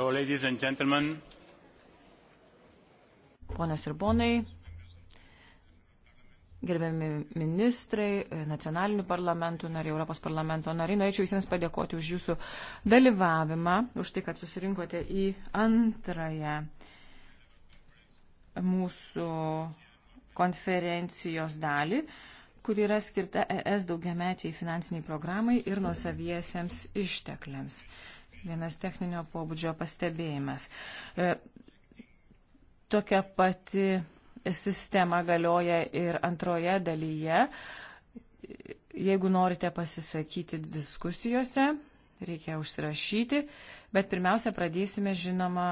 So, ladies and gentlemen. Ponas ir ponai, gerbiami ministrai, nacionalinių parlamentų nariai, Europos parlamento nariai, norėčiau visiems padėkoti už jūsų dalyvavimą, už tai, kad susirinkote į antrąją mūsų konferencijos dalį kuri yra skirta ES daugiamečiai finansiniai programai ir nusaviesiems ištekliams. Vienas techninio pobūdžio pastebėjimas. E, tokia pati sistema galioja ir antroje dalyje. Jeigu norite pasisakyti diskusijose, reikia užsirašyti, bet pirmiausia pradėsime, žinoma,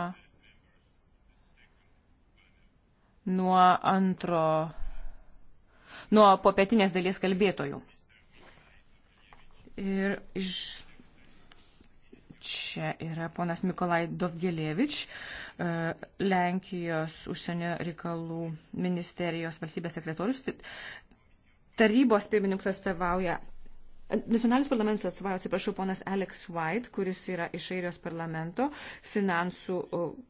nuo antro, nuo popietinės dalies kalbėtojų. Ir iš čia yra ponas Mikolai Dovgelievič, e, Lenkijos užsienio reikalų ministerijos valstybės sekretorius. Tarybos pirmininkas atstovauja Nacionalinis parlamentas atstovauja, atsiprašau, ponas Alex White, kuris yra iš Airijos parlamento finansų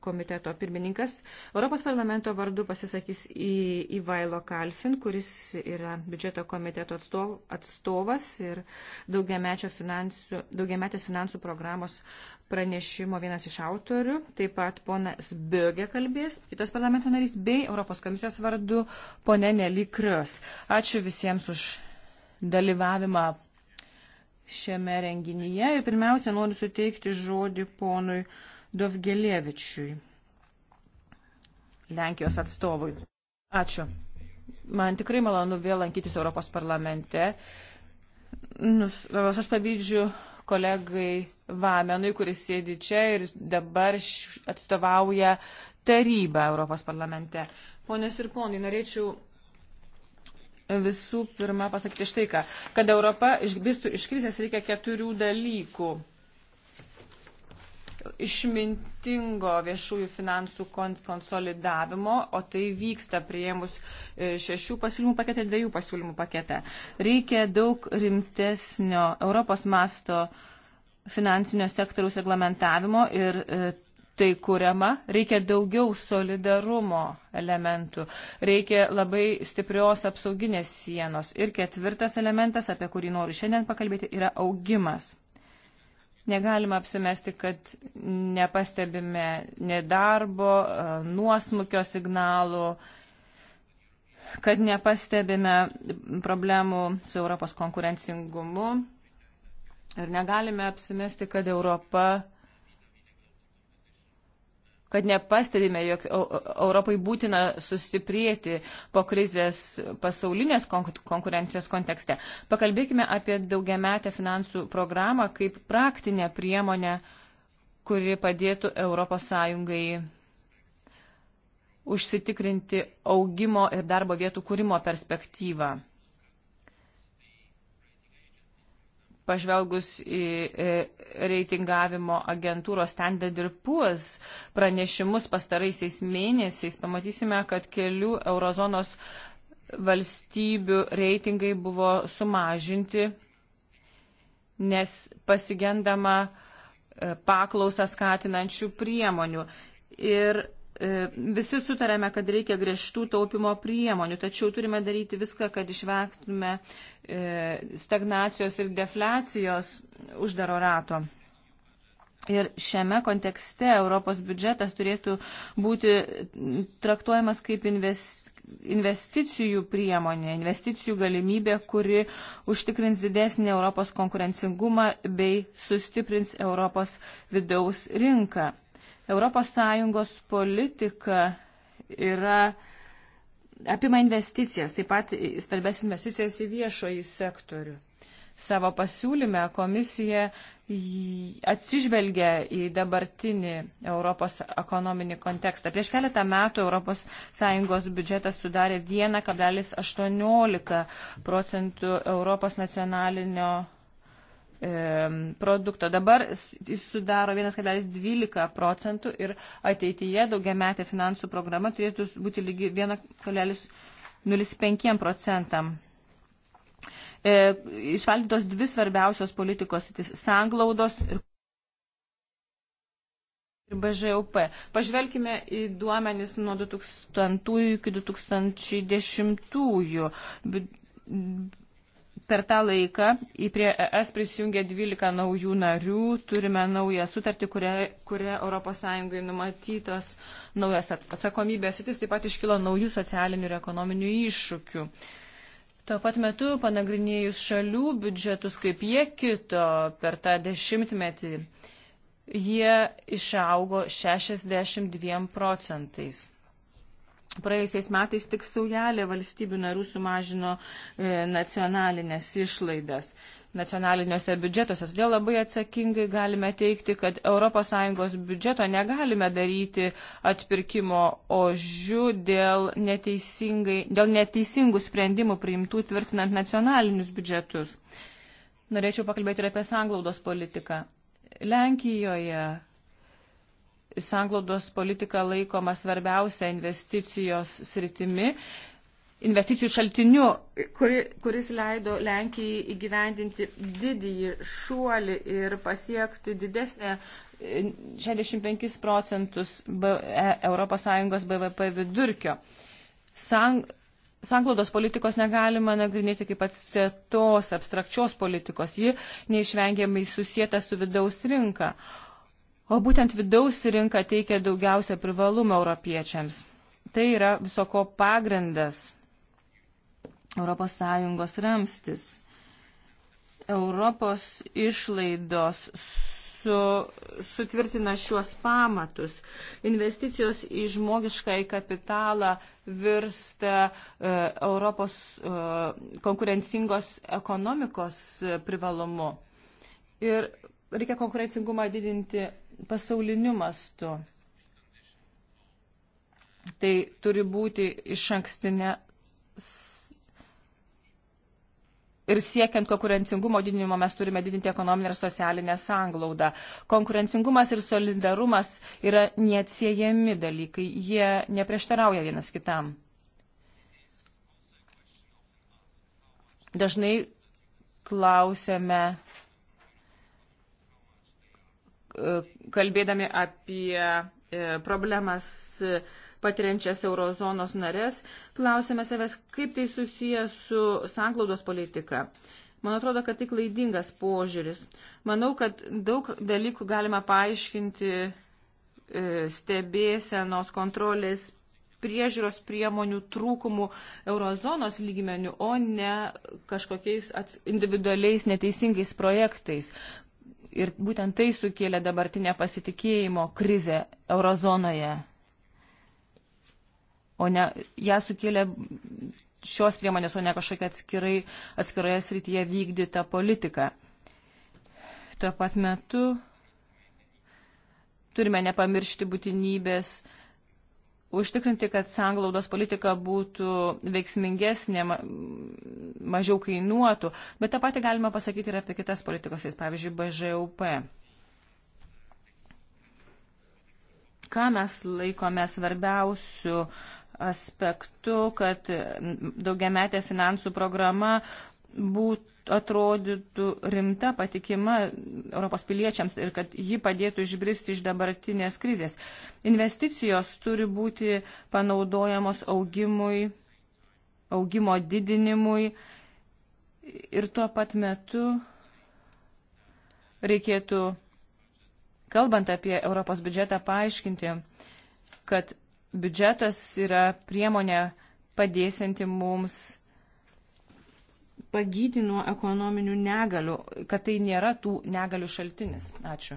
komiteto pirmininkas. Europos parlamento vardu pasisakys į, į Vailo Kalfin, kuris yra biudžeto komiteto atstov, atstovas ir finansų, daugiametės finansų programos pranešimo vienas iš autorių. Taip pat ponas Bögė kalbės, kitas parlamento narys bei Europos komisijos vardu ponė Nelikrius. Ačiū visiems už dalyvavimą šiame renginyje ir pirmiausia noriu suteikti žodį ponui Dovgelievičiui, Lenkijos atstovui. Ačiū. Man tikrai malonu vėl lankytis Europos parlamente. Nus, aš pavyzdžių kolegai Vamenui, kuris sėdi čia ir dabar atstovauja tarybą Europos parlamente. Ponios ir ponai, norėčiau visų pirma pasakyti štai ką, kad Europa išbistų iš krizės reikia keturių dalykų. Išmintingo viešųjų finansų konsolidavimo, o tai vyksta prieimus e, šešių pasiūlymų paketę, dviejų pasiūlymų paketę. Reikia daug rimtesnio Europos masto finansinio sektoriaus reglamentavimo ir e, tai kuriama, reikia daugiau solidarumo elementų, reikia labai stiprios apsauginės sienos. Ir ketvirtas elementas, apie kurį noriu šiandien pakalbėti, yra augimas. Negalima apsimesti, kad nepastebime nedarbo, nuosmukio signalų, kad nepastebime problemų su Europos konkurencingumu ir negalime apsimesti, kad Europa kad nepastebime, jog Europai būtina sustiprėti po krizės pasaulinės konkurencijos kontekste. Pakalbėkime apie daugiametę finansų programą kaip praktinę priemonę, kuri padėtų ES užsitikrinti augimo ir darbo vietų kūrimo perspektyvą. pažvelgus į e, reitingavimo agentūros Standard Poor's pranešimus pastaraisiais mėnesiais, pamatysime, kad kelių eurozonos valstybių reitingai buvo sumažinti, nes pasigendama e, paklausą skatinančių priemonių. Ir E, visi sutarėme, kad reikia griežtų taupimo priemonių, tačiau turime daryti viską, kad išvengtume e, stagnacijos ir deflecijos uždaro rato. Ir šiame kontekste Europos biudžetas turėtų būti traktuojamas kaip investicijų priemonė, investicijų galimybė, kuri užtikrins didesnį Europos konkurencingumą bei sustiprins Europos vidaus rinką. ES politika yra apima investicijas, taip pat svarbės investicijas į viešoji sektorių. Savo pasiūlyme komisija atsižvelgia į dabartinį Europos ekonominį kontekstą. Prieš keletą metų ES biudžetas sudarė 1,18 procentų Europos nacionalinio E, produkto. Dabar jis sudaro 1,12 procentų ir ateityje daugiametė finansų programa turėtų būti lygi 1,05 procentam. E, išvaldytos dvi svarbiausios politikos - sanglaudos ir BŽUP. Pažvelkime į duomenis nuo 2000 iki 2010 per tą laiką prie ES prisijungė 12 naujų narių, turime naują sutartį, kuria, kuria ES numatytos naujas atsakomybės, jis taip pat iškilo naujų socialinių ir ekonominių iššūkių. Tuo pat metu, panagrinėjus šalių biudžetus, kaip jie kito per tą dešimtmetį, jie išaugo 62 procentais. Praėjusiais metais tik saujelė valstybių narių sumažino e, nacionalinės išlaidas nacionaliniuose biudžetuose. Todėl labai atsakingai galime teikti, kad ES biudžeto negalime daryti atpirkimo ožių dėl, dėl neteisingų sprendimų priimtų tvirtinant nacionalinius biudžetus. Norėčiau pakalbėti ir apie sanglaudos politiką. Lenkijoje sanglaudos politika laikoma svarbiausia investicijos sritimi, investicijų šaltiniu, kuri, kuris leido Lenkijai įgyvendinti didįjį šuolį ir pasiekti didesnę 65 e, procentus ES BVP vidurkio. Sang, sanglaudos politikos negalima nagrinėti kaip atsietos abstrakčios politikos. Ji neišvengiamai susijęta su vidaus rinka. Uh, O būtent vidaus rinka teikia daugiausia privalumų europiečiams. Tai yra visoko pagrindas, ES ramstis. Europos išlaidos su, sutvirtina šiuos pamatus. Investicijos į žmogišką į kapitalą virsta e, Europos e, konkurencingos ekonomikos e, privalumu. Ir reikia konkurencingumą didinti pasauliniu mastu. Tai turi būti iš ankstinė ir siekiant konkurencingumo didinimo mes turime didinti ekonominę ir socialinę sanglaudą. Konkurencingumas ir solidarumas yra neatsiejami dalykai, jie neprieštarauja vienas kitam. Dažnai klausėme, E, kalbėdami apie e, problemas patiriančias eurozonos narės, klausėme savęs, kaip tai susijęs su sanglaudos politika. Man atrodo, kad tai klaidingas požiūris. Manau, kad daug dalykų galima paaiškinti e, stebėsenos kontrolės priežiūros priemonių trūkumų eurozonos lygmenių, o ne kažkokiais individualiais neteisingais projektais. Ir būtent tai sukėlė dabartinę pasitikėjimo krizę eurozonoje. O ne, ją sukėlė šios priemonės, o ne kažkokia atskirai, atskiroje srityje vykdyta politika. Tuo pat metu turime nepamiršti būtinybės uh, užtikrinti, kad sanglaudos politika būtų veiksmingesnė, mažiau kainuotų, bet tą patį galima pasakyti ir apie kitas politikos, pavyzdžiui, BŽUP. Ką mes laikome svarbiausių aspektų, kad daugiametė finansų programa būtų atrodytų rimta, patikima Europos piliečiams ir kad ji padėtų išbristi iš dabartinės krizės. Investicijos turi būti panaudojamos augimui, augimo didinimui ir tuo pat metu reikėtų, kalbant apie Europos biudžetą, paaiškinti, kad biudžetas yra priemonė padėsinti mums pagydyti nuo ekonominių negalių, kad tai nėra tų negalių šaltinis. Ačiū.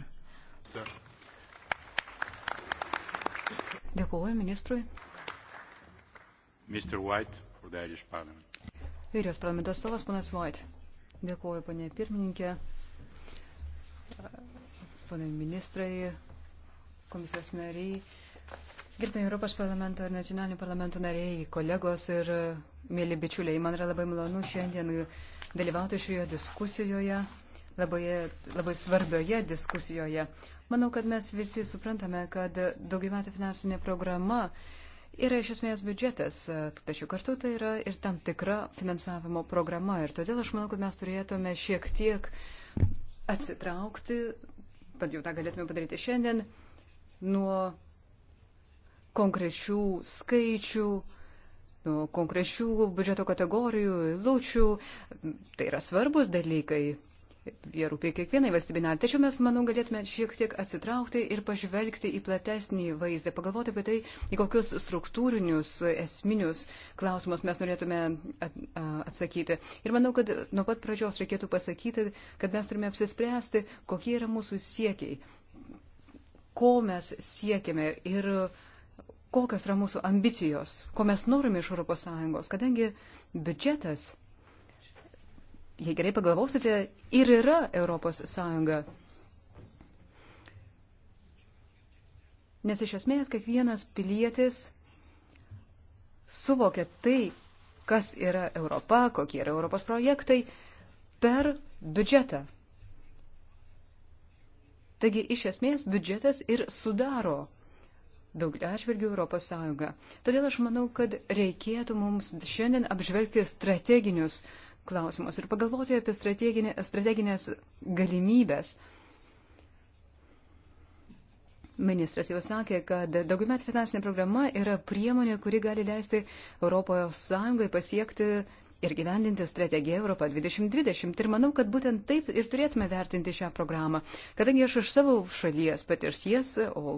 Dėkuoju ministrui. Mr. White, for the Irish Parliament. Vairijos parlamento atstovas, ponas White. Dėkuoju, ponė pirmininkė, ponai ministrai, komisijos nariai. Gerbėjai Europos parlamento ir nacionalinių parlamentų nariai, kolegos ir e, mėly bičiuliai, man yra labai malonu šiandien dalyvauti šioje diskusijoje, labai, labai svarbioje diskusijoje. Manau, kad mes visi suprantame, kad daugiametė finansinė programa yra iš esmės biudžetas, e, tačiau kartu tai yra ir tam tikra finansavimo programa. Ir todėl aš manau, kad mes turėtume šiek tiek atsitraukti, kad jau tą galėtume padaryti šiandien, nuo konkrečių skaičių, nuo konkrečių biudžeto kategorijų, lūčių. Tai yra svarbus dalykai. Jie rūpia kiekvienai valstybinai. Tačiau mes, manau, galėtume šiek tiek atsitraukti ir pažvelgti į platesnį vaizdą, pagalvoti apie tai, į kokius struktūrinius, esminius klausimus mes norėtume atsakyti. Ir manau, kad nuo pat pradžios reikėtų pasakyti, kad mes turime apsispręsti, kokie yra mūsų siekiai, ko mes siekiame ir uh, kokios yra mūsų ambicijos, ko mes norime iš ES, kadangi biudžetas, jei gerai pagalvosite, ir yra ES. Nes iš esmės kiekvienas pilietis suvokia tai, kas yra Europa, kokie yra Europos projektai, per biudžetą. Taigi iš esmės biudžetas ir sudaro daug atžvilgių Europos Sąjungą. Todėl aš manau, kad reikėtų mums šiandien apžvelgti strateginius klausimus ir pagalvoti apie strateginė, strateginės galimybės. Ministras jau sakė, kad daugiamet finansinė programa yra priemonė, kuri gali leisti Europos Sąjungai pasiekti uh, ir gyvendinti strategiją Europą 2020. Ir manau, kad būtent taip ir turėtume vertinti šią programą. Kadangi aš iš savo šalies patirties, o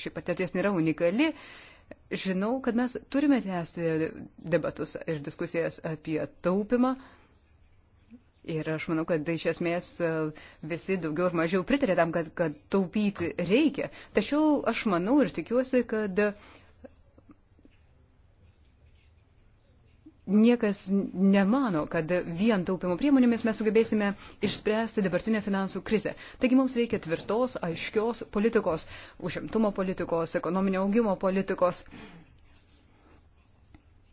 ši patirties nėra unikali, žinau, kad mes turime tęsti debatus ir diskusijas apie taupimą. Ir aš manau, kad iš esmės e, visi daugiau ir mažiau pritarė tam, kad, kad taupyti reikia. Tačiau aš manau ir tikiuosi, kad niekas nemano, kad vien taupimo priemonėmis mes sugebėsime išspręsti dabartinę finansų krizę. Taigi mums reikia tvirtos, aiškios politikos, užimtumo politikos, ekonominio augimo politikos.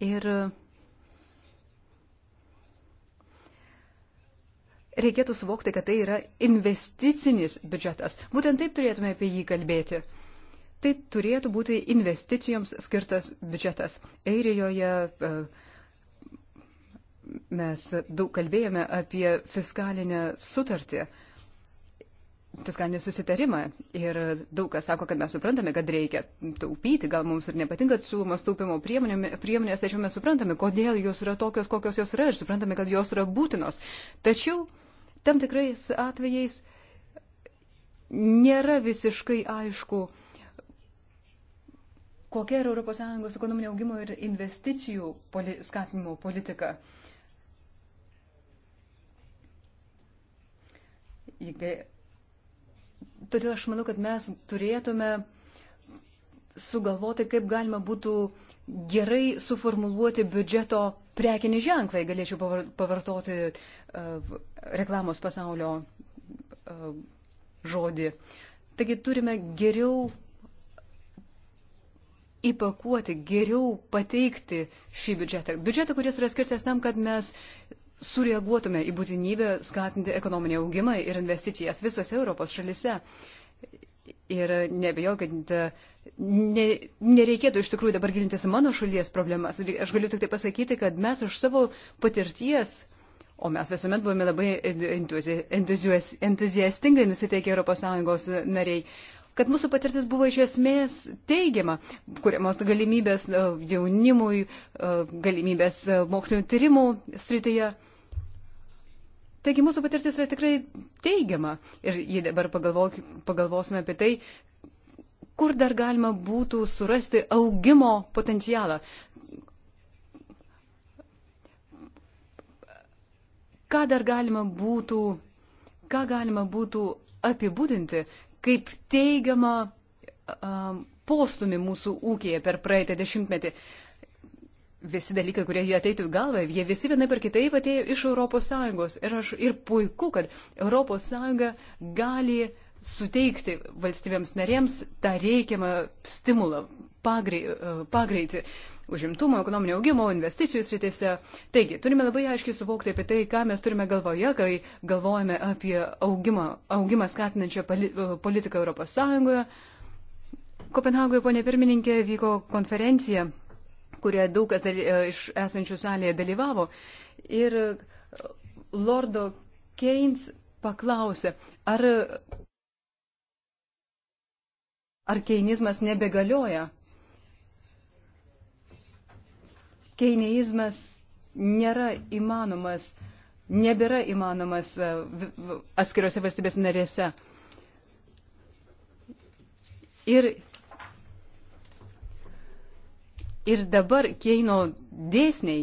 Ir reikėtų suvokti, kad tai yra investicinis biudžetas. Būtent taip turėtume apie jį kalbėti. Tai turėtų būti investicijoms skirtas biudžetas. Eirijoje, uh, e, mes daug kalbėjome apie fiskalinę sutartį, fiskalinį susitarimą. Ir daug kas sako, kad mes suprantame, kad reikia taupyti, gal mums ir nepatinka siūlomas taupimo priemonės, tačiau mes suprantame, kodėl jos yra tokios, kokios jos yra ir suprantame, kad jos yra būtinos. Tačiau tam tikrais atvejais nėra visiškai aišku, kokia yra ES ekonominio augimo ir investicijų poli skatinimo politika. Uh, Todėl aš manau, kad mes turėtume sugalvoti, kaip galima būtų gerai suformuluoti biudžeto prekinį ženklą, galėčiau pavartoti uh, reklamos pasaulio uh, žodį. Taigi turime geriau įpakuoti, geriau pateikti šį biudžetą. Biudžetą, kuris yra skirtas tam, kad mes sureaguotume į būtinybę skatinti ekonominį augimą ir investicijas visose Europos šalise. Ir nebejau, kad e, ne, nereikėtų iš tikrųjų dabar gilintis mano šalies problemas. Aš galiu tik tai pasakyti, kad mes iš savo patirties, o mes visuomet buvome labai entuzi, entuzias, entuziastingai nusiteikę ES nariai, kad mūsų patirtis buvo iš esmės teigiama, kuriamos galimybės e, jaunimui, e, galimybės mokslinio tyrimų srityje. Taigi mūsų patirtis yra tikrai teigiama ir jei dabar pagalvosime apie tai, kur dar galima būtų surasti augimo potencialą. Ką dar galima būtų, ką galima būtų apibūdinti kaip teigiamą um, postumį mūsų ūkėje per praeitą dešimtmetį. Uh, visi dalykai, kurie jie ateitų į galvą, jie visi vienai per kitaip atėjo iš ES. Ir, aš, ir puiku, kad ES gali suteikti valstybėms narėms tą reikiamą stimulą, pagrei, e, pagreitį užimtumo, ekonominio augimo, investicijų sritise. Taigi, turime labai aiškiai suvokti apie tai, ką mes turime galvoje, kai galvojame apie augimą, augimą skatinančią e, politiką ES. Kopenhagoje, ponė pirmininkė, vyko konferencija kurie daug kas daly, e, iš esančių salėje dalyvavo. Ir Lordo Keynes paklausė, ar, ar keinizmas nebegalioja. Keinizmas nėra įmanomas, nebėra įmanomas e, atskiriuose valstybės narėse. Ir Ir dabar Keino dėsniai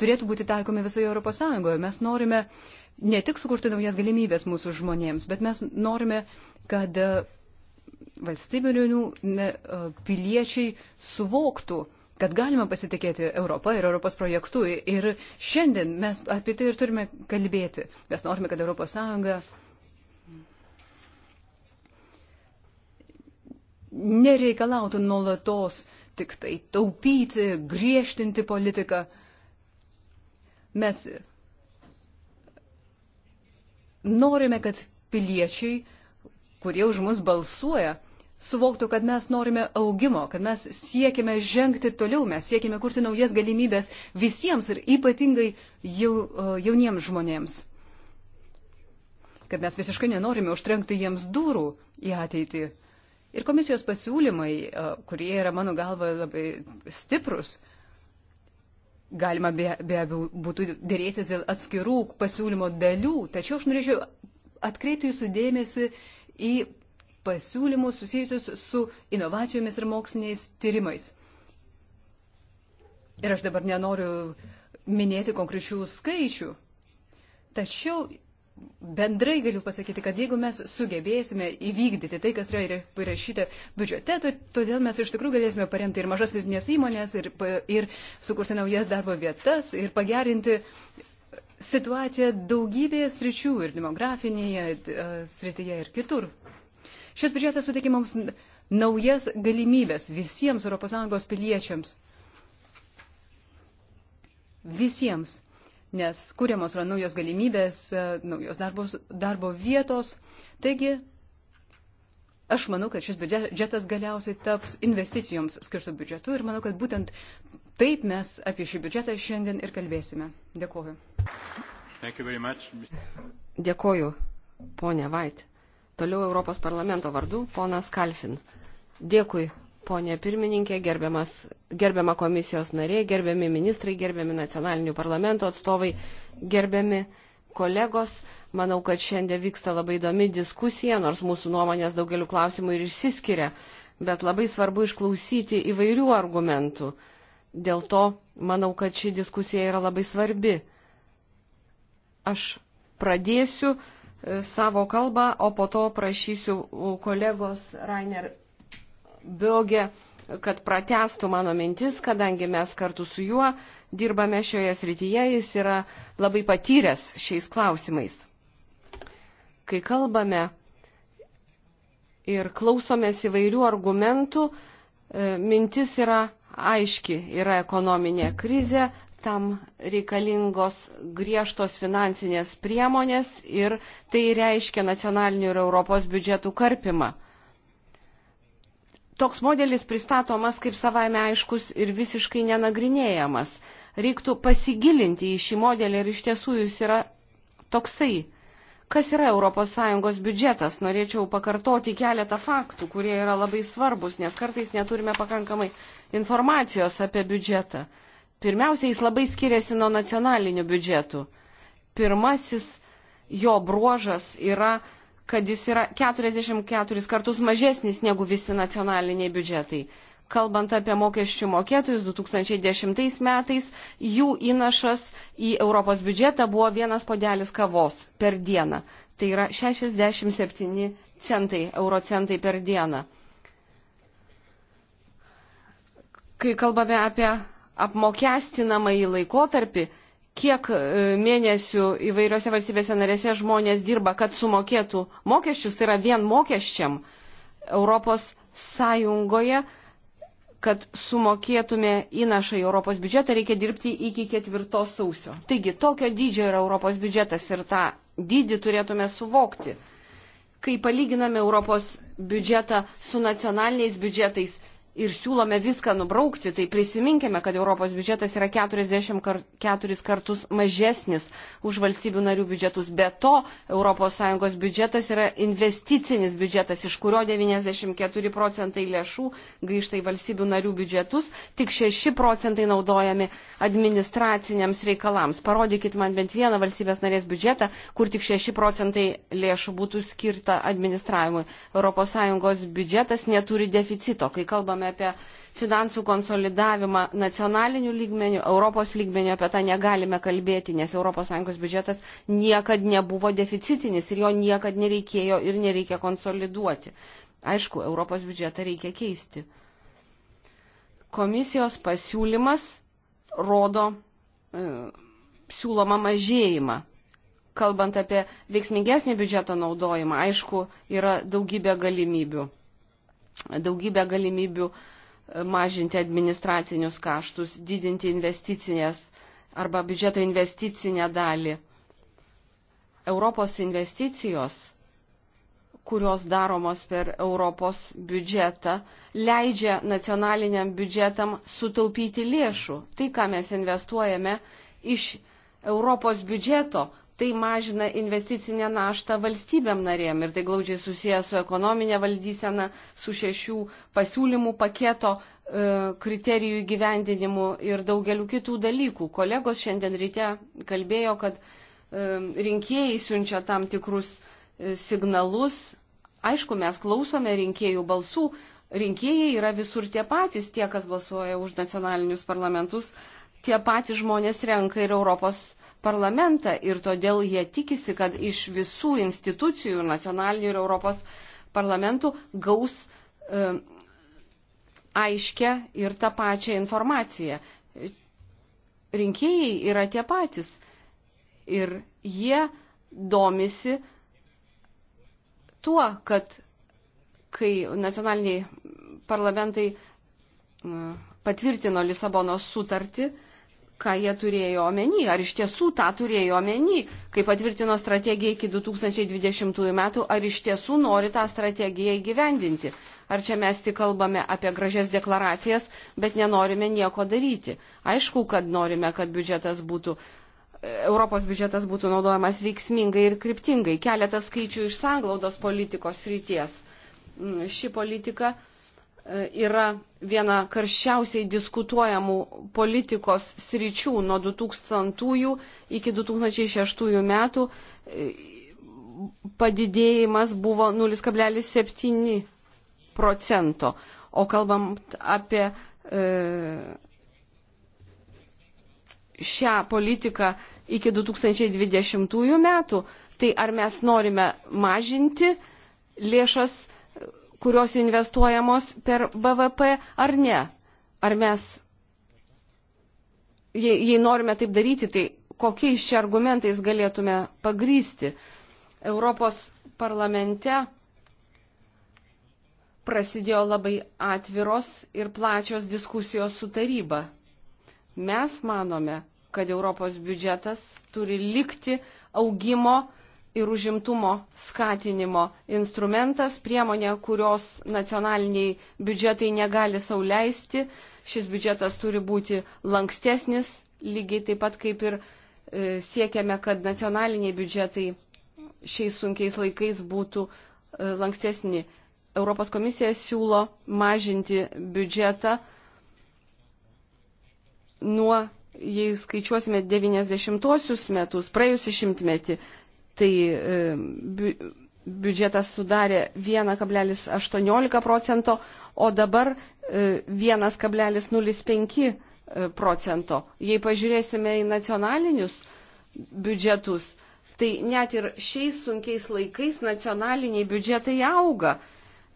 turėtų būti taikomi visoje Europos Sąjungoje. Mes norime ne tik sukurti naujas galimybės mūsų žmonėms, bet mes norime, kad e, valstybinių e, piliečiai suvoktų, kad galima pasitikėti Europą ir Europos projektu. Ir šiandien mes apie tai ir turime kalbėti. Mes norime, kad Europos Sąjunga nereikalautų nuolatos uh, tik tai taupyti, griežtinti politiką. Mes norime, kad piliečiai, kurie už mus balsuoja, suvoktų, kad mes norime augimo, kad mes siekime žengti toliau, mes siekime kurti naujas galimybės visiems ir ypatingai jau, e, jauniems žmonėms. Kad mes visiškai nenorime užtrenkti jiems durų į ateitį. Ir komisijos pasiūlymai, e, kurie yra mano galva labai stiprus, galima be, be abejo būtų dėrėtis dėl atskirų pasiūlymo dalių, tačiau aš norėčiau atkreipti jūsų dėmesį į pasiūlymus susijusius su inovacijomis ir moksliniais tyrimais. Ir aš dabar nenoriu minėti konkrečių skaičių, tačiau bendrai galiu pasakyti, kad jeigu mes sugebėsime įvykdyti tai, kas yra parašyta biudžete, tai todėl mes iš tikrųjų galėsime paremti ir mažas vidutinės įmonės, ir, ir sukurti naujas darbo vietas, ir pagerinti situaciją daugybėje sričių, ir demografinėje srityje, ir kitur. Šis biudžetas suteikia mums naujas galimybės visiems ES piliečiams. Visiems nes kūriamos yra naujos galimybės, e, naujos darbos, darbo vietos. Taigi, aš manau, kad šis biudžetas galiausiai taps investicijoms skirtų biudžetu ir manau, kad būtent taip mes apie šį biudžetą šiandien ir kalbėsime. Dėkuoju. Dėkuoju, ponė Vait. Toliau Europos parlamento vardu, ponas Kalfin. Dėkui, Pone pirmininkė, gerbiamas, gerbiama komisijos narė, gerbiami ministrai, gerbiami nacionalinių parlamento atstovai, gerbiami kolegos. Manau, kad šiandien vyksta labai įdomi diskusija, nors mūsų nuomonės daugeliu klausimų ir išsiskiria, bet labai svarbu išklausyti įvairių argumentų. Dėl to manau, kad ši diskusija yra labai svarbi. Aš pradėsiu e, savo kalbą, o po to prašysiu kolegos Rainer Biogė, kad pratestų mano mintis, kadangi mes kartu su juo dirbame šioje srityje, jis yra labai patyręs šiais klausimais. Kai kalbame ir klausomės įvairių argumentų, e, mintis yra aiški, yra ekonominė krizė, tam reikalingos griežtos finansinės priemonės ir tai reiškia nacionalinių ir Europos biudžetų karpimą toks modelis pristatomas kaip savaime aiškus ir visiškai nenagrinėjamas. Reiktų pasigilinti į šį modelį ir iš tiesų jis yra toksai. Kas yra ES biudžetas? Norėčiau pakartoti keletą faktų, kurie yra labai svarbus, nes kartais neturime pakankamai informacijos apie biudžetą. Pirmiausia, jis labai skiriasi nuo nacionalinių biudžetų. Pirmasis jo bruožas yra uh, kad jis yra 44 kartus mažesnis negu visi nacionaliniai biudžetai. Kalbant apie mokesčių mokėtojus, 2010 metais jų įnašas į Europos biudžetą buvo vienas podelis kavos per dieną. Tai yra 67 centai, eurocentai per dieną. Kai kalbame apie apmokestinamąjį laikotarpį, kiek e, mėnesių įvairiose valstybėse narėse žmonės dirba, kad sumokėtų mokesčius, tai yra vien mokesčiam Europos Sąjungoje, kad sumokėtume įnašą į Europos biudžetą, reikia dirbti iki ketvirtos sausio. Taigi, tokio dydžio yra Europos biudžetas ir tą dydį turėtume suvokti. Kai palyginame Europos biudžetą su nacionaliniais biudžetais, ir siūlome viską nubraukti, tai prisiminkime, kad Europos biudžetas yra 44 kartus mažesnis už valstybių narių biudžetus. Be to, ES biudžetas yra investicinis biudžetas, iš kurio 94 procentai lėšų grįžta į valstybių narių biudžetus, tik 6 procentai naudojami administraciniams reikalams. Parodykit man bent vieną valstybės narės biudžetą, kur tik 6 procentai lėšų būtų skirta administravimui. ES biudžetas neturi deficito, kai kalbame kalbame apie finansų konsolidavimą nacionaliniu lygmeniu, Europos lygmeniu apie tą negalime kalbėti, nes ES biudžetas niekad nebuvo deficitinis ir jo niekad nereikėjo ir nereikia konsoliduoti. Aišku, Europos biudžetą reikia keisti. Komisijos pasiūlymas rodo e, siūloma mažėjimą kalbant apie veiksmingesnį biudžeto naudojimą, aišku, yra daugybė galimybių daugybę galimybių e, mažinti administracinius kaštus, didinti investicinės arba biudžeto investicinę dalį. Europos investicijos, kurios daromos per Europos biudžetą, leidžia nacionaliniam biudžetam sutaupyti lėšų. Tai, ką mes investuojame iš Europos biudžeto, tai mažina investicinę naštą valstybėm narėm ir tai glaudžiai susijęs su ekonominė valdysena, su šešių pasiūlymų paketo e, kriterijų įgyvendinimu ir daugeliu kitų dalykų. Kolegos šiandien ryte kalbėjo, kad e, rinkėjai siunčia tam tikrus e, signalus. Aišku, mes klausome rinkėjų balsų. Rinkėjai yra visur tie patys, tie, kas balsuoja už nacionalinius parlamentus, tie patys žmonės renka ir Europos parlamentus parlamentą ir todėl jie tikisi, kad iš visų institucijų, nacionalinių ir Europos parlamentų, gaus e, aiškę ir tą pačią informaciją. Rinkėjai yra tie patys ir jie domisi tuo, kad kai nacionaliniai parlamentai e, patvirtino Lisabonos sutartį, ką jie turėjo omeny, ar iš tiesų tą turėjo omeny, kai patvirtino strategiją iki 2020 metų, ar iš tiesų nori tą strategiją įgyvendinti. Ar čia mes tik kalbame apie gražias deklaracijas, bet nenorime nieko daryti. Aišku, kad norime, kad biudžetas būtų, Europos biudžetas būtų naudojamas veiksmingai ir kryptingai. Keletas skaičių iš sanglaudos politikos ryties. Mm, ši politika E, yra viena karščiausiai diskutuojamų politikos sričių nuo 2000 iki 2006 metų. E, padidėjimas buvo 0,7 procento, o kalbam apie e, šią politiką iki 2020 metų, tai ar mes norime mažinti lėšas kurios investuojamos per BVP ar ne. Ar mes, jei, jei norime taip daryti, tai kokiais čia argumentais galėtume pagrysti. Europos parlamente prasidėjo labai atviros ir plačios diskusijos su taryba. Mes manome, kad Europos biudžetas turi likti augimo, ir užimtumo skatinimo instrumentas, priemonė, kurios nacionaliniai biudžetai negali sauliaisti. Šis biudžetas turi būti lankstesnis, lygiai taip pat kaip ir e, siekiame, kad nacionaliniai biudžetai šiais sunkiais laikais būtų e, lankstesni. Europos komisija siūlo mažinti biudžetą nuo, jei skaičiuosime 90-osius metus, praėjusį šimtmetį, tai e, bi biudžetas sudarė 1,18 procento, o dabar 1,05 e, procento. Jei pažiūrėsime į nacionalinius biudžetus, tai net ir šiais sunkiais laikais nacionaliniai biudžetai auga.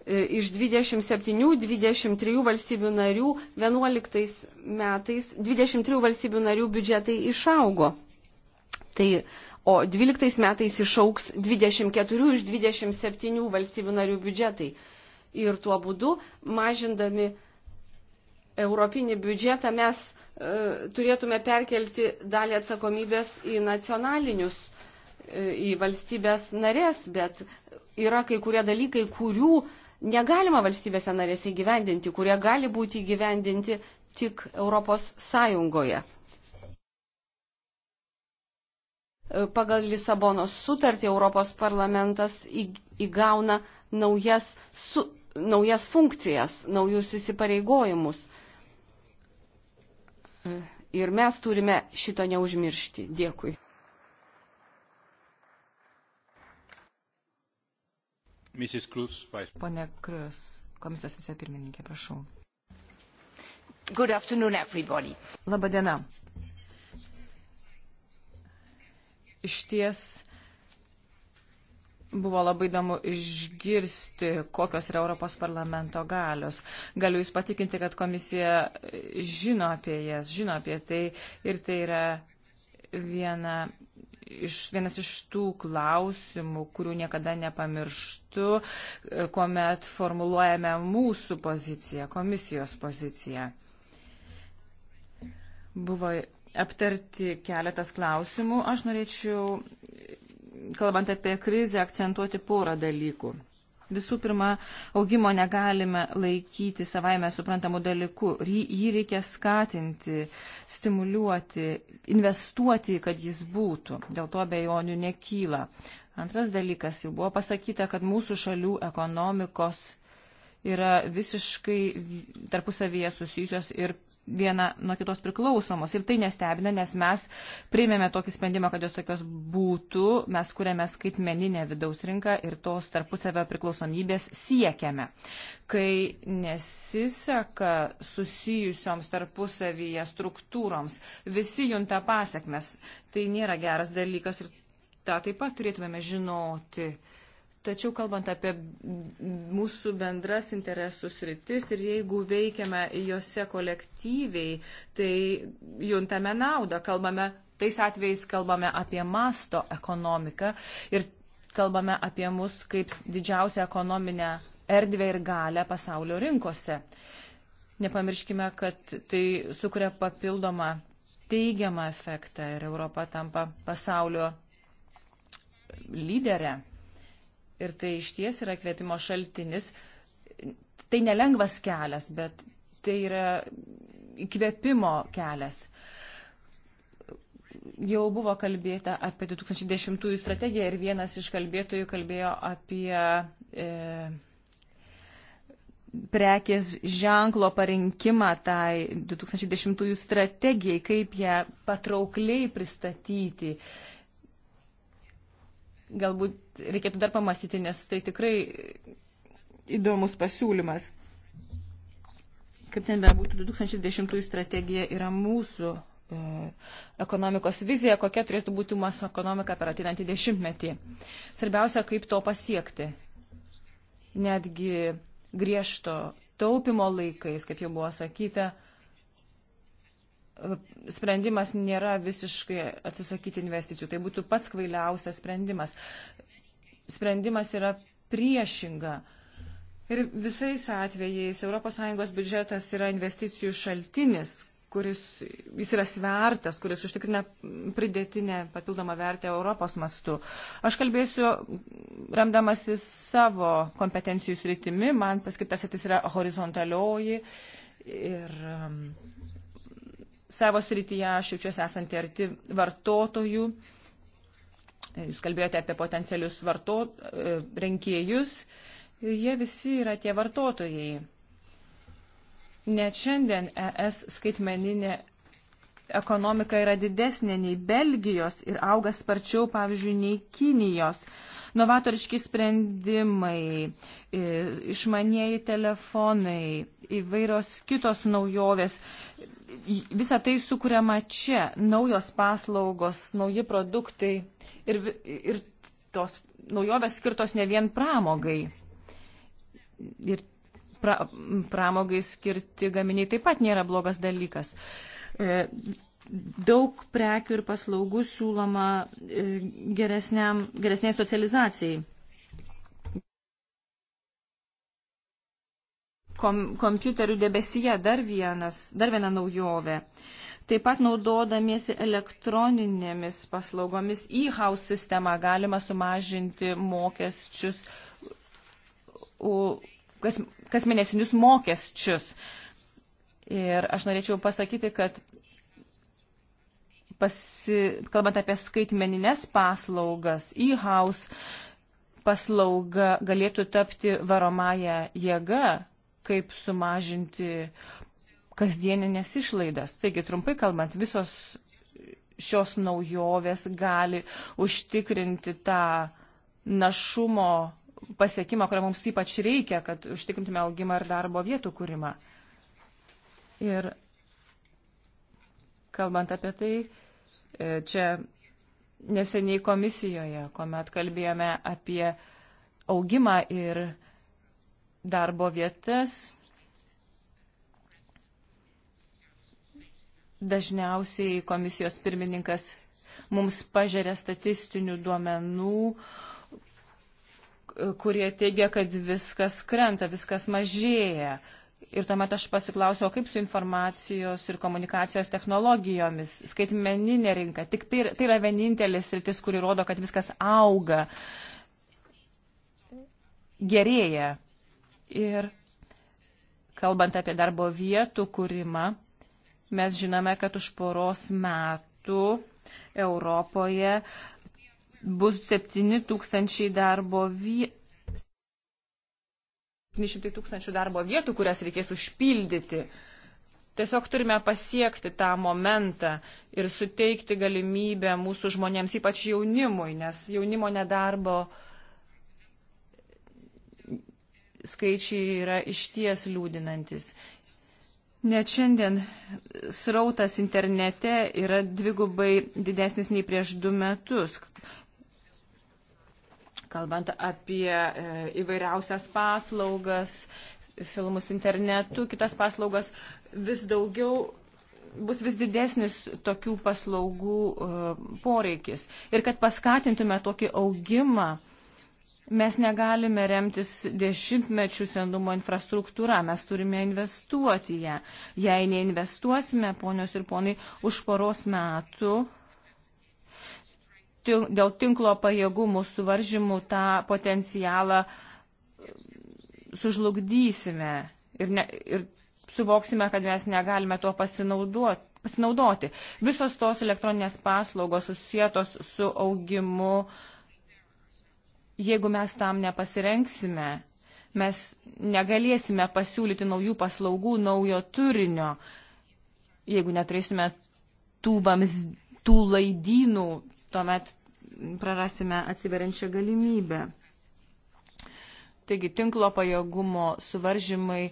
E, iš 27-23 valstybių narių 11 metais 23 valstybių narių biudžetai išaugo. Tai uh, o 12 metais išauks 24 iš 27 valstybių narių biudžetai. Ir tuo būdu, mažindami europinį biudžetą, mes e, turėtume perkelti dalį atsakomybės į nacionalinius, e, į valstybės narės, bet yra kai kurie dalykai, kurių negalima valstybėse narėse įgyvendinti, kurie gali būti įgyvendinti tik Europos Sąjungoje. E, pagal Lisabonos sutartį Europos parlamentas įgauna naujas, su, naujas funkcijas, naujus įsipareigojimus. E, ir mes turime šito neužmiršti. Dėkui. Pone Krius, komisijos vicepirmininkė, prašau. Labą dieną. Iš ties buvo labai įdomu išgirsti, kokios yra Europos parlamento galios. Galiu Jūs patikinti, kad komisija žino apie jas, žino apie tai ir tai yra viena iš, vienas iš tų klausimų, kurių niekada nepamirštu, kuomet formuluojame mūsų poziciją, komisijos poziciją. Buvo aptarti keletas klausimų. Aš norėčiau, kalbant apie krizę, akcentuoti porą dalykų. Visų pirma, augimo negalime laikyti savaime suprantamų dalykų. Jį reikia skatinti, stimuliuoti, investuoti, kad jis būtų. Dėl to bejonių nekyla. Antras dalykas, jau buvo pasakyta, kad mūsų šalių ekonomikos yra visiškai tarpusavyje susijusios ir viena nuo kitos priklausomos. Ir tai nestebina, nes mes priėmėme tokį sprendimą, kad jos tokios būtų, mes kuriame skaitmeninę vidaus rinką ir tos tarpusavio priklausomybės siekiame. Kai nesiseka susijusioms tarpusavyje struktūroms, visi junta pasiekmes, tai nėra geras dalykas ir tą taip pat turėtumėme žinoti. Tačiau kalbant apie mūsų bendras interesus rytis ir jeigu veikiame juose kolektyviai, tai juntame naudą. Kalbame, tais atvejais kalbame apie masto ekonomiką ir kalbame apie mus kaip didžiausią ekonominę erdvę ir galę pasaulio rinkose. Nepamirškime, kad tai sukuria papildomą teigiamą efektą ir Europa tampa pasaulio lyderė. Ir tai iš ties yra kvėpimo šaltinis. Tai nelengvas kelias, bet tai yra įkvėpimo kelias. Jau buvo kalbėta apie 2010 strategiją ir vienas iš kalbėtojų kalbėjo apie e, prekės ženklo parinkimą tai 2010 strategijai, kaip ją patraukliai pristatyti galbūt reikėtų dar pamastyti, nes tai tikrai įdomus pasiūlymas. Kaip ten bebūtų, 2010 strategija yra mūsų e, ekonomikos vizija, kokia turėtų būti mūsų ekonomika per ateinantį dešimtmetį. Svarbiausia, kaip to pasiekti. Netgi griežto taupimo laikais, kaip jau buvo sakyta, e, sprendimas nėra visiškai atsisakyti investicijų. Tai būtų pats kvailiausias sprendimas. Sprendimas yra priešinga. Ir visais atvejais ES biudžetas yra investicijų šaltinis, kuris jis yra svertas, kuris užtikrina pridėtinę papildomą vertę Europos mastu. Aš kalbėsiu remdamasi savo kompetencijų sritimi, man paskirtas atis yra horizontalioji ir um, savo srityje aš jaučiuosi esanti arti vartotojų. Jūs kalbėjote apie potencialius varto, e, rinkėjus. Jie visi yra tie vartotojai. Net šiandien ES skaitmeninė ekonomika yra didesnė nei Belgijos ir auga sparčiau, pavyzdžiui, nei Kinijos. Novatoriški sprendimai, e, išmanieji telefonai, įvairios kitos naujovės visą tai sukuriama čia, naujos paslaugos, nauji produktai ir, ir tos naujovės skirtos ne vien pramogai. Ir pra, pramogai skirti gaminiai taip pat nėra blogas dalykas. E, daug prekių ir paslaugų siūloma e, geresniai socializacijai. kom, kompiuterių debesyje dar, vienas, dar viena naujovė. Taip pat naudodamiesi elektroninėmis paslaugomis e-house sistemą galima sumažinti mokesčius, kas, kas mėnesinius mokesčius. Ir aš norėčiau pasakyti, kad pasi, kalbant apie skaitmeninės paslaugas, e-house paslauga galėtų tapti varomąją jėgą kaip sumažinti kasdieninės išlaidas. Taigi, trumpai kalbant, visos šios naujovės gali užtikrinti tą našumo pasiekimą, kurio mums ypač reikia, kad užtikrintume augimą ir darbo vietų kūrimą. Ir kalbant apie tai, e, čia neseniai komisijoje, kuomet kalbėjome apie augimą ir darbo vietas. Dažniausiai komisijos pirmininkas mums pažeria statistinių duomenų, kurie teigia, kad viskas krenta, viskas mažėja. Ir tuomet aš pasiklausiau, o kaip su informacijos ir komunikacijos technologijomis, skaitmeninė rinka. Tik tai, tai yra vienintelis rytis, kuri rodo, kad viskas auga, gerėja. Ir kalbant apie darbo vietų kūrimą, mes žinome, kad už poros metų Europoje bus 7 tūkstančiai darbo vietų. 700 tūkstančių darbo vietų, kurias reikės užpildyti. Tiesiog turime pasiekti tą momentą ir suteikti galimybę mūsų žmonėms, ypač jaunimui, nes jaunimo nedarbo uh, skaičiai yra išties liūdinantis. Net šiandien srautas internete yra dvigubai didesnis nei prieš du metus. Kalbant apie e, įvairiausias paslaugas, filmus internetu, kitas paslaugas, vis daugiau bus vis didesnis tokių paslaugų e, poreikis. Ir kad paskatintume tokį augimą, Mes negalime remtis dešimtmečių senumo infrastruktūra, mes turime investuoti ją. Jei neinvestuosime, ponios ir ponai, už poros metų dėl tinklo pajėgumų suvaržymų tą potencialą sužlugdysime ir, ne, ir suvoksime, kad mes negalime tuo pasinaudoti. pasinaudoti. Visos tos elektroninės paslaugos susijėtos su augimu uh, jeigu mes tam nepasirengsime, mes negalėsime pasiūlyti naujų paslaugų, naujo turinio, jeigu neturėsime tų, vams, tų laidynų, tuomet prarasime atsiveriančią galimybę. Taigi tinklo pajėgumo suvaržymai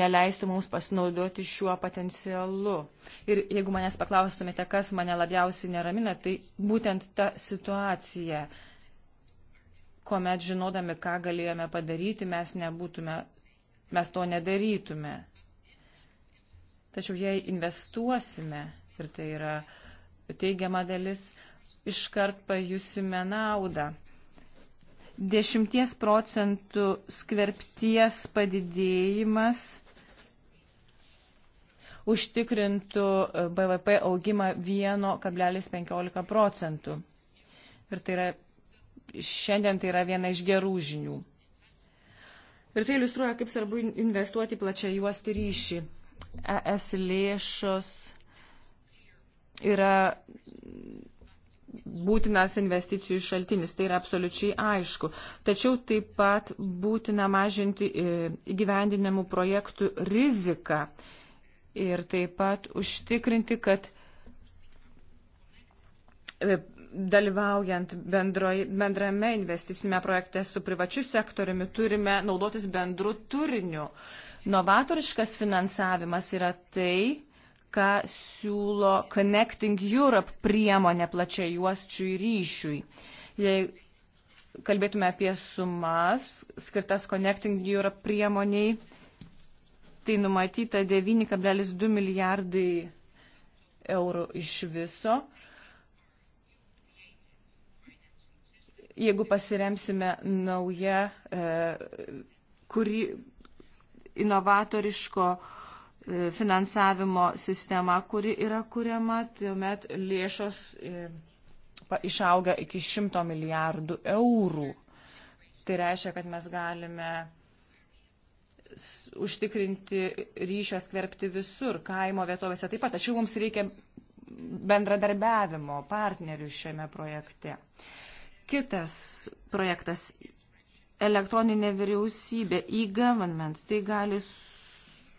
neleistų mums pasinaudoti šiuo potencialu. Ir jeigu manęs paklaustumėte, kas mane labiausiai neramina, tai būtent ta situacija. Uh, kuomet žinodami, ką galėjome padaryti, mes nebūtume, mes to nedarytume. Tačiau jei investuosime, ir tai yra teigiama dalis, iškart pajusime naudą. 10 procentų skverpties padidėjimas užtikrintų BVP augimą 1,15 procentų. Ir tai yra šiandien tai yra viena iš gerų žinių. Ir tai iliustruoja, kaip svarbu investuoti plačią juostį ryšį. ES lėšos yra būtinas investicijų šaltinis, tai yra absoliučiai aišku. Tačiau taip pat būtina mažinti e, įgyvendinamų projektų riziką ir taip pat užtikrinti, kad e, dalyvaujant bendroj, bendrame investicinėme projekte su privačiu sektoriumi, turime naudotis bendru turiniu. Novatoriškas finansavimas yra tai, ką siūlo Connecting Europe priemonė plačiai juosčiui ryšiui. Jei kalbėtume apie sumas skirtas Connecting Europe priemoniai, tai numatyta 9,2 milijardai eurų iš viso. jeigu pasiremsime naują, e, kuri inovatoriško e, finansavimo sistema, kuri yra kuriama, tuomet lėšos e, išauga iki 100 milijardų eurų. Tai reiškia, kad mes galime užtikrinti ryšio skverbti visur, kaimo vietovėse taip pat. Tačiau mums reikia bendradarbiavimo partnerių šiame projekte. Uh, kitas projektas elektroninė vyriausybė e-government. Tai gali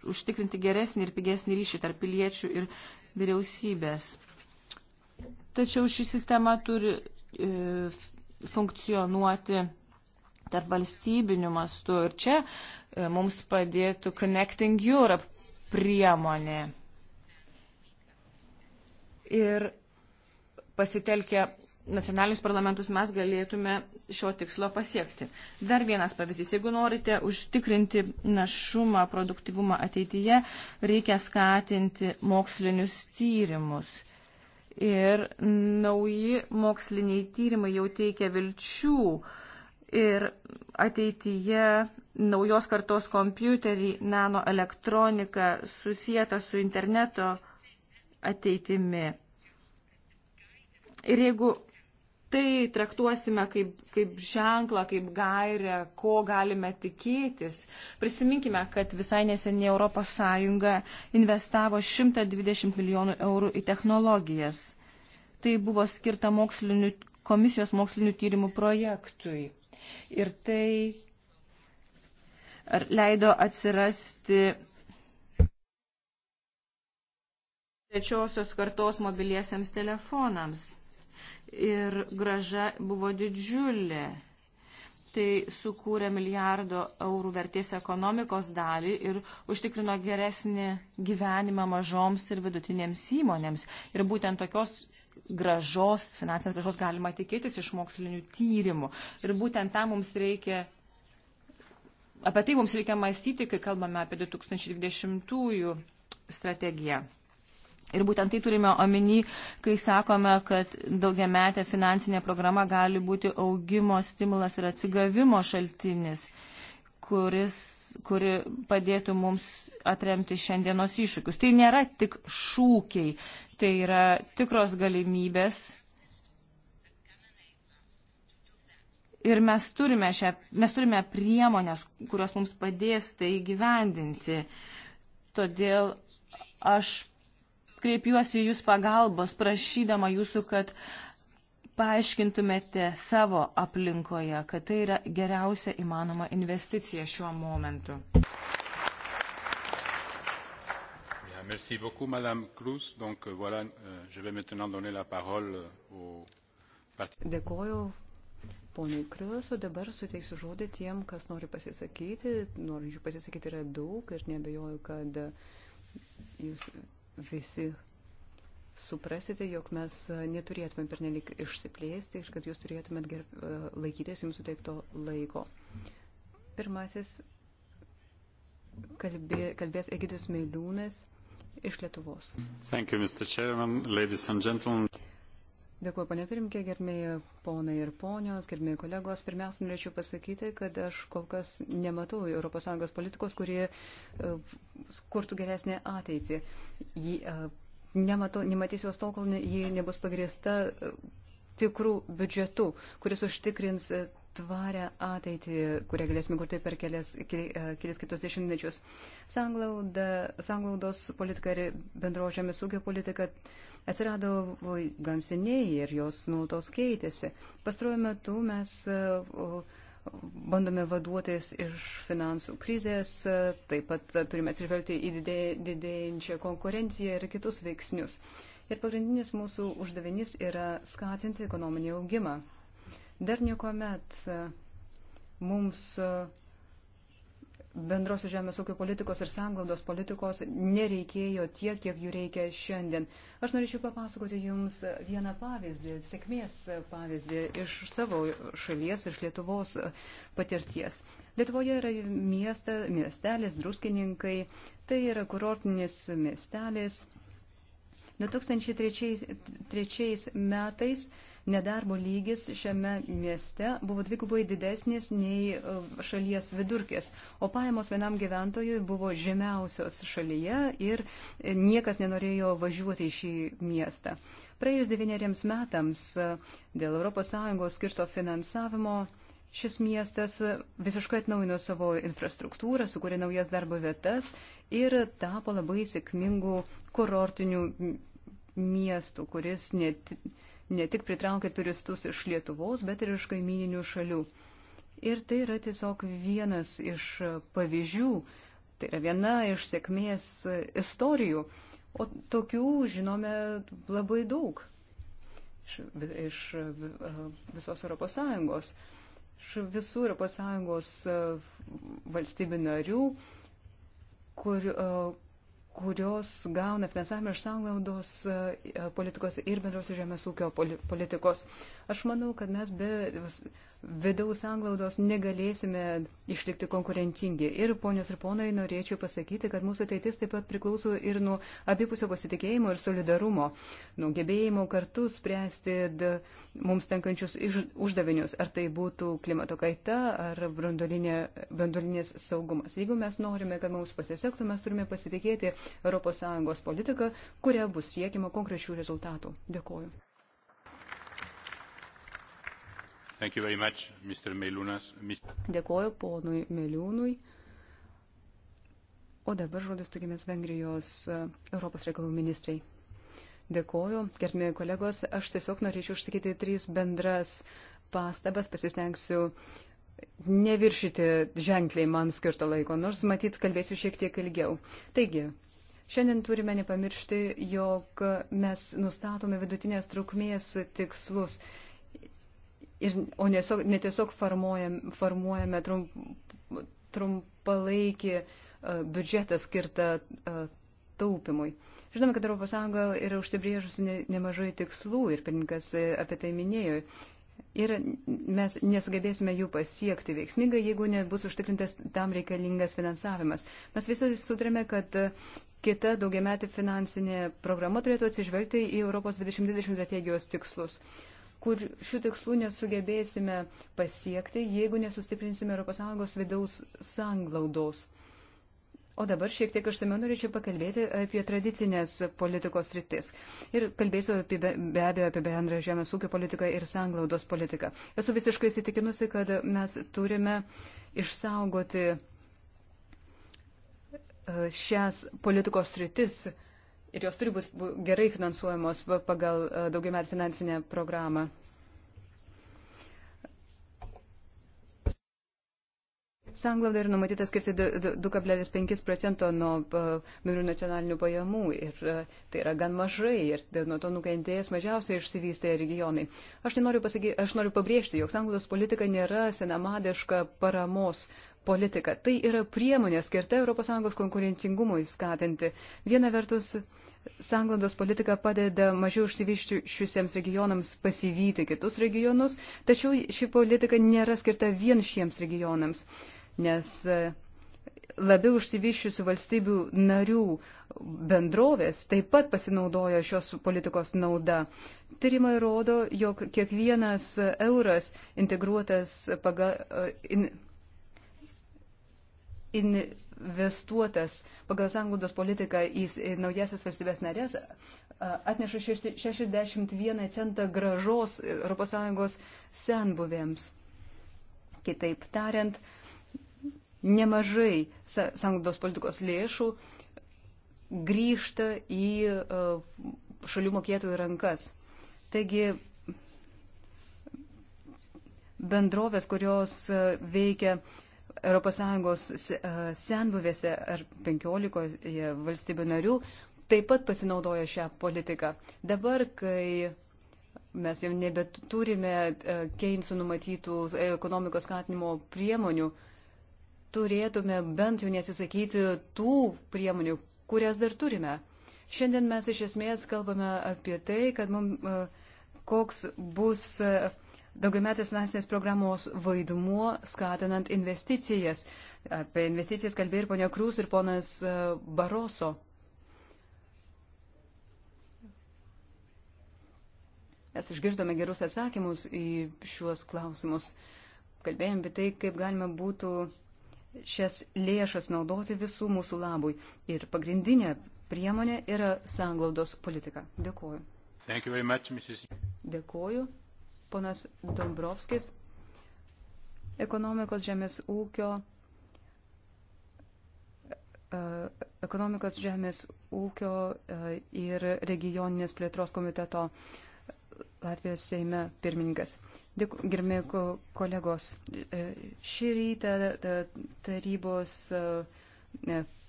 užtikrinti geresnį ir pigesnį ryšį tarp piliečių ir vyriausybės. Tačiau ši sistema turi e, funkcionuoti tarp valstybinių mastų ir čia e, mums padėtų Connecting Europe priemonė. Ir pasitelkę nacionalinius parlamentus mes galėtume šio tikslo pasiekti. Dar vienas pavyzdys. Jeigu norite užtikrinti našumą, produktivumą ateityje, reikia skatinti mokslinius tyrimus. Ir nauji moksliniai tyrimai jau teikia vilčių. Ir ateityje naujos kartos kompiuterį, nanoelektroniką susijęta su interneto ateitimi. Ir jeigu tai traktuosime kaip, kaip ženklą, kaip gairę, ko galime tikėtis. Prisiminkime, kad visai neseniai ES investavo 120 milijonų eurų į technologijas. Tai buvo skirta mokslinių, komisijos mokslinių tyrimų projektui. Ir tai leido atsirasti trečiosios kartos mobiliesiams telefonams ir graža buvo didžiulė. Tai sukūrė milijardo eurų vertės ekonomikos dalį ir užtikrino geresnį gyvenimą mažoms ir vidutinėms įmonėms. Ir būtent tokios gražos, finansinės gražos galima tikėtis iš mokslinių tyrimų. Ir būtent tą mums reikia, apie tai mums reikia mąstyti, kai kalbame apie 2020 strategiją. Ir būtent tai turime omeny, kai sakome, kad daugiametė finansinė programa gali būti augimo stimulas ir atsigavimo šaltinis, kuris, kuri padėtų mums atremti šiandienos iššūkius. Tai nėra tik šūkiai, tai yra tikros galimybės. Ir mes turime, šią, mes turime priemonės, kurios mums padės tai gyvendinti. Todėl aš kreipiuosi jūs pagalbos, prašydama jūsų, kad paaiškintumėte savo aplinkoje, kad tai yra geriausia įmanoma investicija šiuo momentu. Merci beaucoup, Madame Cruz. Donc euh, voilà, euh, je vais maintenant donner la parole euh, au parti. Dėkoju, poniai Cruz. O dabar suteiksiu žodį tiem, kas nori pasisakyti. Norinčių pasisakyti yra daug ir nebejoju, kad jūs visi suprasite, jog mes e, neturėtumėm pernelik išsiplėsti ir kad jūs turėtumėt gerb, e, laikytis jums suteikto laiko. Pirmasis kalbė, kalbės Egidijus Meiliūnas iš Lietuvos. Thank you, Mr. Chairman, ladies and gentlemen. Dėkuoju, ponė pirmkė, gerbėjai ponai ir ponios, gerbėjai kolegos. Pirmiausia, norėčiau pasakyti, kad aš kol kas nematau ES politikos, kurie kurtų geresnį ateitį. Jį, e, nemato, nematysiu jos tol, kol ji nebus pagrįsta e, tikrų biudžetų, kuris užtikrins e, tvarę ateitį, kurią galėsime kurti per kelias, e, kelias kitus dešimtmečius. Sanglauda, sanglaudos politika ir bendro žemės ūkio politika atsirado gan seniai ir jos nuolatos keitėsi. Pastaruoju metu mes e, bandome vaduotis iš finansų krizės, e, taip pat turime atsižvelgti į didėjančią konkurenciją ir kitus veiksnius. Ir pagrindinis mūsų uždavinys yra skatinti ekonominį augimą. Dar niekuomet e, mums e, bendrosios žemės ūkio politikos ir sanglaudos politikos nereikėjo tiek, kiek jų reikia šiandien. Aš norėčiau papasakoti Jums vieną pavyzdį, sėkmės pavyzdį iš savo šalies, iš Lietuvos patirties. Lietuvoje yra miesta, miestelis, druskininkai, tai yra kurortinis miestelis. 2003 metais nedarbo lygis šiame mieste buvo dvigubai didesnis nei e, šalies vidurkis, o pajamos vienam gyventojui buvo žemiausios šalyje ir e, niekas nenorėjo važiuoti į šį miestą. Praėjus devyneriems metams e, dėl ES skirto finansavimo šis miestas visiškai atnaujino savo infrastruktūrą, sukūrė naujas darbo vietas ir tapo labai sėkmingų kurortinių miestų, kuris net ne tik pritraukia turistus iš Lietuvos, bet ir iš kaimininių šalių. Ir tai yra tiesiog vienas iš pavyzdžių, tai yra viena iš sėkmės istorijų, o tokių žinome labai daug iš, iš visos Europos Sąjungos, iš visų Europos Sąjungos valstybių narių, kur, kurios gauna finansavimą iš sąnaudos e, politikos ir bendrosios žemės ūkio politikos. Aš manau, kad mes be vidaus anglaudos negalėsime išlikti konkurencingi. Ir ponios ir ponai, norėčiau pasakyti, kad mūsų ateitis taip pat priklauso ir nuo abipusio pasitikėjimo ir solidarumo, nuo gebėjimo kartu spręsti mums tenkančius iš, uždavinius, ar tai būtų klimato kaita, ar brandolinė, brandolinės saugumas. Jeigu mes norime, kad mums pasisektų, mes turime pasitikėti ES politiką, kuria bus siekima konkrečių rezultatų. Dėkuoju. Much, Mr. Meilunas, Mr. Dėkuoju ponui Meliūnui. O dabar žodis turimės Vengrijos e, Europos reikalų ministrai. Dėkuoju, gerbėjai kolegos. Aš tiesiog norėčiau užsakyti trys bendras pastabas, pasistengsiu neviršyti ženkliai man skirto laiko, nors matyt kalbėsiu šiek tiek ilgiau. Taigi, Šiandien turime nepamiršti, jog mes nustatome vidutinės trukmės tikslus ir, o netiesiog, netiesiog formuojame, formuojame trump, trumpalaikį uh, biudžetą skirtą uh, taupimui. Žinome, kad ES yra užsibrėžusi ne, nemažai tikslų ir pirmininkas e, apie tai minėjo. Ir mes nesugebėsime jų pasiekti veiksmingai, jeigu nebus užtikrintas tam reikalingas finansavimas. Mes visi sutrėme, kad kita daugiametė finansinė programa turėtų atsižvelgti į Europos 2020 strategijos tikslus kur šių tikslų nesugebėsime pasiekti, jeigu nesustiprinsime ES vidaus sanglaudos. O dabar šiek tiek aš tame norėčiau pakalbėti apie tradicinės politikos rytis. Ir kalbėsiu apie, be abejo apie bendrą žemės ūkio politiką ir sanglaudos politiką. Esu visiškai įsitikinusi, kad mes turime išsaugoti e, šias politikos rytis ir jos turi būti gerai finansuojamos pagal e, daugiametį finansinę programą. Sanglauda yra numatyta skirti 2,5 procento nuo mirų e, nacionalinių pajamų ir e, tai yra gan mažai ir nuo to nukentėjęs mažiausiai išsivystė regionai. Aš, tai noriu, pasaky, aš noriu pabrėžti, jog sanglaudos politika nėra senamadiška paramos politika. Tai yra priemonė skirta ES konkurencingumui skatinti. Viena vertus Sanglandos politika padeda mažiau išsivyščiusiems regionams pasivyti kitus regionus, tačiau ši politika nėra skirta vien šiems regionams, nes e, labiau išsivyščiusių valstybių narių bendrovės taip pat pasinaudojo šios politikos nauda. Tyrimai rodo, jog kiekvienas euras integruotas pagal. E, in, investuotas pagal sanglaudos politiką į naujasis valstybės narės atneša 61 centą gražos ES senbuvėms. Kitaip tariant, nemažai sanglaudos politikos lėšų grįžta į šalių mokėtojų rankas. Taigi bendrovės, kurios veikia ES senbuvėse ar 15 valstybių narių taip pat pasinaudoja šią politiką. Dabar, kai mes jau nebeturime Keynesų numatytų ekonomikos skatinimo priemonių, turėtume bent jau nesisakyti tų priemonių, kurias dar turime. Šiandien mes iš esmės kalbame apie tai, kad mums koks bus uh, daugiametės finansinės programos vaidmuo skatinant investicijas. Apie investicijas kalbėjo ir ponia Krūs, ir ponas e, Baroso. Mes išgirdome gerus atsakymus į šiuos klausimus. Kalbėjom apie tai, kaip galima būtų šias lėšas naudoti visų mūsų labui. Ir pagrindinė priemonė yra sanglaudos politika. Dėkuoju. Much, Mrs. Dėkuoju ponas Dombrovskis, ekonomikos žemės ūkio, e, ekonomikos žemės ūkio e, ir regioninės plėtros komiteto Latvijos Seime pirmininkas. Gerbimi kolegos, e, šį rytą tarybos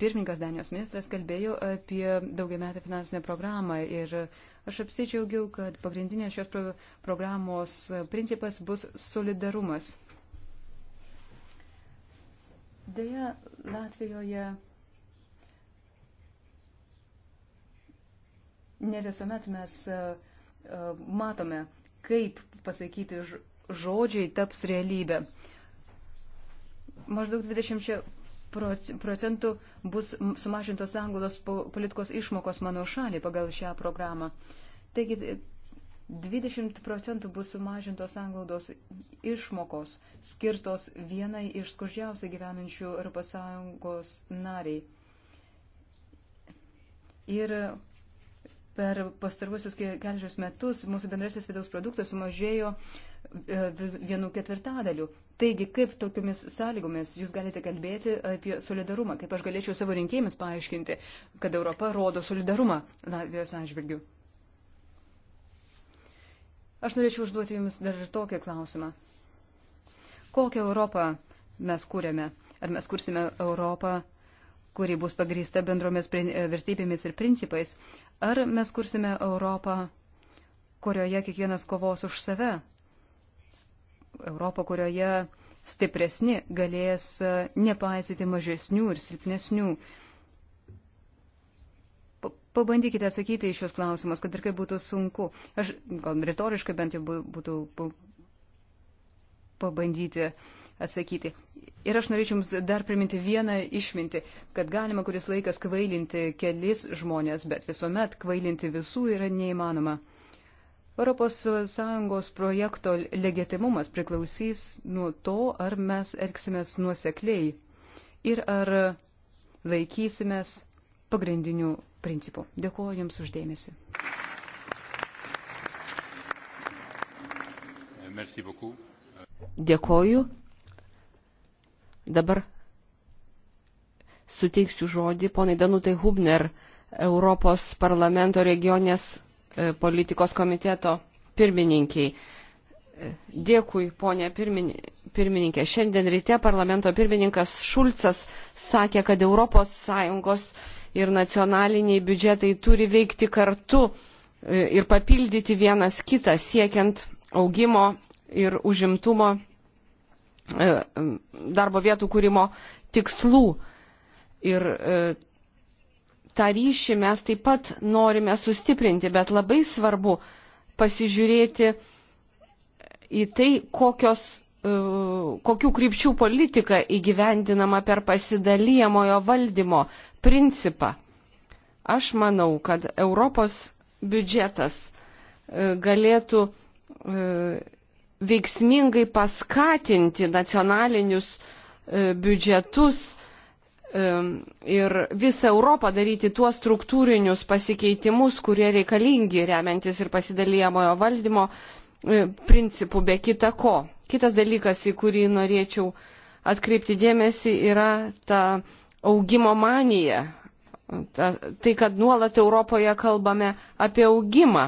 pirmininkas Danijos ministras kalbėjo apie daugiametę finansinę programą ir Aš apsidžiaugiau, kad pagrindinė šios pro programos principas bus solidarumas. Deja, Latvijoje ne visuomet mes e, e, matome, kaip pasakyti žodžiai taps realybė. Maždaug 20 procentų bus sumažintos anglos politikos išmokos mano šaliai pagal šią programą. Taigi 20 procentų bus sumažintos anglodos išmokos skirtos vienai iš skurdžiausiai gyvenančių ES nariai. Ir per pastaruosius kelius metus mūsų bendrasis vidaus produktas sumažėjo uh, E, vienu ketvirtadaliu. Taigi, kaip tokiomis sąlygomis jūs galite kalbėti apie solidarumą? Kaip aš galėčiau savo rinkėjams paaiškinti, kad Europa rodo solidarumą Latvijos atžvilgių? Aš norėčiau užduoti Jums dar ir tokį klausimą. Kokią Europą mes kūrėme? Ar mes kursime Europą, kuri bus pagrįsta bendromis e, vertybėmis ir principais? Ar mes kursime Europą, kurioje kiekvienas kovos už save Europą, kurioje stipresni galės e, nepaisyti mažesnių ir silpnesnių. Pabandykite atsakyti į šios klausimus, kad ir kaip būtų sunku. Aš gal retoriškai bent jau būtų pabandyti atsakyti. Ir aš norėčiau Jums dar priminti vieną išminti, kad galima kuris laikas kvailinti kelis žmonės, bet visuomet kvailinti visų yra neįmanoma. ES projekto legitimumas priklausys nuo to, ar mes elgsimės nuosekliai ir ar laikysimės pagrindinių principų. Dėkuoju Jums uždėmesi. Dėkoju. Dabar suteiksiu žodį ponai Danutai Hubner, Europos parlamento regionės E, politikos komiteto pirmininkiai. E, dėkui, ponė pirmininkė. Šiandien ryte parlamento pirmininkas Šulcas sakė, kad ES ir nacionaliniai biudžetai turi veikti kartu e, ir papildyti vienas kitą siekiant augimo ir užimtumo darbo vietų kūrimo tikslų. Ir tą ryšį mes taip pat norime sustiprinti, bet labai svarbu pasižiūrėti į tai, kokios, e, kokių krypčių politika įgyvendinama per pasidalyjamojo valdymo principą. Aš manau, kad Europos biudžetas e, galėtų e, veiksmingai paskatinti nacionalinius biudžetus ir visą Europą daryti tuos struktūrinius pasikeitimus, kurie reikalingi remiantis ir pasidalyjamojo valdymo e, principų be kita ko. Kitas dalykas, į kurį norėčiau atkreipti dėmesį, yra ta augimo manija. Ta, tai, kad nuolat Europoje kalbame apie augimą.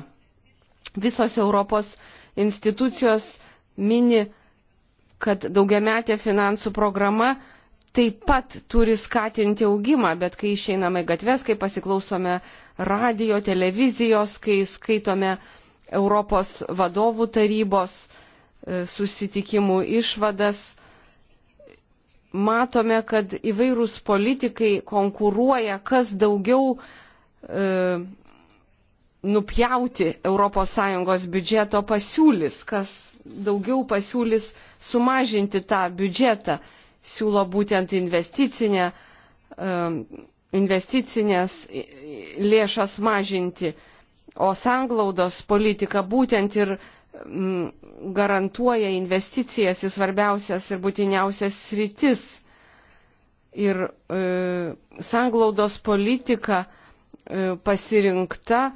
Visos Europos institucijos mini, kad daugiametė finansų programa uh, taip pat turi skatinti augimą, bet kai išeiname į gatves, kai pasiklausome radio, televizijos, kai skaitome Europos vadovų tarybos e, susitikimų išvadas, matome, kad įvairūs politikai konkuruoja, kas daugiau e, nupjauti ES biudžeto pasiūlys, kas daugiau pasiūlys sumažinti tą biudžetą. E, siūlo būtent investicinę, um, investicinės lėšas mažinti, o sanglaudos politika būtent ir mm, garantuoja investicijas į svarbiausias ir būtiniausias sritis. Ir e, sanglaudos politika e, pasirinkta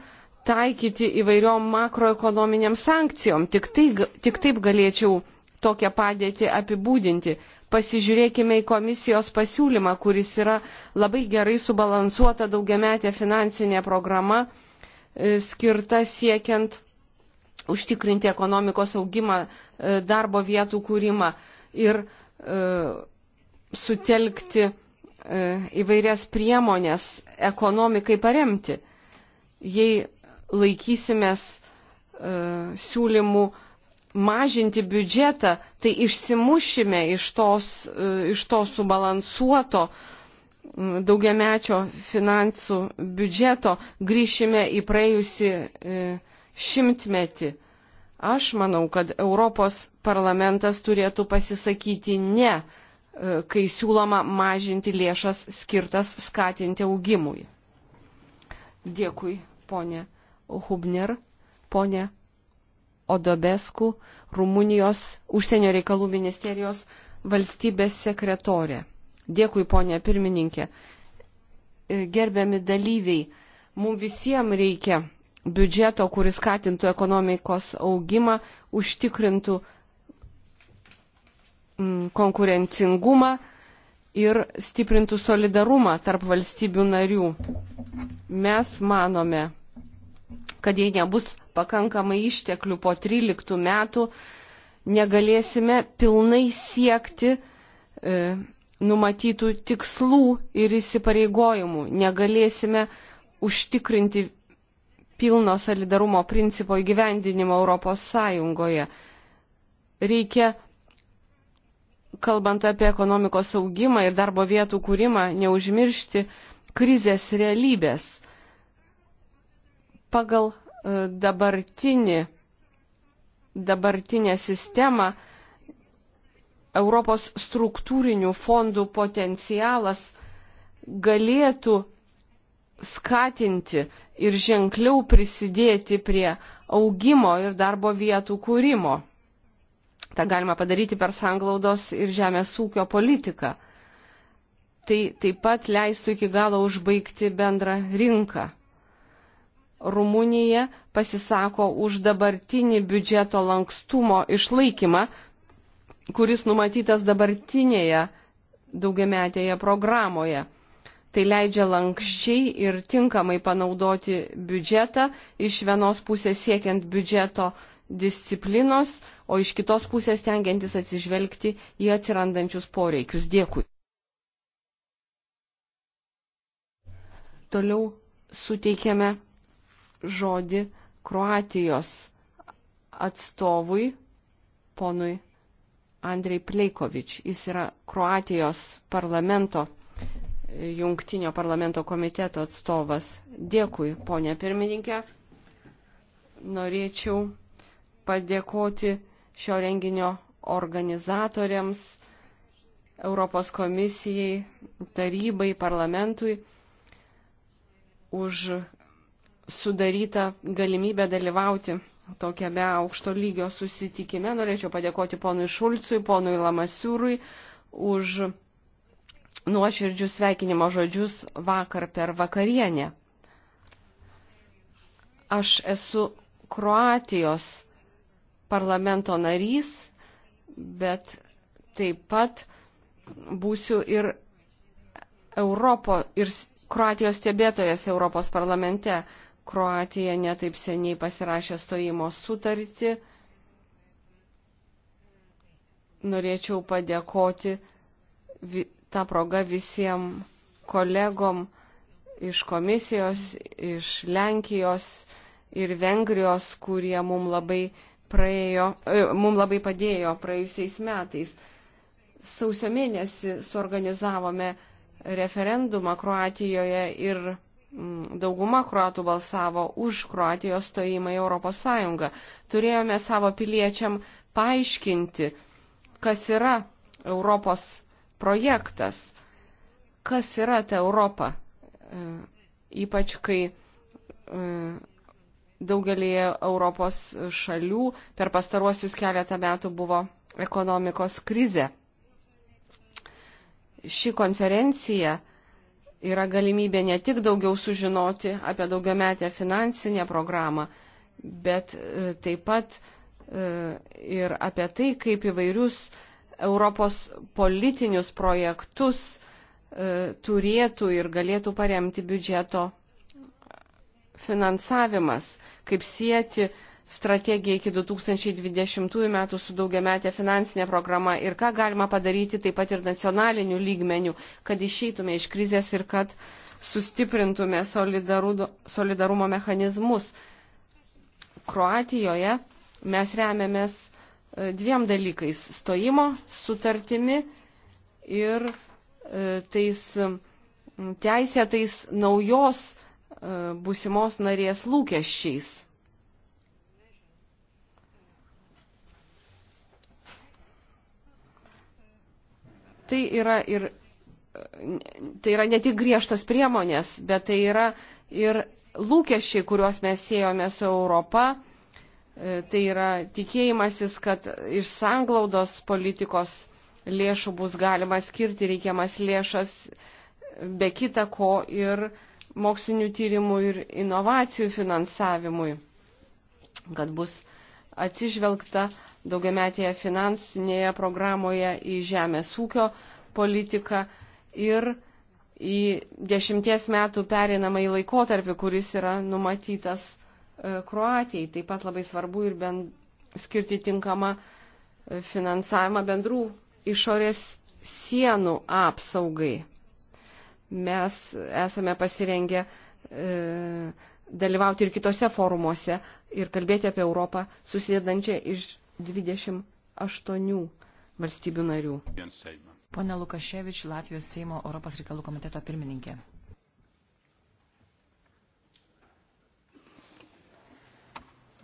taikyti įvairiom makroekonominiam sankcijom. Tik, tai, tik taip galėčiau tokią padėtį apibūdinti pasižiūrėkime į komisijos pasiūlymą, kuris yra labai gerai subalansuota daugiametė finansinė programa, e, skirta siekiant užtikrinti ekonomikos augimą, e, darbo vietų kūrimą ir e, sutelkti įvairias priemonės ekonomikai paremti. Jei laikysimės siūlymų mažinti biudžetą, tai išsimušime iš, tos, e, iš to subalansuoto daugiamečio finansų biudžeto, grįšime į praėjusi e, šimtmetį. Aš manau, kad Europos parlamentas turėtų pasisakyti ne, e, kai siūloma mažinti lėšas skirtas skatinti augimui. Dėkui, ponė Hubner, ponė Odobesku, Rumunijos užsienio reikalų ministerijos valstybės sekretorė. Dėkui, ponė pirmininkė. E, gerbiami dalyviai, mums visiems reikia biudžeto, kuris skatintų ekonomikos augimą, užtikrintų mm, konkurencingumą ir stiprintų solidarumą tarp valstybių narių. Mes manome, kad jei nebus pakankamai išteklių po 13 metų, negalėsime pilnai siekti e, numatytų tikslų ir įsipareigojimų, negalėsime užtikrinti pilno solidarumo principo įgyvendinimo Europos Sąjungoje. Reikia, kalbant apie ekonomikos augimą ir darbo vietų kūrimą, neužmiršti krizės realybės pagal e, dabartinį, dabartinę sistemą Europos struktūrinių fondų potencialas galėtų skatinti ir ženkliau prisidėti prie augimo ir darbo vietų kūrimo. Ta galima padaryti per sanglaudos ir žemės ūkio politiką. Tai taip pat leistų iki galo užbaigti bendrą rinką. Rumunija pasisako už dabartinį biudžeto lankstumo išlaikymą, kuris numatytas dabartinėje daugiametėje programoje. Tai leidžia lankščiai ir tinkamai panaudoti biudžetą, iš vienos pusės siekiant biudžeto disciplinos, o iš kitos pusės tengiantis atsižvelgti į atsirandančius poreikius. Dėkui. Toliau suteikiame žodį Kroatijos atstovui, ponui Andrei Pleikovič. Jis yra Kroatijos parlamento, jungtinio parlamento komiteto atstovas. Dėkui, ponė pirmininkė. Norėčiau padėkoti šio renginio organizatoriams, Europos komisijai, tarybai, parlamentui už sudaryta galimybė dalyvauti tokiame aukšto lygio susitikime. Norėčiau padėkoti ponui Šulcui, ponui Lamasiūrui už nuoširdžius sveikinimo žodžius vakar per vakarienę. Aš esu Kroatijos parlamento narys, bet taip pat būsiu ir Europo, ir Kroatijos stebėtojas Europos parlamente. Kroatija netaip seniai pasirašė stojimo sutartį. Norėčiau padėkoti tą progą visiems kolegom iš komisijos, iš Lenkijos ir Vengrijos, kurie mums labai, praėjo, e, mum labai padėjo praėjusiais metais. Sausio mėnesį suorganizavome referendumą Kroatijoje ir Mm, dauguma kruatų balsavo už Kroatijos stojimą į Europos Sąjungą. Turėjome savo piliečiam paaiškinti, kas yra Europos projektas, kas yra ta Europa, e, ypač kai e, daugelį Europos šalių per pastaruosius keletą metų buvo ekonomikos krize. Ši konferencija yra galimybė ne tik daugiau sužinoti apie daugiametę finansinę programą, bet e, taip pat e, ir apie tai, kaip įvairius Europos politinius projektus e, turėtų ir galėtų paremti biudžeto finansavimas, kaip sieti uh, strategija iki 2020 metų su daugiametė finansinė programa ir ką galima padaryti taip pat ir nacionaliniu lygmeniu, kad išeitume iš krizės ir kad sustiprintume solidarumo mechanizmus. Kroatijoje mes remiamės e, dviem dalykais - stojimo sutartimi ir e, tais teisėtais naujos e, būsimos narės lūkesčiais Tai yra ir tai yra ne tik griežtos priemonės, bet tai yra ir lūkesčiai, kuriuos mes siejome su Europa. E, tai yra tikėjimasis, kad iš sanglaudos politikos lėšų bus galima skirti reikiamas lėšas, be kita ko ir mokslinių tyrimų ir inovacijų finansavimui, kad bus atsižvelgta daugiametėje finansinėje programoje, į žemės ūkio politiką ir į dešimties metų pereinamąjį laikotarpį, kuris yra numatytas e, Kroatijai. Taip pat labai svarbu ir bend, skirti tinkamą e, finansavimą bendrų išorės sienų apsaugai. Mes esame pasirengę e, dalyvauti ir kitose forumuose ir kalbėti apie Europą susidedančią iš 28 valstybių narių. Pone Lukaševič, Latvijos Seimo Europos reikalų komiteto pirmininkė.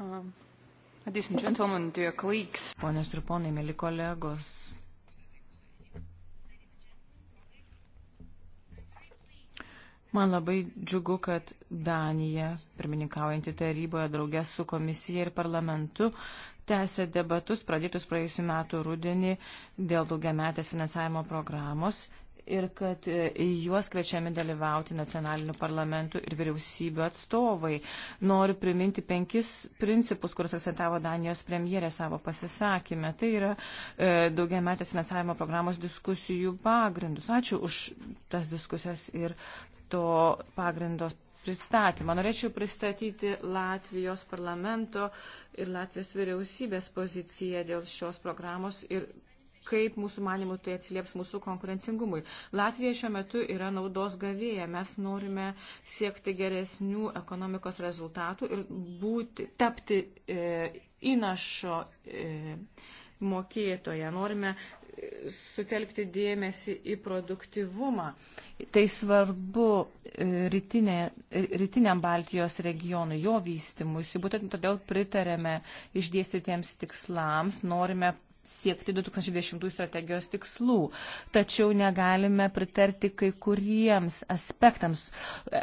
Um, ladies and gentlemen, dear colleagues. Ponios ir ponai, mėly kolegos. Man labai džiugu, kad Danija, pirmininkaujantį taryboje draugės su komisija ir parlamentu, tęsia debatus pradėtus praėjusiu metu rudenį dėl daugiametės finansavimo programos ir kad e, į juos kviečiami dalyvauti nacionalinių parlamentų ir vyriausybių atstovai. Noriu priminti penkis principus, kuriuos akcentavo Danijos premjerė savo pasisakymę. Tai yra e, daugiametės finansavimo programos diskusijų pagrindus. Ačiū už tas diskusijas ir to pagrindos pristatymą. Norėčiau pristatyti Latvijos parlamento ir Latvijos vyriausybės poziciją dėl šios programos ir kaip mūsų manimų tai atsilieps mūsų konkurencingumui. Latvija šiuo metu yra naudos gavėja. Mes norime siekti geresnių ekonomikos rezultatų ir būti, tapti e, įnašo. E, mokėtoje. Norime sutelkti dėmesį į produktivumą. Tai svarbu e, rytinė, e, rytiniam Baltijos regionui, jo vystimuisi. Būtent todėl pritarėme išdėstytiems tikslams, norime siekti 2010 strategijos tikslų. Tačiau negalime pritarti kai kuriems aspektams e,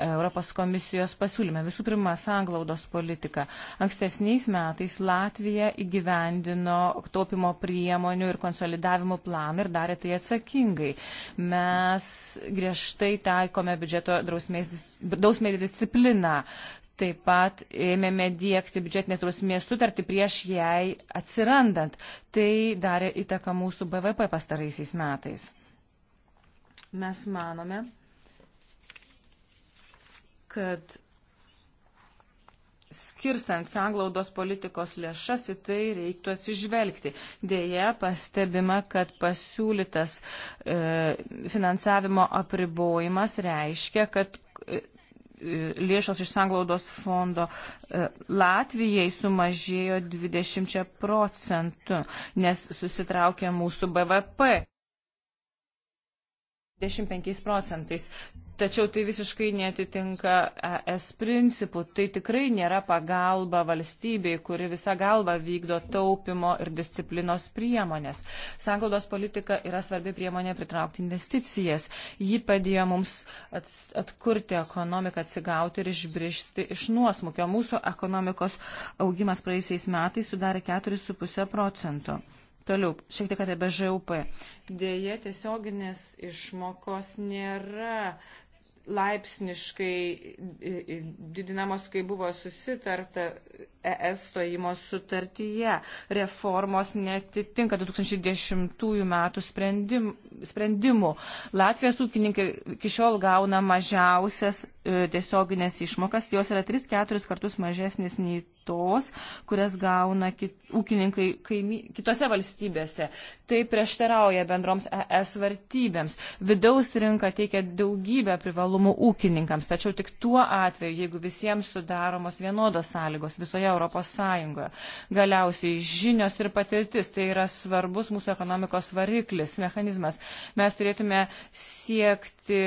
Europos komisijos pasiūlyme. Visų pirma, sanglaudos politika. Ankstesniais metais Latvija įgyvendino taupimo priemonių ir konsolidavimo planą ir darė tai atsakingai. Mes griežtai taikome biudžeto drausmės, drausmės discipliną. Taip pat ėmėme dėkti biudžetinės drausmės sutartį prieš jai atsirandant. Tai darė įtaką mūsų BVP pastaraisiais metais. Mes manome, kad skirstant sanglaudos politikos lėšas į tai reiktų atsižvelgti. Deja, pastebima, kad pasiūlytas e, finansavimo apribojimas reiškia, kad e, lėšos iš sanglaudos fondo e, Latvijai sumažėjo 20 procentų, nes susitraukė mūsų BVP. 25 procentais. Tačiau tai visiškai netitinka ES principų. Tai tikrai nėra pagalba valstybei, kuri visą galvą vykdo taupimo ir disciplinos priemonės. Sanklaudos politika yra svarbi priemonė pritraukti investicijas. Ji padėjo mums atkurti ekonomiką, atsigauti ir išbrišti iš nuosmukio. Mūsų ekonomikos augimas praeisiais metais sudarė 4,5 procento. Toliau, šiek tiek apie BŽUP. Dėje tiesioginės išmokos nėra laipsniškai didinamos, kai buvo susitarta ES stojimo sutartyje. Reformos netitinka 2010 metų sprendim, sprendimų. Latvijos ūkininkai iki šiol gauna mažiausias e, tiesioginės išmokas, jos yra 3-4 kartus mažesnis nei tos, kurias gauna kit, ūkininkai kaimy, kitose valstybėse. Tai prieštarauja bendroms ES vartybėms. Vidaus rinka teikia daugybę privalumų ūkininkams, tačiau tik tuo atveju, jeigu visiems sudaromos vienodos sąlygos visoje Europos Sąjungoje. Galiausiai žinios ir patirtis tai yra svarbus mūsų ekonomikos variklis, mechanizmas. Mes turėtume siekti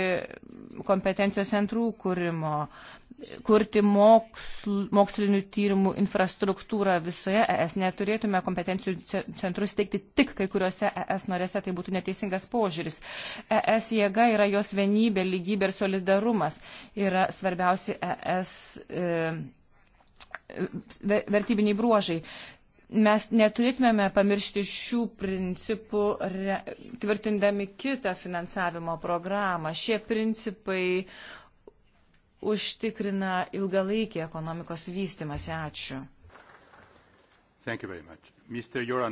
kompetencijos centrų kūrimo kurti moksl, mokslinių tyrimų infrastruktūrą visoje ES. Neturėtume kompetencijų centrus steigti tik kai kuriuose ES norėse, tai būtų neteisingas požiūris. ES jėga yra jos vienybė, lygybė ir solidarumas. Yra svarbiausi ES e, e vertybiniai bruožai. Mes neturėtume pamiršti šių principų re, tvirtindami kitą finansavimo programą. Šie principai užtikrina ilgalaikį ekonomikos vystimąsi. Ačiū.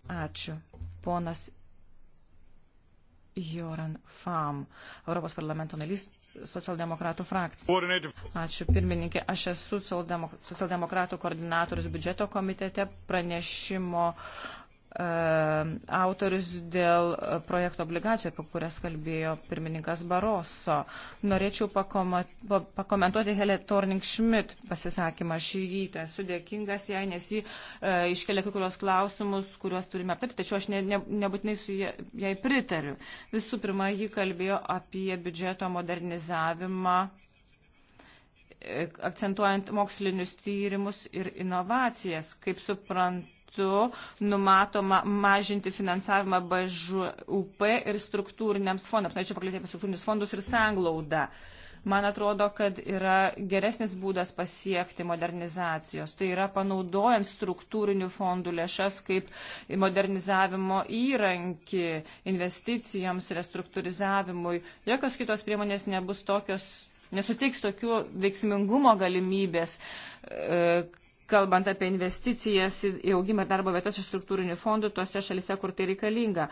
Ačiū. Ponas Joran Fam, Europos parlamento narys, socialdemokratų frakcija. Ačiū pirmininkė. Aš esu socialdemokratų koordinatorius biudžeto komitete pranešimo E, autorius dėl projekto obligacijų, apie kurias kalbėjo pirmininkas Baroso. Norėčiau pakomentuoti Helė Torning-Schmidt pasisakymą šį rytą. Esu dėkingas jai, nes ji e, iškelia kai kurios klausimus, kuriuos turime aptarti, tačiau aš ne, ne, nebūtinai su jai, jai pritariu. Visų pirma, ji kalbėjo apie biudžeto modernizavimą e, akcentuojant mokslinius tyrimus ir inovacijas. Kaip suprantu, metu numatoma mažinti finansavimą BŽUP ir struktūriniams fondams. Norėčiau pakalbėti apie struktūrinius fondus ir sanglaudą. Man atrodo, kad yra geresnis būdas pasiekti modernizacijos. Tai yra panaudojant struktūrinių fondų lėšas kaip modernizavimo įrankį investicijoms, restruktūrizavimui. Jokios kitos priemonės nebus tokios nesuteiks tokių veiksmingumo galimybės, e, kalbant apie investicijas į augimą ir darbo vietas iš struktūrinių fondų tose šalise, kur tai reikalinga.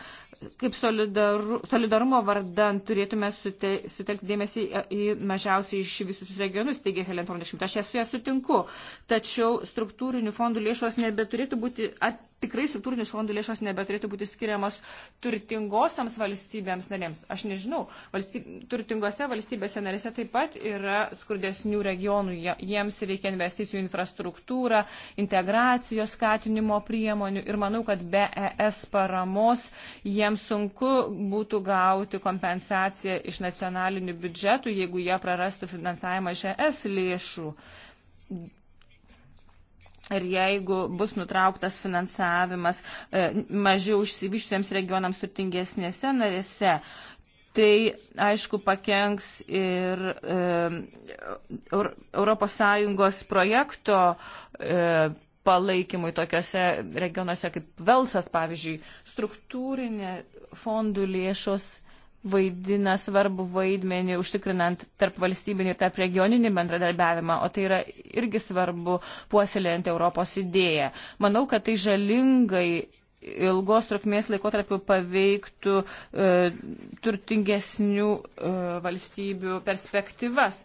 Kaip solidaru, solidarumo vardan turėtume sute, sutelkti dėmesį į, į mažiausiai iš visus regionus, teigia Helen 30. Aš esu ją sutinku, tačiau struktūrinių fondų lėšos nebeturėtų būti at, tikrai struktūrinių fondų lėšos nebeturėtų būti skiriamos turtingosiams valstybėms narėms. Aš nežinau, valstyb... turtingose valstybėse narėse taip pat yra skurdesnių regionų, jiems reikia investicijų infrastruktūrą, integracijos skatinimo priemonių ir manau, kad be ES paramos jiems sunku būtų gauti kompensaciją iš nacionalinių biudžetų, jeigu jie prarastų finansavimą iš ES lėšų. Ir jeigu bus nutrauktas finansavimas e, mažiau išsivyščiams regionams turtingesnėse narėse, tai aišku pakenks ir ES projekto e, palaikymui tokiuose regionuose kaip Velsas, pavyzdžiui, struktūrinė fondų lėšos vaidina svarbu vaidmenį užtikrinant tarp valstybinį ir tarp regioninį bendradarbiavimą, o tai yra irgi svarbu puoselėjant Europos idėją. Manau, kad tai žalingai ilgos trukmės laikotarpiu paveiktų e, turtingesnių e, valstybių perspektyvas.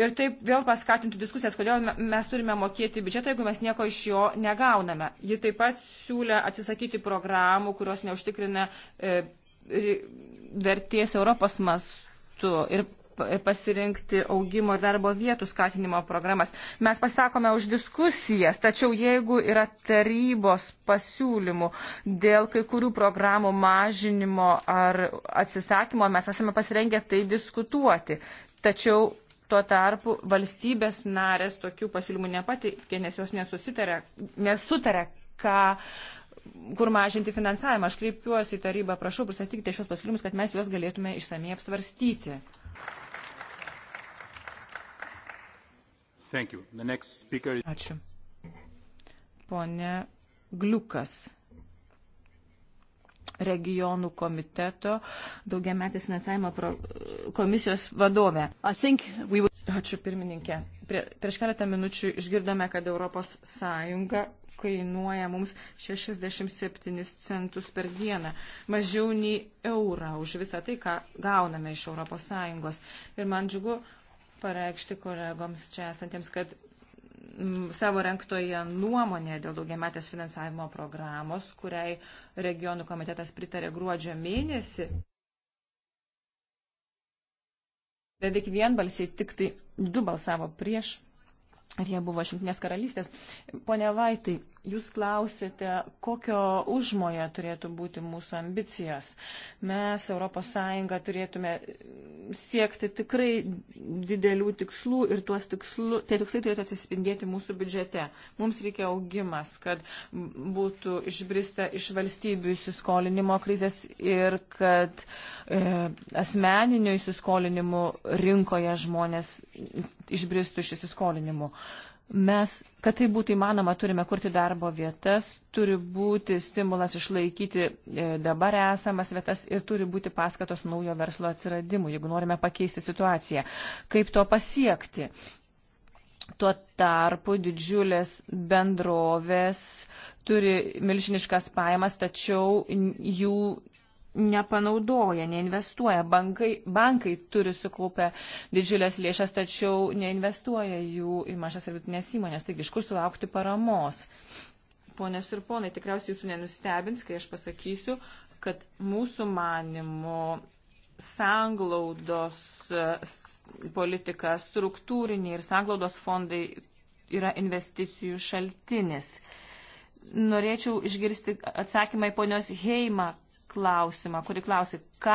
Ir taip vėl paskatintų diskusijas, kodėl mes turime mokėti biudžetą, jeigu mes nieko iš jo negauname. Ji taip pat siūlė atsisakyti programų, kurios neužtikrina e, vertės Europos mastu ir pasirinkti augimo ir darbo vietų skatinimo programas. Mes pasakome už diskusijas, tačiau jeigu yra tarybos pasiūlymų dėl kai kurių programų mažinimo ar atsisakymo, mes esame pasirengę tai diskutuoti. Tačiau tuo tarpu valstybės narės tokių pasiūlymų nepateikė, nes jos nesusitarė, nesutarė ką kur mažinti finansavimą. Aš kreipiuosi į tarybą, prašau, pristatykite šios pasiūlymus, kad mes juos galėtume išsamei apsvarstyti. Speaker... Ačiū. Pone Gliukas, regionų komiteto daugiametės finansavimo pro... komisijos vadovė. We... Ačiū pirmininkė. Prie, prieš keletą minučių išgirdome, kad ES kainuoja mums 67 centus per dieną, mažiau nei eurą už visą tai, ką gauname iš ES. Ir man džiugu pareikšti kolegoms čia esantiems, kad mm, savo renktoje nuomonė dėl daugiametės finansavimo programos, kuriai regionų komitetas pritarė gruodžio mėnesį. Beveik vienbalsiai tik tai du balsavo prieš ar jie buvo iš Junktinės karalystės. Pone Vaitai, jūs klausėte, kokio užmoje turėtų būti mūsų ambicijos. Mes, ES, turėtume siekti tikrai didelių tikslų ir tuos tikslų, tie tikslai turėtų atsispindėti mūsų biudžete. Mums reikia augimas, kad būtų išbrista iš valstybių įsiskolinimo krizės ir kad e, asmeninio įsiskolinimo rinkoje žmonės išbristų iš įsiskolinimo. Mes, kad tai būtų įmanoma, turime kurti darbo vietas, turi būti stimulas išlaikyti e, dabar esamas vietas ir turi būti paskatos naujo verslo atsiradimų, jeigu norime pakeisti situaciją. Kaip to pasiekti? Tuo tarpu didžiulės bendrovės turi milžiniškas pajamas, tačiau jų nepanaudoja, neinvestuoja. Bankai, bankai turi sukaupę didžiulės lėšas, tačiau neinvestuoja jų į mažas ir vidutinės įmonės. Taigi, iš kur sulaukti paramos? Ponės ir ponai, tikriausiai jūsų nenustebins, kai aš pasakysiu, kad mūsų manimo sanglaudos e, politika, struktūriniai ir sanglaudos fondai yra investicijų šaltinis. Norėčiau išgirsti atsakymą į ponios Heima klausimą, kurį klausai, ką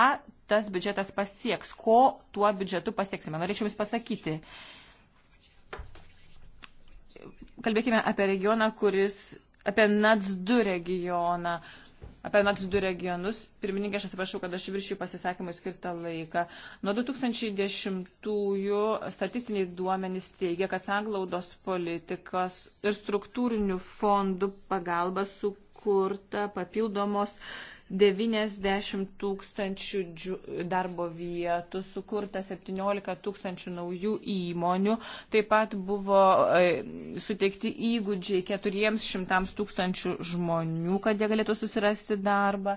tas biudžetas pasieks, ko tuo biudžetu pasieksime. Norėčiau Jums pasakyti. Kalbėkime apie regioną, kuris, apie NATS 2 regioną, apie NATS 2 regionus. Pirmininkė, aš atsiprašau, kad aš viršiu pasisakymui skirtą laiką. Nuo 2010-ųjų statistiniai duomenys teigia, kad sanglaudos politikos ir struktūrinių fondų pagalba su sukurta papildomos 90 tūkstančių darbo vietų, sukurta 17 tūkstančių naujų įmonių, taip pat buvo e, suteikti įgūdžiai 400 tūkstančių žmonių, kad jie galėtų susirasti darbą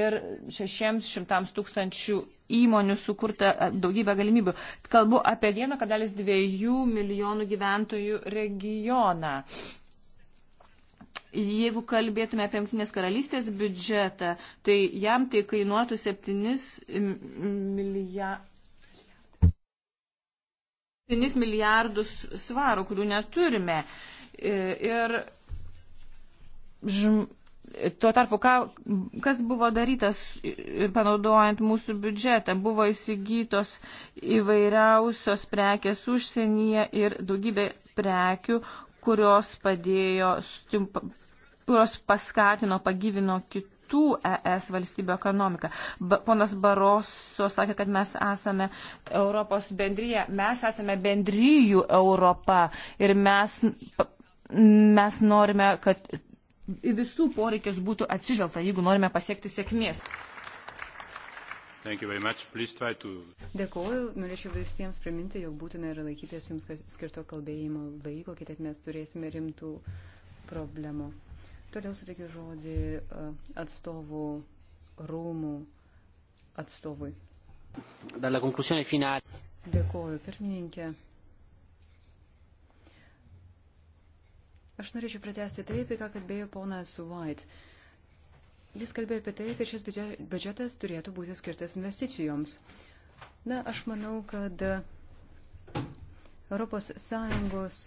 ir 600 tūkstančių įmonių sukurta e, daugybę galimybių. Kalbu apie 1,2 milijonų gyventojų regioną. Jeigu kalbėtume apie Junktinės karalystės biudžetą, tai jam tai kainuotų 7 milijardus. 7 milijardus svarų, kurių neturime. E, ir žm, tuo tarpu, ką, kas buvo darytas panaudojant mūsų biudžetą, buvo įsigytos įvairiausios prekės užsienyje ir daugybė prekių, kurios padėjo stim, kurios paskatino, pagyvino kitų kitų e ES valstybių ekonomiką. Ba, ponas Baroso sakė, kad mes esame Europos bendryje, mes esame bendryjų Europa ir mes, mes norime, kad visų poreikis būtų atsižvelgta, jeigu norime pasiekti sėkmės. To... Dėkuoju, norėčiau visiems priminti, jog būtina ir laikytis jums skirto kalbėjimo laiko, kitaip mes turėsime rimtų problemų. Toliau suteikiu žodį e, atstovų rūmų atstovui. Dar la conclusione finale. Dėkoju, pirmininkė. Aš norėčiau pratesti tai, apie ką kalbėjo ponas White. Jis kalbėjo apie tai, kad šis biudžetas turėtų būti skirtas investicijoms. Na, aš manau, kad Europos Sąjungos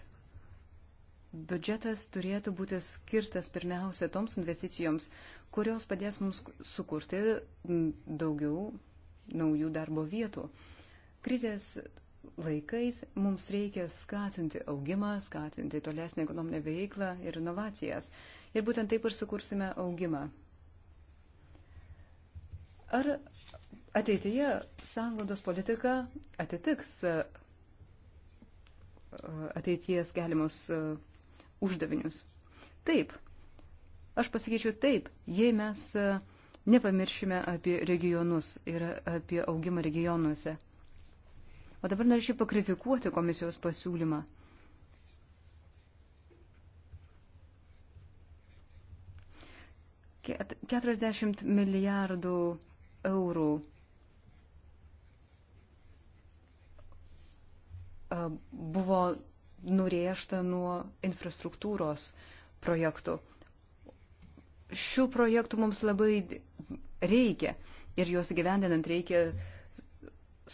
biudžetas turėtų būti skirtas pirmiausia toms investicijoms, kurios padės mums sukurti daugiau naujų darbo vietų. Krizės laikais mums reikia skatinti augimą, skatinti tolesnį ekonominę veiklą ir inovacijas. Ir būtent taip ir sukursime augimą. Ar ateityje sąnglaudos politika atitiks uh, ateities galimus uh, uždavinius. Taip, aš pasakyčiau taip, jei mes e, nepamiršime apie regionus ir apie augimą regionuose. O dabar norėčiau pakritikuoti komisijos pasiūlymą. Ket, 40 milijardų eurų e, buvo nurėžta nuo infrastruktūros projektų. Šių projektų mums labai reikia ir juos gyvendinant reikia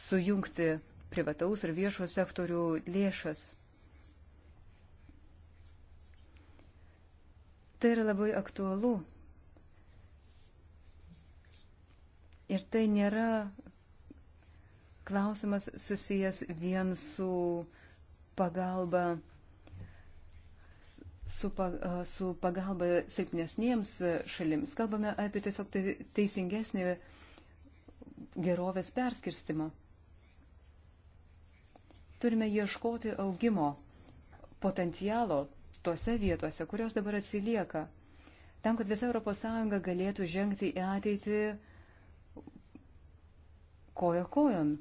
sujungti privataus ir viešo sektorių lėšas. Tai yra labai aktualu. Ir tai nėra klausimas susijęs vien su pagalba su, su pagalba silpnesniems šalims. Kalbame apie tiesiog teisingesnį gerovės perskirstimą. Turime ieškoti augimo potencialo tose vietose, kurios dabar atsilieka, tam, kad visa ES galėtų žengti į ateitį koja kojon.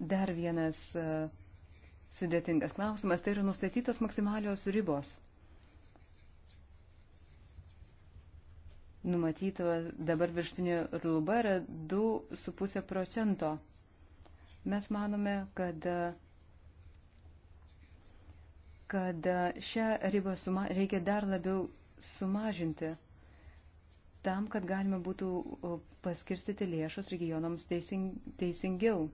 Dar vienas e, sudėtingas klausimas, tai yra nustatytos maksimalios ribos. Numatyta dabar virštinė riba yra 2,5 procento. Mes manome, kad, kad šią ribą suma, reikia dar labiau sumažinti tam, kad galima būtų paskirstyti lėšas regionams teising, teisingiau.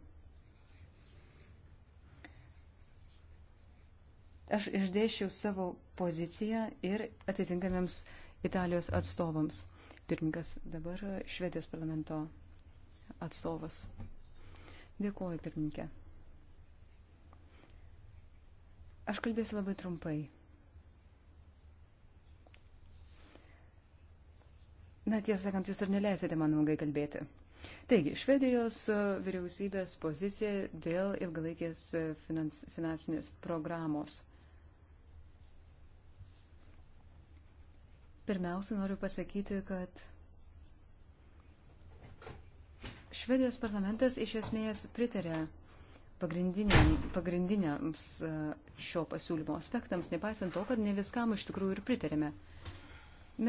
Aš išdėšiau savo poziciją ir atitinkamiems Italijos atstovams. Pirmininkas dabar Švedijos parlamento atstovas. Dėkuoju, pirmininkė. Aš kalbėsiu labai trumpai. Na, tiesą sakant, jūs ir neleisite man ilgai kalbėti. Taigi, Švedijos vyriausybės pozicija dėl ilgalaikės finans, finansinės programos. Pirmiausia, noriu pasakyti, kad Švedijos parlamentas iš esmės pritarė pagrindiniams e, šio pasiūlymo aspektams, nepaisant to, kad ne viskam iš tikrųjų ir pritarėme.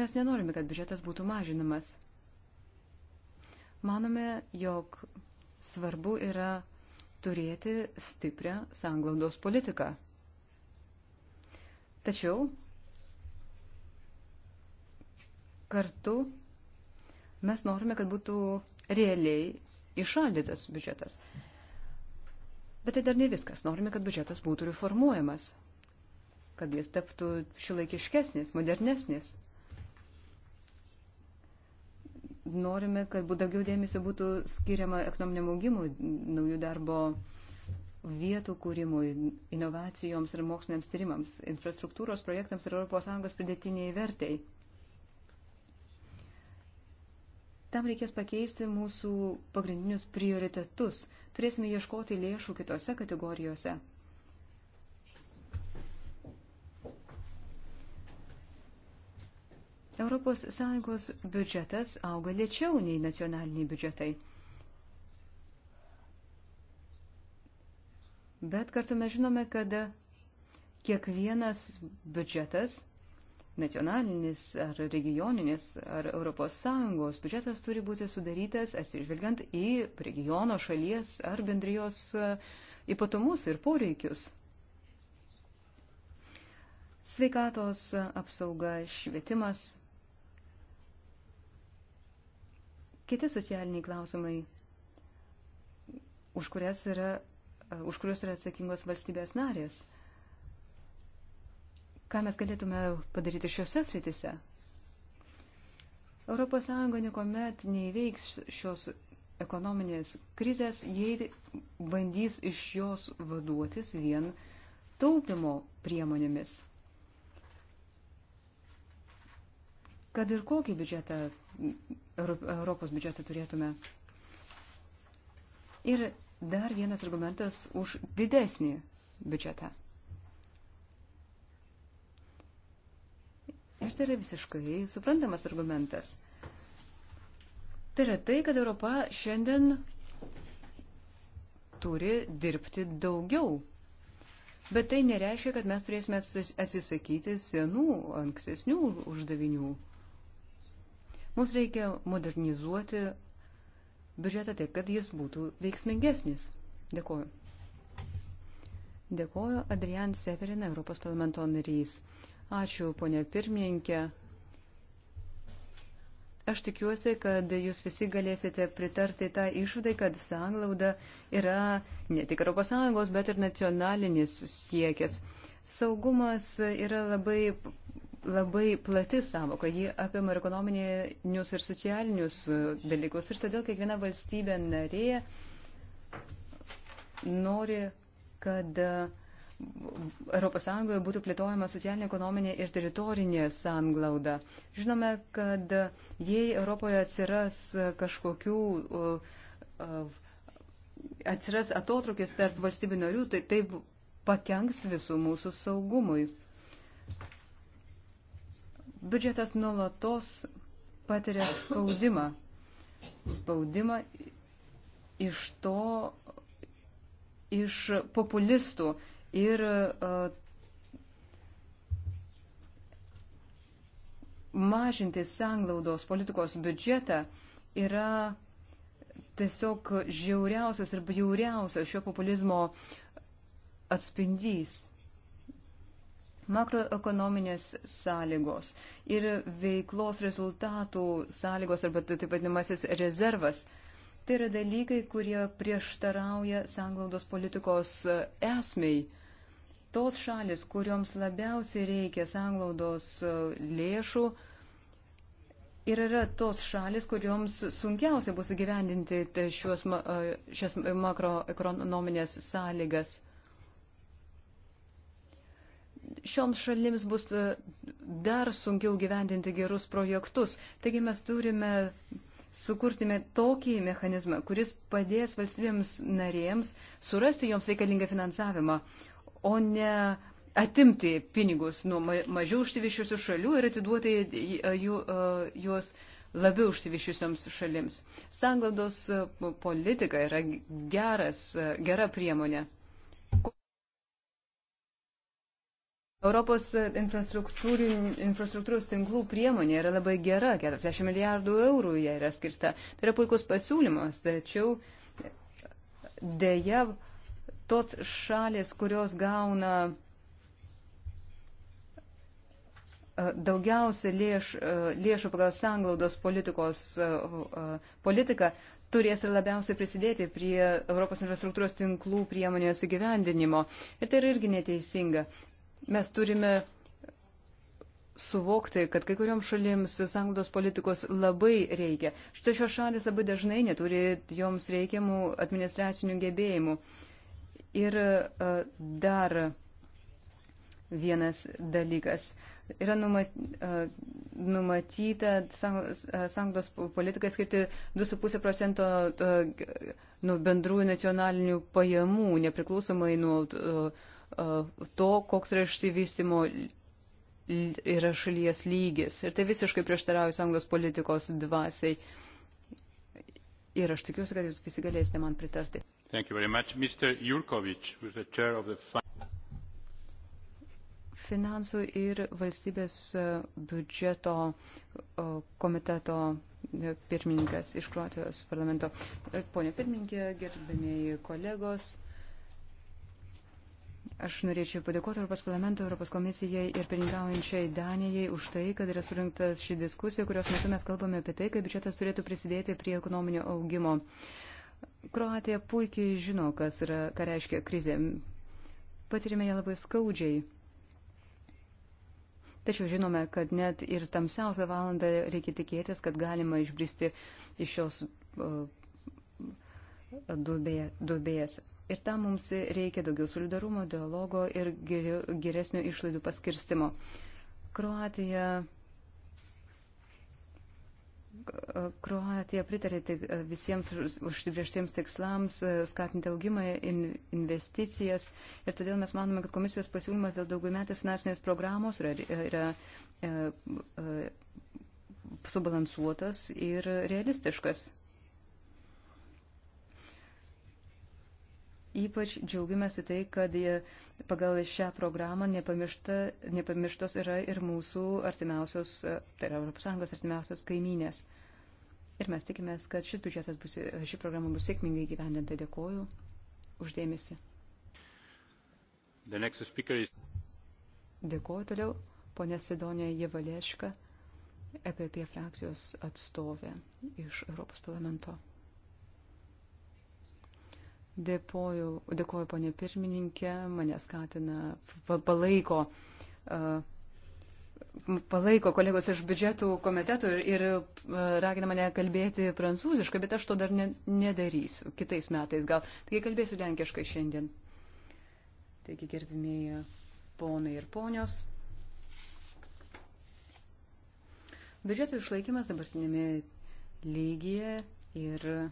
Mes nenorime, kad biudžetas būtų mažinamas. Manome, jog svarbu yra turėti stiprią sanglaudos politiką. Tačiau kartu mes norime, kad būtų realiai išaldytas biudžetas. Bet tai dar ne viskas. Norime, kad biudžetas būtų reformuojamas, kad jis taptų šilaikiškesnis, modernesnis. Norime, kad būtų daugiau dėmesio būtų skiriama ekonominiam augimui, naujų darbo vietų kūrimui, inovacijoms ir moksliniams tyrimams, infrastruktūros projektams ir ES pridėtiniai vertėjai. Tam reikės pakeisti mūsų pagrindinius prioritetus. Turėsime ieškoti lėšų kitose kategorijose. ES biudžetas auga lėčiau nei nacionaliniai biudžetai. Bet kartu mes žinome, kad kiekvienas biudžetas nacionalinis ar regioninis ar ES biudžetas turi būti sudarytas atsižvelgiant į regiono šalies ar bendrijos e, ypatumus ir poreikius. Sveikatos apsauga, švietimas, kiti socialiniai klausimai, už, yra, e, už kurios yra atsakingos valstybės narės ką mes galėtume padaryti šiuose sritise. ES niekuomet neįveiks šios ekonominės krizės, jei bandys iš jos vaduotis vien taupimo priemonėmis. Kad ir kokį biudžetą, Europos biudžetą turėtume. Ir dar vienas argumentas už didesnį biudžetą. Ir tai yra visiškai suprantamas argumentas. Tai yra tai, kad Europa šiandien turi dirbti daugiau. Bet tai nereiškia, kad mes turėsime atsisakyti senų, ankstesnių uždavinių. Mums reikia modernizuoti biudžetą taip, kad jis būtų veiksmingesnis. Dėkuoju. Dėkuoju Adrian Severin, Europos parlamento narys. Ačiū, ponė pirmininkė. Aš tikiuosi, kad jūs visi galėsite pritarti tą išvadai, kad sanglauda yra ne tik Europos Sąjungos, bet ir nacionalinis siekis. Saugumas yra labai, labai plati savoka, ji apima ir ekonominius ir socialinius dalykus ir todėl kiekviena valstybė narė nori, kad uh, ES būtų plėtojama socialinė, ekonominė ir teritorinė sanglauda. Žinome, kad jei Europoje atsiras kažkokių uh, uh, atsiras atotrukis tarp valstybių narių, tai taip pakenks visų mūsų saugumui. Biudžetas nuolatos patiria spaudimą. Spaudimą iš to, iš populistų, ir e, mažinti sanglaudos politikos biudžetą yra tiesiog žiauriausias ir bjauriausias šio populizmo atspindys. Makroekonominės sąlygos ir veiklos rezultatų sąlygos arba taip vadinamasis rezervas. Tai yra dalykai, kurie prieštarauja sanglaudos politikos e, esmei tos šalis, kurioms labiausiai reikia sanglaudos e, lėšų, ir yra tos šalis, kurioms sunkiausia bus įgyvendinti šios, e, šias makroekonominės sąlygas. Šioms šalims bus e, dar sunkiau gyvendinti gerus projektus. Taigi mes turime sukurtume tokį mechanizmą, kuris padės valstybėms narėms surasti joms reikalingą finansavimą o ne atimti pinigus nuo mažiau užsivyščiusių šalių ir atiduoti jų, juos labiau užsivyščiusioms šalims. Sanglaudos politika yra geras, gera priemonė. Europos infrastruktūros tinklų priemonė yra labai gera, 40 milijardų eurų jie yra skirta. Tai yra puikus pasiūlymas, tačiau dėja tos šalis, kurios gauna e, daugiausia lėš, e, lėšų pagal sanglaudos politikos e, politiką, turės ir labiausiai prisidėti prie Europos infrastruktūros tinklų priemonės įgyvendinimo. Ir tai yra irgi neteisinga. Mes turime suvokti, kad kai kurioms šalims sanglaudos politikos labai reikia. Štai šios šalis labai dažnai neturi joms reikiamų administracinių gebėjimų. Uh, Ir e, dar vienas dalykas. Yra e, numatyta sanglos e, politikai skirti 2,5 procento nuo bendrų nacionalinių pajamų, nepriklausomai nuo to, koks yra išsivystimo yra šalies lygis. Ir tai visiškai prieštarauja sanglos politikos dvasiai. Ir aš tikiuosi, kad jūs visi galėsite man pritarti. Thank you very much. Mr. Jurkovic, who is the chair of the Finansų ir valstybės e, biudžeto e, komiteto e, pirmininkas iš Kroatijos parlamento. Pone pirmininkė, gerbėmėjai kolegos. Aš norėčiau padėkoti Europos parlamento, Europos komisijai ir pirmingaujančiai Danijai už tai, kad yra surinktas ši diskusija, kurios metu mes kalbame apie tai, kaip biudžetas turėtų prisidėti prie ekonominio augimo. Uh, Kroatija puikiai žino, kas yra, ką reiškia krizė. Patirime ją labai skaudžiai. Tačiau žinome, kad net ir tamsiausią valandą reikia tikėtis, kad galima išbristi iš šios dubėjas. Ir tam mums reikia daugiau solidarumo, dialogo ir geresnio išlaidų paskirstimo. Kroatija Kroatija pritarė e, visiems užsibrieštiems tikslams, e, skatinti augimą, investicijas ir todėl mes manome, kad komisijos pasiūlymas dėl daugiametės finansinės programos yra, yra, yra e, subalansuotas ir realistiškas. Ypač džiaugiamasi tai, kad pagal šią programą nepamiršta, nepamirštos yra ir mūsų artimiausios, e, tai yra ES artimiausios kaiminės. Ir mes tikimės, kad šis biudžetas bus, e, ši programa bus sėkmingai gyvendinta. Dėkoju uždėmesi. Is... Dėkoju toliau, ponė Sidonė Jevaleška, EPP frakcijos atstovė iš Europos parlamento. Dėpoju, dėkoju, ponė pirmininkė, mane skatina, palaiko, palaiko kolegos iš biudžetų komitetų ir, ir ragina mane kalbėti prancūziškai, bet aš to dar ne, nedarysiu kitais metais gal. Taigi kalbėsiu lenkiškai šiandien. Taigi gerbimieji ponai ir ponios. Biudžeto išlaikymas dabartinėme lygyje ir. Yra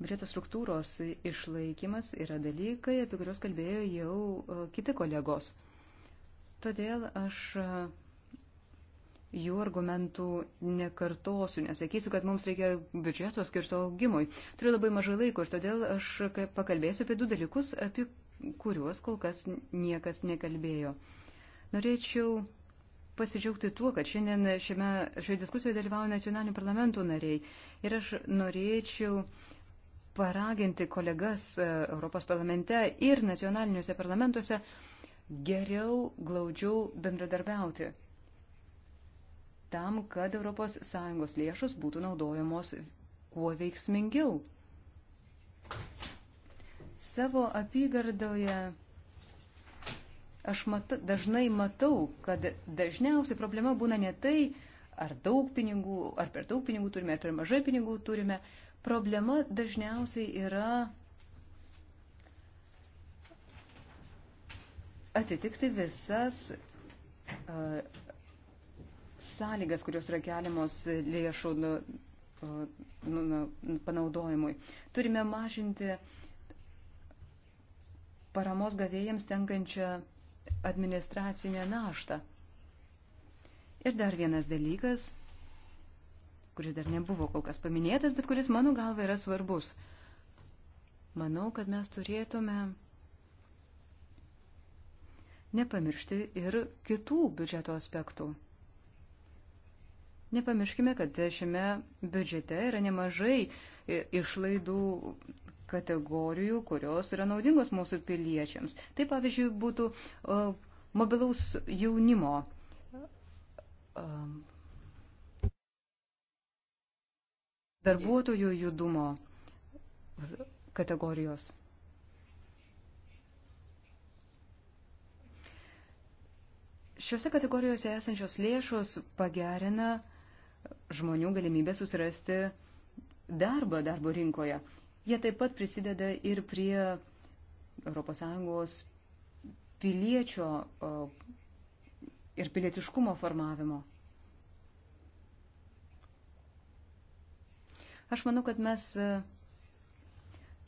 Biudžeto struktūros išlaikymas yra dalykai, apie kuriuos kalbėjo jau e, kiti kolegos. Todėl aš e, jų argumentų nekartosiu, nesakysiu, kad mums reikia biudžeto skirto augimui. Turiu labai mažai laiko ir todėl aš pakalbėsiu apie du dalykus, apie kuriuos kol kas niekas nekalbėjo. Norėčiau pasidžiaugti tuo, kad šiandien šiame, šioje diskusijoje dalyvauja nacionalinių parlamentų nariai ir aš norėčiau uh, paraginti kolegas e, Europos parlamente ir nacionaliniuose parlamentuose geriau, glaudžiau bendradarbiauti tam, kad ES lėšos būtų naudojamos kuo veiksmingiau. Savo apygardoje aš mat, dažnai matau, kad dažniausiai problema būna ne tai, ar daug pinigų, ar per daug pinigų turime, ar per mažai pinigų turime. Problema dažniausiai yra atitikti visas uh, sąlygas, kurios yra keliamos lėšų nu, nu, nu, panaudojimui. Turime mažinti paramos gavėjams tenkančią administracinę naštą. Ir dar vienas dalykas kuris dar nebuvo kol kas paminėtas, bet kuris mano galva yra svarbus. Manau, kad mes turėtume nepamiršti ir kitų biudžeto aspektų. Nepamirškime, kad šiame biudžete yra nemažai e, išlaidų kategorijų, kurios yra naudingos mūsų piliečiams. Tai pavyzdžiui būtų e, mobilaus jaunimo e, darbuotojų judumo kategorijos. Šiuose kategorijose esančios lėšos pagerina žmonių galimybę susirasti darbą darbo rinkoje. Jie taip pat prisideda ir prie ES piliečio ir pilietiškumo formavimo. Aš manau, kad mes e,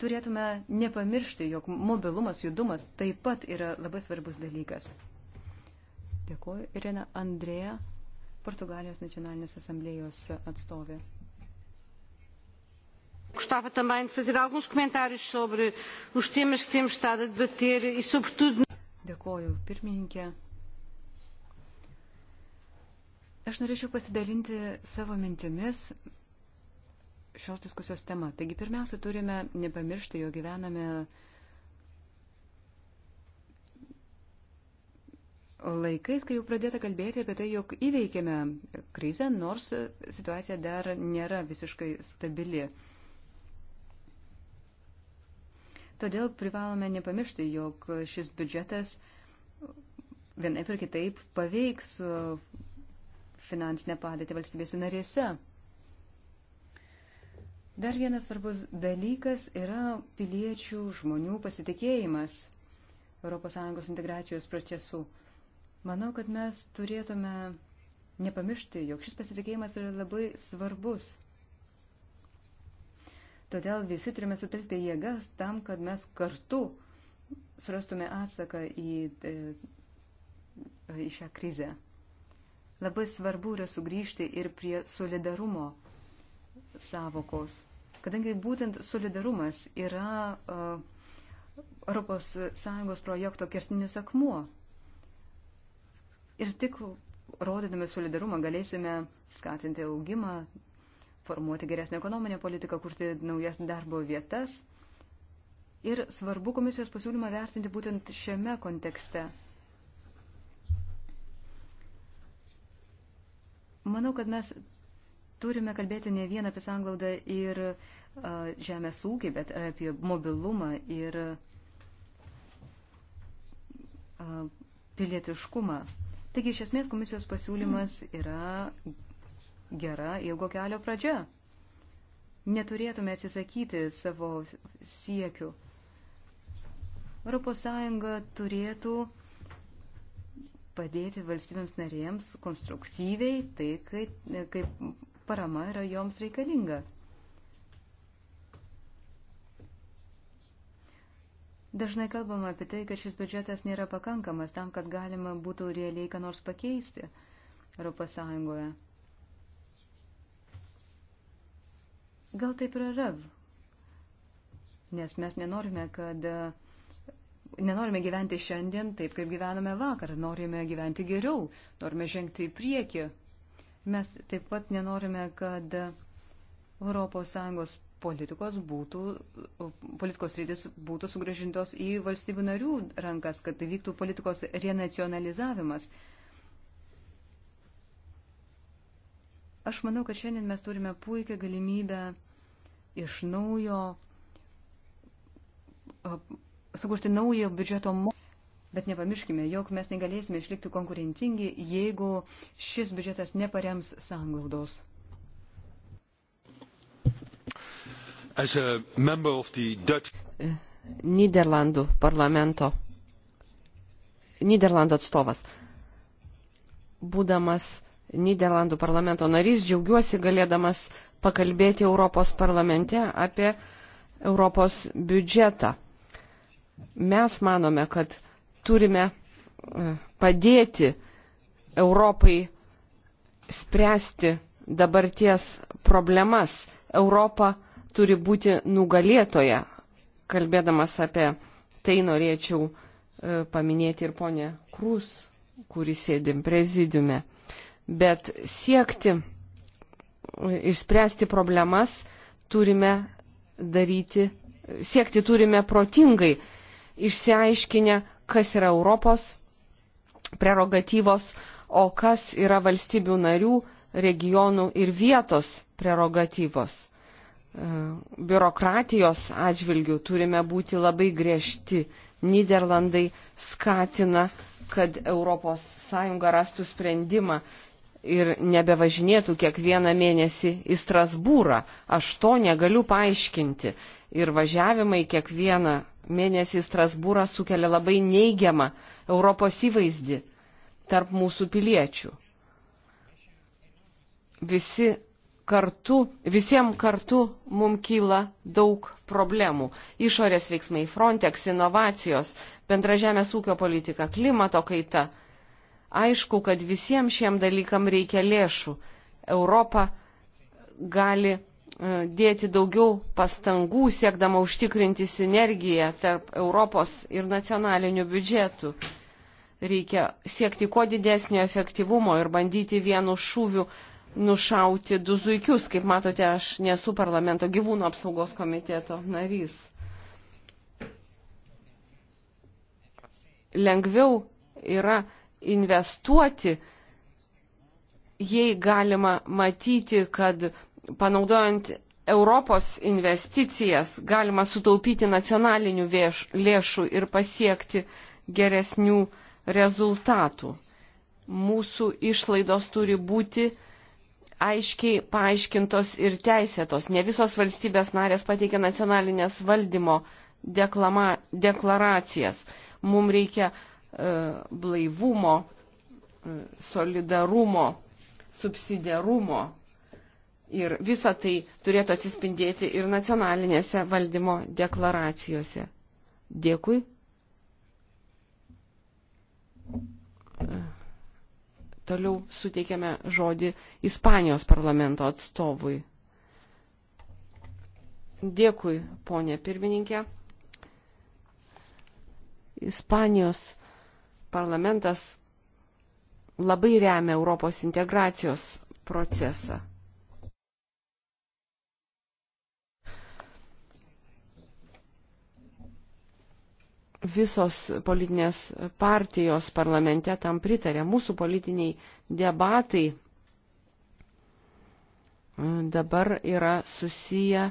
turėtume nepamiršti, jog mobilumas, judumas taip pat yra labai svarbus dalykas. Dėkuoju. Irina Andrėja, Portugalijos nacionalinės asamblėjos atstovė. Gostava também de fazer alguns comentários sobre os temas que temos estado a debater e, sobretudo. Dėkuoju, pirmininkė. Aš norėčiau pasidalinti savo mintimis šios diskusijos tema. Taigi pirmiausia, turime nepamiršti, jo gyvename laikais, kai jau pradėta kalbėti apie tai, jog įveikėme krizę, nors situacija dar nėra visiškai stabili. Todėl privalome nepamiršti, jog šis biudžetas vienaip ir kitaip paveiks finansinę padėtį valstybėse narėse. Dar vienas svarbus dalykas yra piliečių žmonių pasitikėjimas ES integracijos procesu. Manau, kad mes turėtume nepamiršti, jog šis pasitikėjimas yra labai svarbus. Todėl visi turime sutelkti jėgas tam, kad mes kartu surastume atsaką į, e, į šią krizę. Labai svarbu yra sugrįžti ir prie solidarumo savokos, kadangi būtent solidarumas yra ES projekto kertinis akmuo. Ir tik rodydami solidarumą galėsime skatinti augimą, formuoti geresnę ekonominę politiką, kurti naujas darbo vietas. Ir svarbu komisijos pasiūlymą vertinti būtent šiame kontekste. Manau, kad mes turime kalbėti ne vien apie sanglaudą ir žemės ūkį, bet ir apie mobilumą ir pilietiškumą. Taigi, iš esmės, komisijos pasiūlymas yra gera ilgo kelio pradžia. Neturėtume atsisakyti savo siekių. ES turėtų padėti valstybėms narėms konstruktyviai, tai kaip, kaip parama yra joms reikalinga. Dažnai kalbama apie tai, kad šis biudžetas nėra pakankamas tam, kad galima būtų realiai ką nors pakeisti Europos Sąjungoje. Gal taip yra rav, nes mes nenorime, kad nenorime gyventi šiandien taip, kaip gyvename vakar, norime gyventi geriau, norime žengti į priekį. Mes taip pat nenorime, kad ES politikos būtų, politikos rytis būtų sugražintos į valstybių narių rankas, kad tai vyktų politikos renacionalizavimas. Aš manau, kad šiandien mes turime puikią galimybę iš naujo sukurti naują biudžeto modelį. Bet nepamirškime, jog mes negalėsime išlikti konkurencingi, jeigu šis biudžetas neparems sanglaudos. Dutch... E, Niderlandų parlamento. Niderlandų atstovas. Būdamas Niderlandų parlamento narys, džiaugiuosi galėdamas pakalbėti Europos parlamente apie Europos biudžetą. Mes manome, kad turime e, padėti Europai spręsti dabarties problemas. Europa turi būti nugalėtoja. Kalbėdamas apie tai norėčiau e, paminėti ir ponę Krus, kuris sėdim prezidiume. Bet siekti e, išspręsti problemas turime daryti, siekti turime protingai, išsiaiškinę, kas yra Europos prerogatyvos, o kas yra valstybių narių, regionų ir vietos prerogatyvos. E, biurokratijos atžvilgių turime būti labai griežti. Niderlandai skatina, kad ES rastų sprendimą ir nebevažinėtų kiekvieną mėnesį į Strasbūrą. Aš to negaliu paaiškinti ir važiavimai kiekvieną mėnesį į Strasbūrą sukelia labai neigiamą Europos įvaizdį tarp mūsų piliečių. Visi kartu, visiems kartu mums kyla daug problemų. Išorės veiksmai, Frontex, inovacijos, bendražėmės ūkio politika, klimato kaita. Aišku, kad visiems šiem dalykam reikia lėšų. Europa gali E, dėti daugiau pastangų siekdama užtikrinti sinergiją tarp Europos ir nacionalinių biudžetų. Reikia siekti kuo didesnio efektyvumo ir bandyti vienu šūviu nušauti du zuikius. Kaip matote, aš nesu parlamento gyvūnų apsaugos komiteto narys. Lengviau yra investuoti, jei galima matyti, kad panaudojant Europos investicijas galima sutaupyti nacionalinių vieš, lėšų ir pasiekti geresnių rezultatų. Mūsų išlaidos turi būti aiškiai paaiškintos ir teisėtos. Ne visos valstybės narės pateikia nacionalinės valdymo deklama, deklaracijas. Mums reikia e, blaivumo, e, solidarumo, subsidiarumo Ir visa tai turėtų atsispindėti ir nacionalinėse valdymo deklaracijose. Dėkui. Toliau suteikiame žodį Ispanijos parlamento atstovui. Dėkui, ponė pirmininkė. Ispanijos parlamentas labai remia Europos integracijos procesą. visos politinės partijos parlamente tam pritarė. Mūsų politiniai debatai e, dabar yra susiję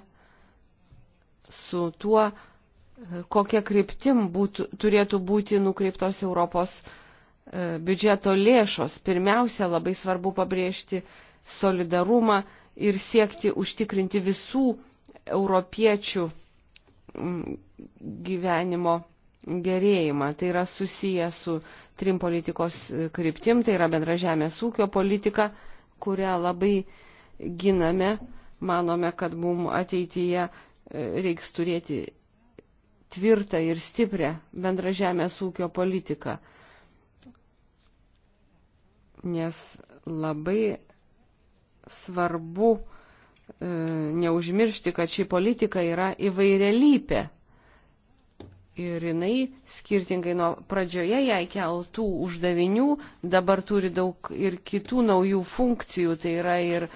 su tuo, e, kokia kryptim būtų, turėtų būti nukreiptos Europos e, biudžeto lėšos. Pirmiausia, labai svarbu pabrėžti solidarumą ir siekti užtikrinti visų europiečių gyvenimo gerėjimą. Tai yra susiję su trim politikos e, kryptim, tai yra bendra žemės ūkio politika, kurią labai giname. Manome, kad mums ateityje e, reiks turėti tvirtą ir stiprią bendra žemės ūkio politiką. Nes labai svarbu e, neužmiršti, kad ši politika yra įvairialypė Ir jinai, skirtingai nuo pradžioje jai keltų uždavinių, dabar turi daug ir kitų naujų funkcijų. Tai yra ir e,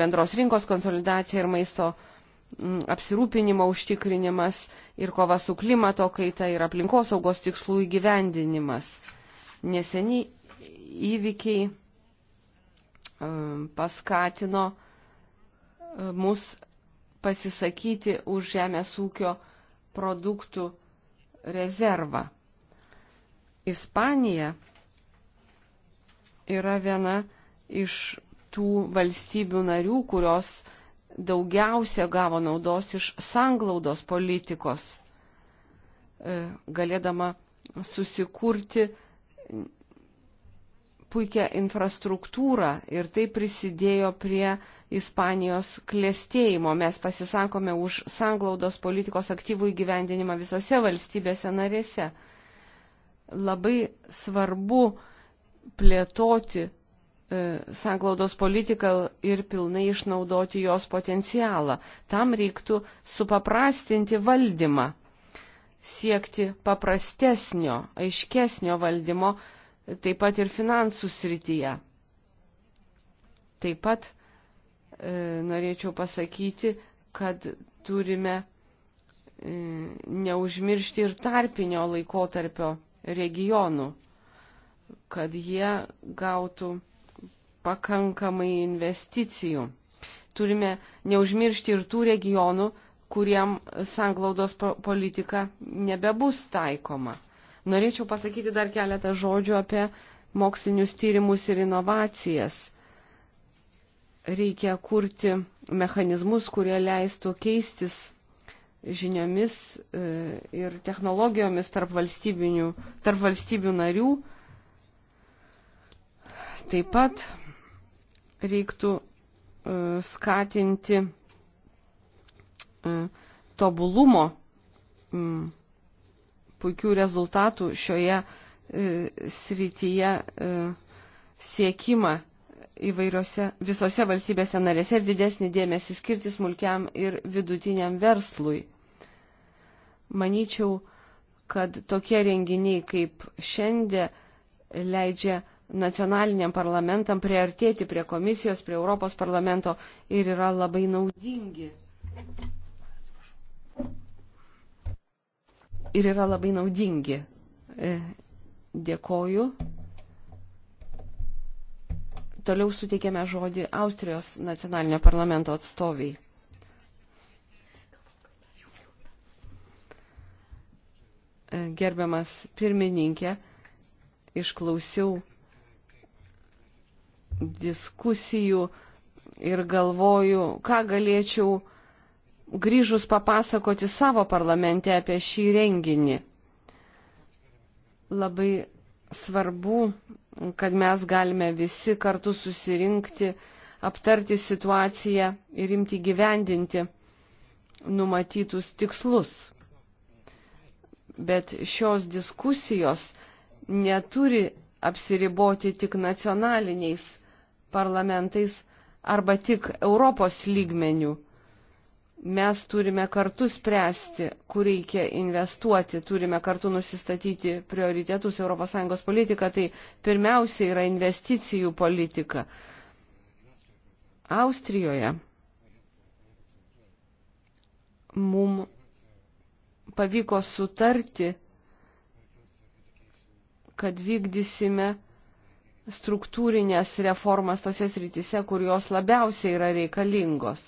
bendros rinkos konsolidacija, ir maisto apsirūpinimo užtikrinimas, ir kova su klimato kaita, ir aplinkosaugos tikslų įgyvendinimas. Neseniai įvykiai e, paskatino e, mus pasisakyti už žemės ūkio produktų rezervą. Ispanija yra viena iš tų valstybių narių, kurios daugiausia gavo naudos iš sanglaudos politikos, e, galėdama susikurti puikią infrastruktūrą ir tai prisidėjo prie Ispanijos klėstėjimo. Mes pasisakome už sanglaudos politikos aktyvų įgyvendinimą visose valstybėse narėse. Labai svarbu plėtoti e, sanglaudos politiką ir pilnai išnaudoti jos potencialą. Tam reiktų supaprastinti valdymą, siekti paprastesnio, aiškesnio valdymo, taip pat ir finansų srityje. Taip pat e, norėčiau pasakyti, kad turime e, neužmiršti ir tarpinio laikotarpio regionų, kad jie gautų pakankamai investicijų. Turime neužmiršti ir tų regionų, kuriem sanglaudos politika nebebus taikoma. Norėčiau pasakyti dar keletą žodžių apie mokslinius tyrimus ir inovacijas. Reikia kurti mechanizmus, kurie leistų keistis žiniomis e, ir technologijomis tarp, tarp valstybių narių. Taip pat reiktų e, skatinti e, tobulumo puikių rezultatų šioje e, srityje e, siekimą įvairiose, visose valstybėse narėse ir didesnį dėmesį skirti smulkiam ir vidutiniam verslui. Maničiau, kad tokie renginiai kaip šiandien leidžia nacionaliniam parlamentam priartėti prie komisijos, prie Europos parlamento ir yra labai naudingi. ir yra labai naudingi. E, dėkoju. Toliau suteikėme žodį Austrijos nacionalinio parlamento atstoviai. E, gerbiamas pirmininkė, išklausiau diskusijų ir galvoju, ką galėčiau grįžus papasakoti savo parlamente apie šį renginį. Labai svarbu, kad mes galime visi kartu susirinkti, aptarti situaciją ir imti gyvendinti numatytus tikslus. Bet šios diskusijos neturi apsiriboti tik nacionaliniais parlamentais arba tik Europos lygmenių mes turime kartu spręsti, kur reikia investuoti, turime kartu nusistatyti prioritetus ES politiką, tai pirmiausia yra investicijų politika. Austrijoje mums pavyko sutarti, kad vykdysime struktūrinės reformas tose srityse, kur jos labiausiai yra reikalingos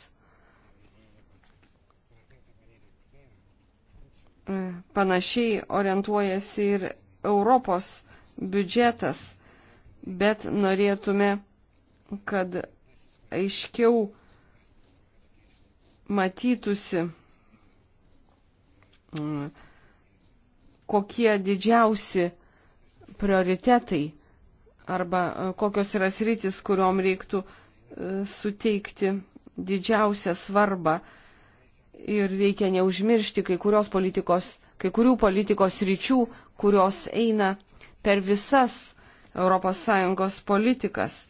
panašiai orientuojasi ir Europos biudžetas, bet norėtume, kad aiškiau matytųsi, mm, kokie didžiausi prioritetai arba e, kokios yra sritis, kuriuom reiktų e, suteikti didžiausią svarbą Ir reikia neužmiršti kai, politikos, kai kurių politikos ryčių, kurios eina per visas ES politikas.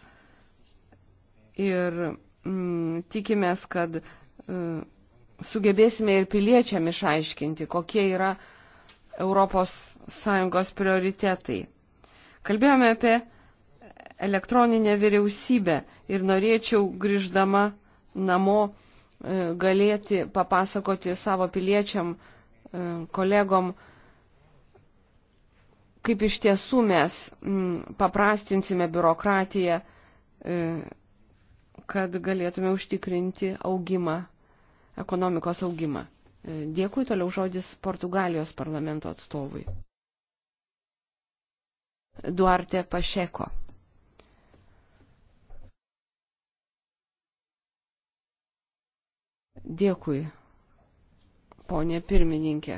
Ir mm, tikimės, kad mm, sugebėsime ir piliečiam išaiškinti, kokie yra ES prioritetai. Kalbėjome apie elektroninę vyriausybę ir norėčiau grįždama namo E, galėti papasakoti savo piliečiam, e, kolegom, kaip iš tiesų mes paprastinsime biurokratiją, e, kad galėtume užtikrinti augimą, ekonomikos augimą. Dėkui toliau žodis Portugalijos parlamento atstovui. Duarte Pašeko. Dėkui, ponė pirmininkė.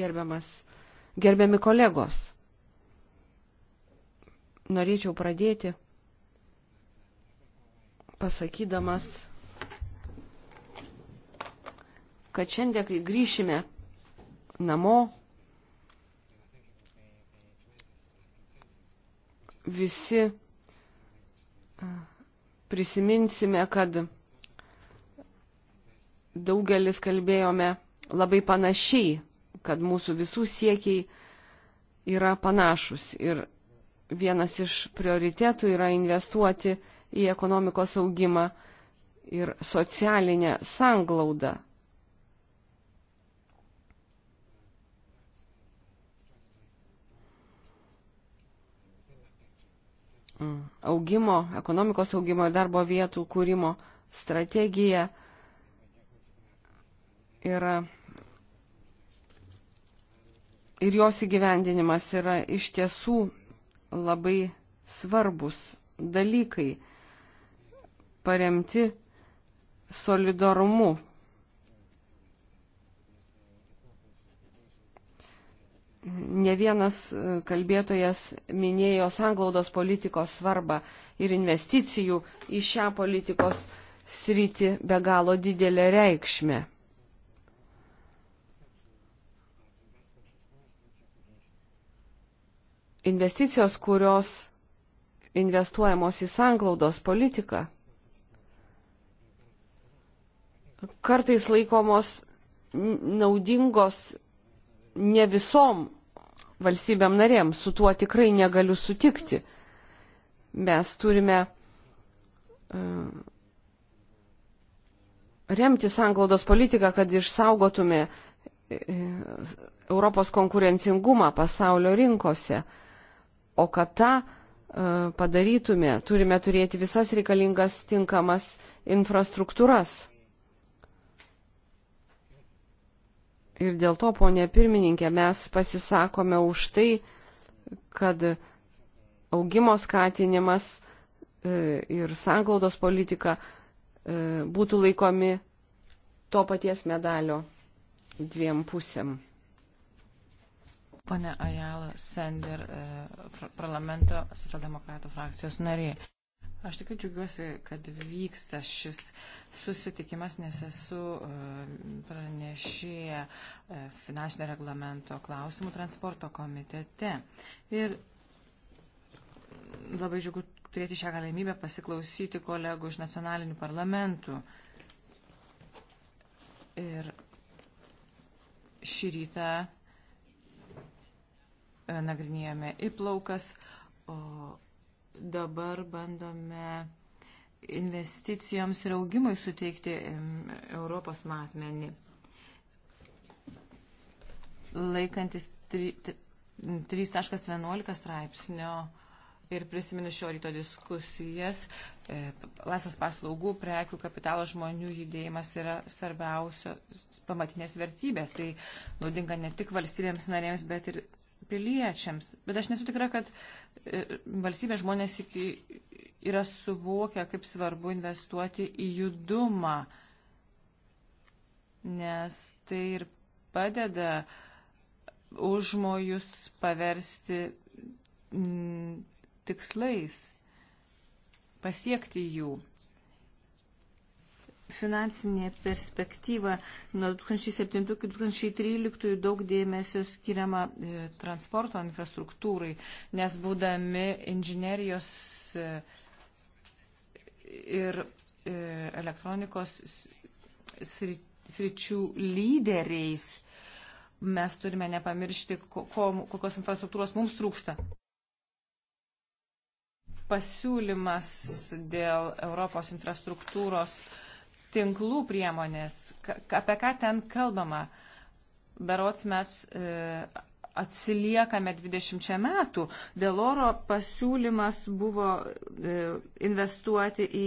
Gerbiamas, gerbiami kolegos. Norėčiau pradėti pasakydamas, kad šiandien, kai grįšime namo, visi prisiminsime, kad daugelis kalbėjome labai panašiai, kad mūsų visų siekiai yra panašus. Ir vienas iš prioritėtų yra investuoti į ekonomikos augimą ir socialinę sanglaudą. Mm. Augimo, ekonomikos augimo ir darbo vietų kūrimo strategija yra. Ir jos įgyvendinimas yra iš tiesų labai svarbus dalykai, paremti solidarumu. Ne vienas kalbėtojas minėjo sanglaudos politikos svarbą ir investicijų į šią politikos sritį be galo didelę reikšmę. investicijos, kurios investuojamos į sanglaudos politiką, kartais laikomos naudingos ne visom valstybėm narėm. Su tuo tikrai negaliu sutikti. Mes turime e, remti sanglaudos politiką, kad išsaugotume e, e, Europos konkurencingumą pasaulio rinkose. O kad tą e, padarytume, turime turėti visas reikalingas tinkamas infrastruktūras. Ir dėl to, ponė pirmininkė, mes pasisakome už tai, kad augimo skatinimas e, ir sanglaudos politika e, būtų laikomi to paties medalio dviem pusėm. Pane Ajala Sender, e, parlamento socialdemokratų frakcijos narė. Aš tikrai džiugiuosi, kad vyksta šis susitikimas, nes esu e, pranešėję e, finansinio reglamento klausimų transporto komitete. Ir labai džiugu turėti šią galimybę pasiklausyti kolegų iš nacionalinių parlamentų. Ir šį rytą E, nagrinėjome įplaukas, o dabar bandome investicijoms ir augimui suteikti Europos matmenį. Laikantis 3.11 straipsnio ir prisimenu šio ryto diskusijas, e, laisvas paslaugų, prekių, kapitalo žmonių judėjimas yra svarbiausios pamatinės vertybės. Tai naudinga ne tik valstybėms narėms, bet ir piliečiams. Bet aš nesu tikra, kad e, valstybės žmonės iki yra suvokę, kaip svarbu investuoti į judumą, nes tai ir padeda užmojus paversti tikslais, pasiekti jų finansinė perspektyva nuo 2007-2013 daug dėmesio skiriama e, transporto infrastruktūrai, nes būdami inžinerijos e, ir e, elektronikos sričių lyderiais mes turime nepamiršti, ko, kokios infrastruktūros mums trūksta pasiūlymas dėl Europos infrastruktūros tinklų priemonės, apie ką ten kalbama. Berots mes e, atsiliekame 20 metų. Dėl oro pasiūlymas buvo e, investuoti į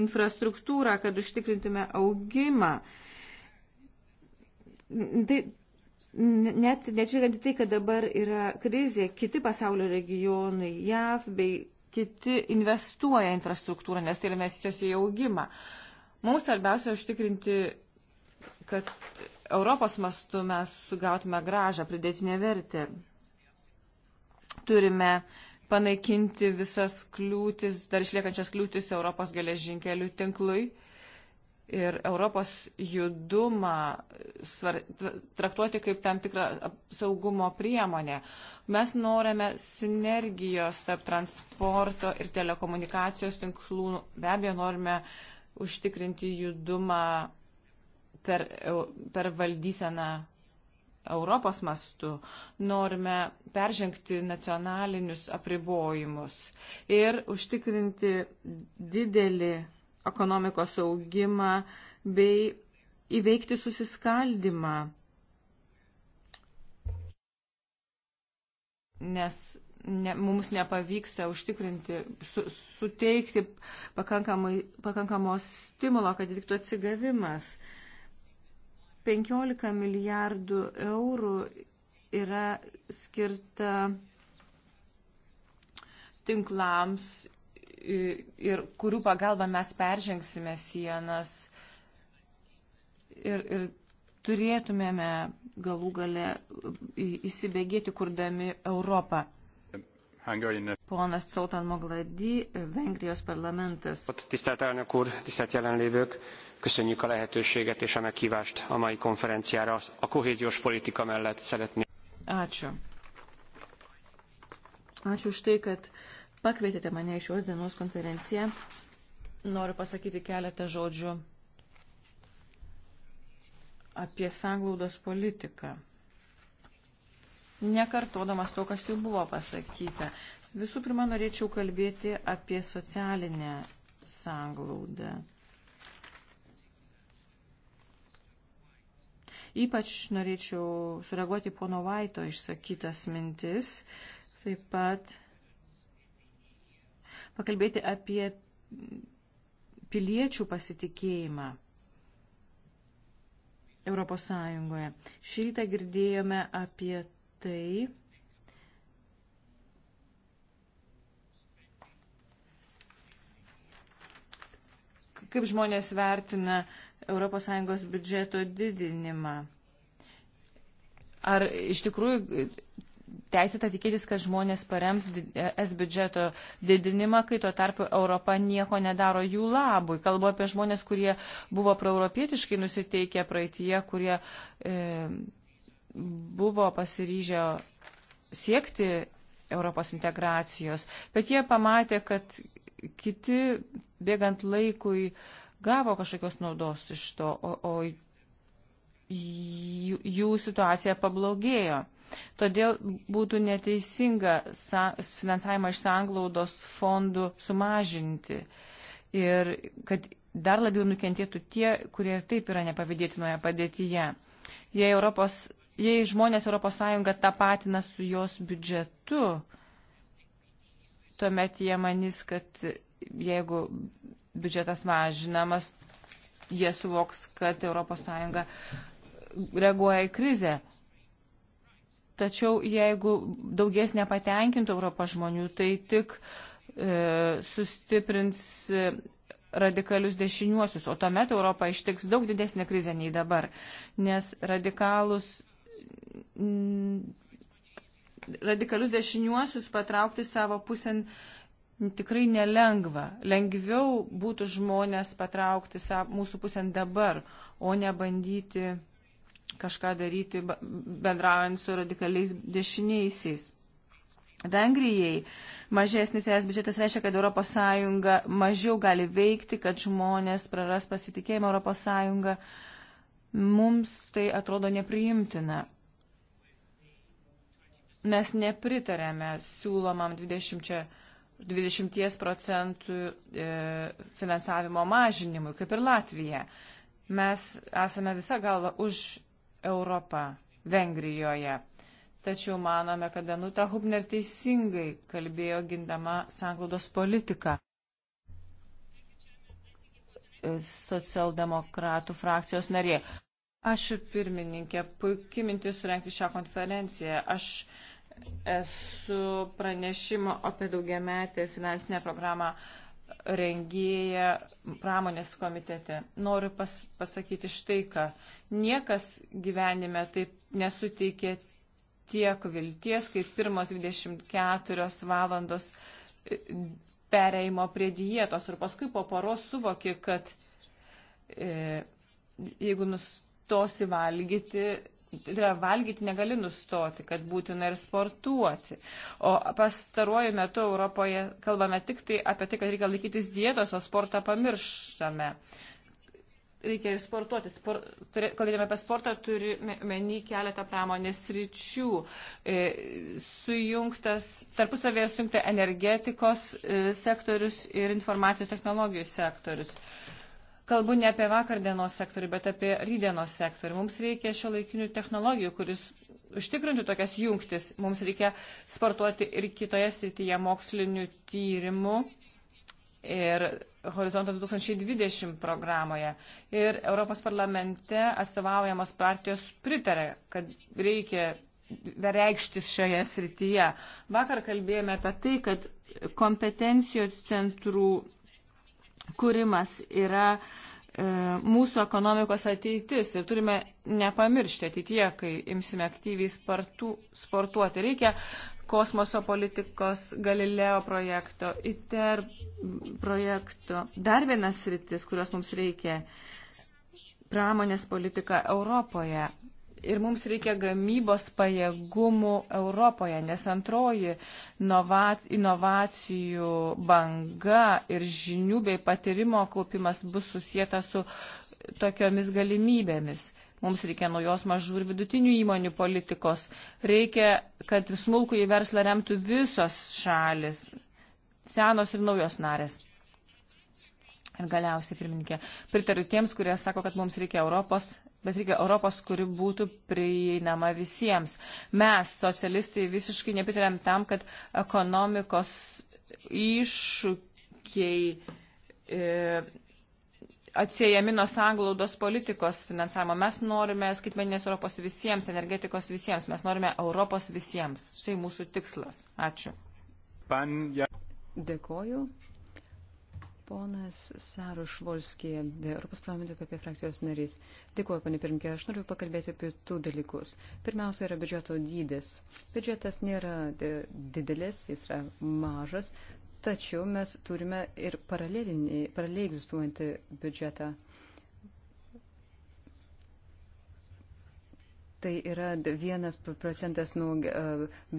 infrastruktūrą, kad užtikrintume augimą. Tai net nežiūrint tai, kad dabar yra krizė, kiti pasaulio regionai, JAV bei kiti investuoja infrastruktūrą, nes tai yra investicijos į augimą. Uh, Mums svarbiausia užtikrinti, kad Europos mastu mes sugautume gražą pridėtinę vertę. Turime panaikinti visas kliūtis, dar išliekančias kliūtis Europos geležinkelių tinklui ir Europos judumą svar, traktuoti kaip tam tikrą saugumo priemonę. Mes norime sinergijos tarp transporto ir telekomunikacijos tinklų, be abejo norime uh, užtikrinti judumą per, per valdyseną Europos mastu, norime peržengti nacionalinius apribojimus ir užtikrinti didelį ekonomikos augimą bei įveikti susiskaldimą. Nes ne, mums nepavyksta užtikrinti, su, suteikti pakankamos stimulo, kad vyktų atsigavimas. 15 milijardų eurų yra skirta tinklams ir kurių pagalba mes peržengsime sienas ir, ir turėtumėme galų gale įsibėgėti, kurdami Europą. Ponas Sultan Mogladi, Vengrijos parlamentas. Tisztelt elnök úr, tisztelt jelenlévők, köszönjük a lehetőséget és a meghívást a mai konferenciára. A kohéziós politika mellett szeretném. Ačiū. Ačiū už tai, kad pakvietėte mane į šios dienos konferenciją. Noriu pasakyti keletą žodžių apie sanglaudos politiką nekartodamas to, kas jau buvo pasakyta. Visų pirma, norėčiau kalbėti apie socialinę sanglaudą. Ypač norėčiau sureaguoti pono Vaito išsakytas mintis, taip pat pakalbėti apie piliečių pasitikėjimą. Europos Sąjungoje. Šį rytą girdėjome apie tai, kaip žmonės vertina ES biudžeto didinimą. Ar iš tikrųjų teisėta tikėtis, kad žmonės parems es biudžeto didinimą, kai tuo tarpu Europa nieko nedaro jų labui. Kalbu apie žmonės, kurie buvo proeuropietiškai nusiteikę praeitie, kurie e, buvo pasiryžę siekti Europos integracijos, bet jie pamatė, kad kiti bėgant laikui gavo kažkokios naudos iš to, o, o jų, jų situacija pablogėjo. Todėl būtų neteisinga finansavimą iš sanglaudos fondų sumažinti ir kad dar labiau nukentėtų tie, kurie ir taip yra nepavydėtinoje padėtyje. Jei Europos jei žmonės ES tapatina su jos biudžetu, tuomet jie manys, kad jeigu biudžetas mažinamas, jie suvoks, kad ES reaguoja į krizę. Tačiau jeigu daugės nepatenkintų Europos žmonių, tai tik e, sustiprins e, radikalius dešiniuosius, o tuomet Europą ištiks daug didesnė krizė nei dabar, nes radikalus Mm, radikalius dešiniuosius patraukti savo pusėn tikrai nelengva. Lengviau būtų žmonės patraukti savo, mūsų pusėn dabar, o ne bandyti kažką daryti bendraujant su radikaliais dešiniaisiais. Vengrijai mažesnis es biudžetas reiškia, kad ES mažiau gali veikti, kad žmonės praras pasitikėjimą ES. Mums tai atrodo nepriimtina mes nepritarėme siūlomam 20, 20 procentų e, finansavimo mažinimui, kaip ir Latvija. Mes esame visą galvą už Europą Vengrijoje. Tačiau manome, kad Danuta Hubner teisingai kalbėjo gindama sanglaudos politiką. E, socialdemokratų frakcijos narė. Ačiū pirmininkė, puikiai mintis surenkti šią konferenciją. Aš esu pranešimo apie daugiametę finansinę programą rengėja pramonės komitete. Noriu pas, pasakyti štai ką. Niekas gyvenime taip nesuteikė tiek vilties, kaip pirmos 24 valandos e, pereimo prie dietos. Ir paskui po paros suvoki, kad e, jeigu nustosi valgyti, tai yra valgyti negali nustoti, kad būtina ir sportuoti. O pastaruoju metu Europoje kalbame tik tai apie tai, kad reikia laikytis dietos, o sportą pamirštame. Reikia ir sportuoti. Spor, turė, kalbėdami apie sportą, turi menį keletą pramonės ryčių. E, sujungtas, tarpusavėje sujungta energetikos e, sektorius ir informacijos technologijų sektorius. E, kalbu ne apie vakardienos sektorių, bet apie rydienos sektorių. Mums reikia šio laikinių technologijų, kuris užtikrintų tokias jungtis. Mums reikia sportuoti ir kitoje srityje mokslinių tyrimų ir Horizonto 2020 programoje. Ir Europos parlamente atstovaujamos partijos pritarė, kad reikia reikštis šioje srityje. Vakar kalbėjome apie tai, kad kompetencijos centrų kūrimas yra e, mūsų ekonomikos ateitis ir turime nepamiršti ateityje, kai imsime aktyviai spartu, sportuoti. Reikia kosmoso politikos Galileo projekto, ITER projekto. Dar vienas rytis, kurios mums reikia - pramonės politika Europoje ir mums reikia gamybos pajėgumų Europoje, nes antroji inovacijų banga ir žinių bei patyrimo kaupimas bus susijęta su tokiomis galimybėmis. Mums reikia naujos mažų ir vidutinių įmonių politikos. Reikia, kad smulkų į verslą remtų visos šalis, senos ir naujos narės. Ir galiausiai, pirmininkė, pritariu tiems, kurie sako, kad mums reikia Europos bet reikia Europos, kuri būtų prieinama visiems. Mes, socialistai, visiškai nepritarėm tam, kad ekonomikos iššūkiai e, atsiejami nuo sanglaudos politikos finansavimo. Mes norime skaitmeninės Europos visiems, energetikos visiems, mes norime Europos visiems. Štai mūsų tikslas. Ačiū. Pan, ja. Dėkoju. Ponas Saruš Volskija, Europos parlamento PP frakcijos narys. Dėkuoju, panė pirmkė, aš noriu pakalbėti apie tų dalykus. Pirmiausia yra biudžeto dydis. Biudžetas nėra e, didelis, jis yra mažas, tačiau mes turime ir paralelinį, paraleliai egzistuojantį biudžetą. tai yra vienas procentas nuo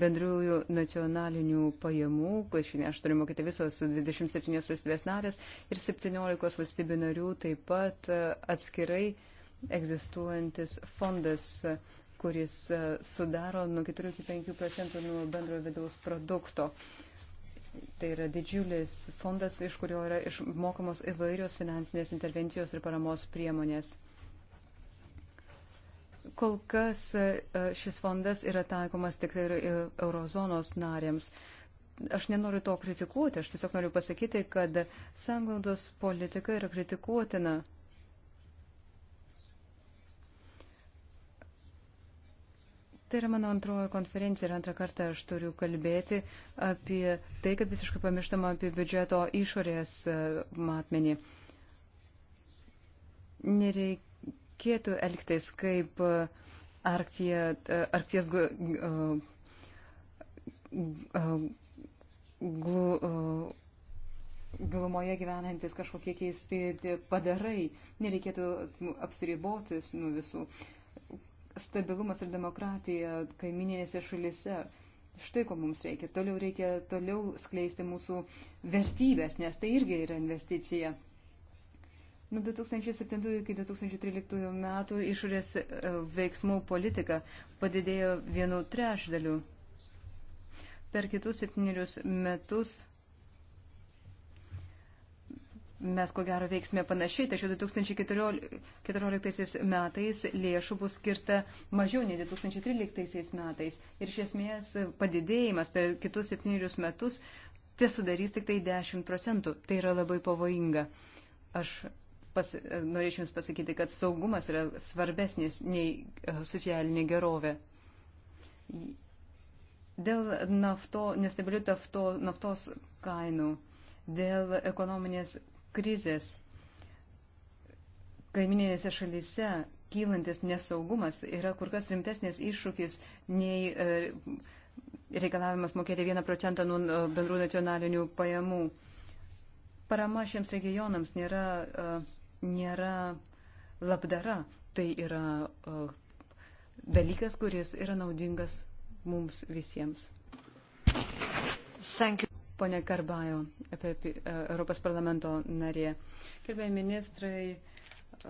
bendrųjų nacionalinių pajamų, šiandien aš turiu mokyti visos 27 valstybės narės ir 17 valstybių narių taip pat atskirai egzistuojantis fondas kuris sudaro nuo 4 iki 5 procentų nuo bendrojo vidaus produkto. Tai yra didžiulis fondas, iš kurio yra išmokamos įvairios finansinės intervencijos ir paramos priemonės. Kol kas e, e, šis fondas yra taikomas tik ir e, eurozonos narėms. Aš nenoriu to kritikuoti, aš tiesiog noriu pasakyti, kad sanglaudos politika yra kritikuotina. Tai yra mano antroji konferencija ir antrą kartą aš turiu kalbėti apie tai, kad visiškai pamirštama apie biudžeto išorės matmenį. Nereikia reikėtų elgtis, kaip e, Arktija, e, Arkties gilumoje e, gyvenantis kažkokie keisti padarai. Nereikėtų apsiribotis nuo visų. Stabilumas ir demokratija kaiminėse šalise. Štai ko mums reikia. Toliau reikia toliau skleisti mūsų vertybės, nes tai irgi yra investicija Nuo 2007 iki 2013 metų išorės e, veiksmų politika padidėjo vienu trešdaliu. Per kitus septynerius metus mes ko gero veiksime panašiai, tačiau 2014 metais lėšų bus skirta mažiau nei 2013 metais. Ir iš esmės padidėjimas per kitus septynerius metus tie sudarys tik tai 10 procentų. Tai yra labai pavojinga. Aš pas, norėčiau Jums pasakyti, kad saugumas yra svarbesnis nei eh, socialinė gerovė. Dėl nafto, nestabilių nafto, naftos kainų, dėl ekonominės krizės kaiminėse šalyse kylantis nesaugumas yra kur kas rimtesnis iššūkis nei eh, reikalavimas mokėti 1 procentą nuo eh, bendrų nacionalinių pajamų. Parama šiems regionams nėra uh, nėra labdara, tai yra dalykas, kuris yra naudingas mums visiems. Pone Karbajo, apie e, Europos parlamento narė. Gerbėjai ministrai,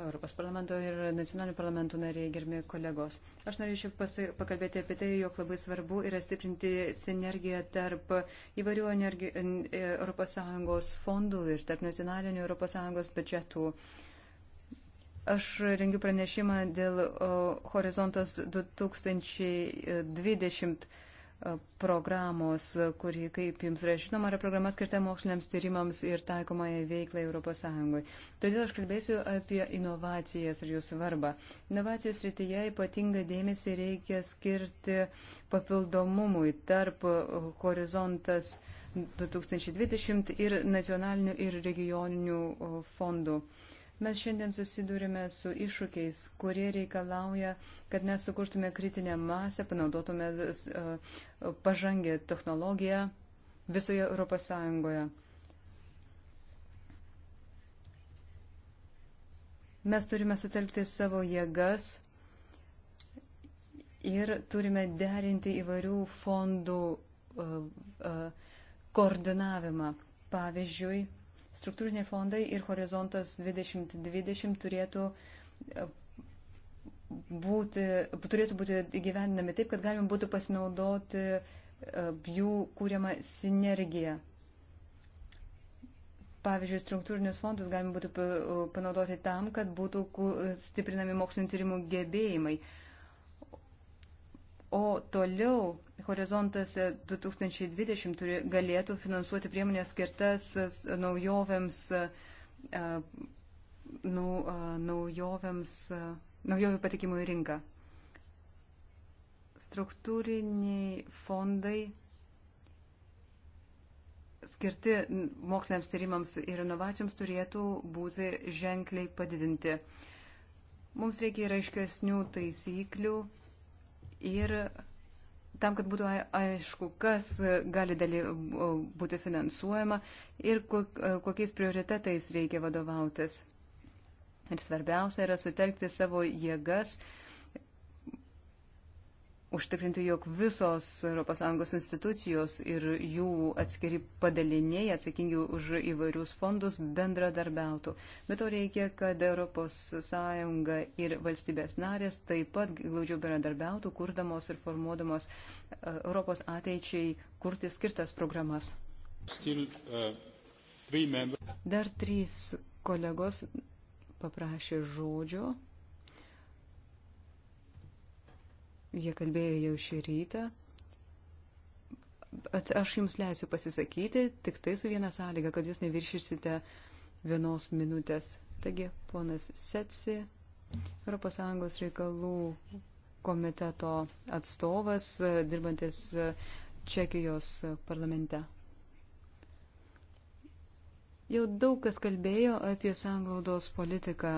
Europos parlamento ir nacionalinių parlamentų nariai, gerbimi kolegos. Aš norėčiau pakalbėti apie tai, jog labai svarbu yra stiprinti sinergiją tarp įvairių energi, ES fondų ir tarp nacionalinių ES biudžetų. Aš rengiu pranešimą dėl Horizontas 2020 programos, kuri, kaip jums yra žinoma, yra programa skirta moksliniams tyrimams ir taikomai veiklai ES. Todėl aš kalbėsiu apie inovacijas ir jų svarbą. Inovacijų srityje ypatingą dėmesį reikia skirti papildomumui tarp horizontas 2020 ir nacionalinių ir regioninių fondų. Uh, Mes šiandien susidurime su iššūkiais, kurie reikalauja, kad mes sukurtume kritinę masę, panaudotume uh, pažangę technologiją visoje Europos Sąjungoje. Mes turime sutelkti savo jėgas ir turime derinti įvairių fondų uh, uh, koordinavimą. Pavyzdžiui, struktūriniai fondai ir horizontas 2020 turėtų e, būti, turėtų būti įgyvendinami taip, kad galima būtų pasinaudoti e, jų kūriamą sinergiją. Pavyzdžiui, struktūrinius fondus galima būtų e, panaudoti tam, kad būtų stiprinami mokslinio tyrimų gebėjimai. O toliau Horizontas 2020 turi, galėtų finansuoti priemonės skirtas e, naujovėms, e, e, nau, naujovėms, naujovių patikimų į rinką. Struktūriniai fondai skirti moksliniams tyrimams ir inovacijoms turėtų būti ženkliai padidinti. Mums reikia ir aiškesnių taisyklių ir tam, kad būtų aišku, kas e, gali daly, būti finansuojama ir e, kokiais prioritetais reikia vadovautis. Ir svarbiausia yra sutelkti savo jėgas uh, užtikrinti, jog visos ES institucijos ir jų atskiri padaliniai atsakingi už įvairius fondus bendradarbiautų. Bet to reikia, kad ES ir valstybės narės taip pat glaudžiau bendradarbiautų, kurdamos ir formuodamos e, Europos ateičiai kurti skirtas programas. Still, uh, Dar trys kolegos paprašė žodžio. Jie kalbėjo jau šį rytą. Bet aš jums leisiu pasisakyti tik tai su viena sąlyga, kad jūs neviršysite vienos minutės. Taigi, ponas Setsi, ES reikalų komiteto atstovas, dirbantis Čekijos parlamente. Jau daug kas kalbėjo apie sanglaudos politiką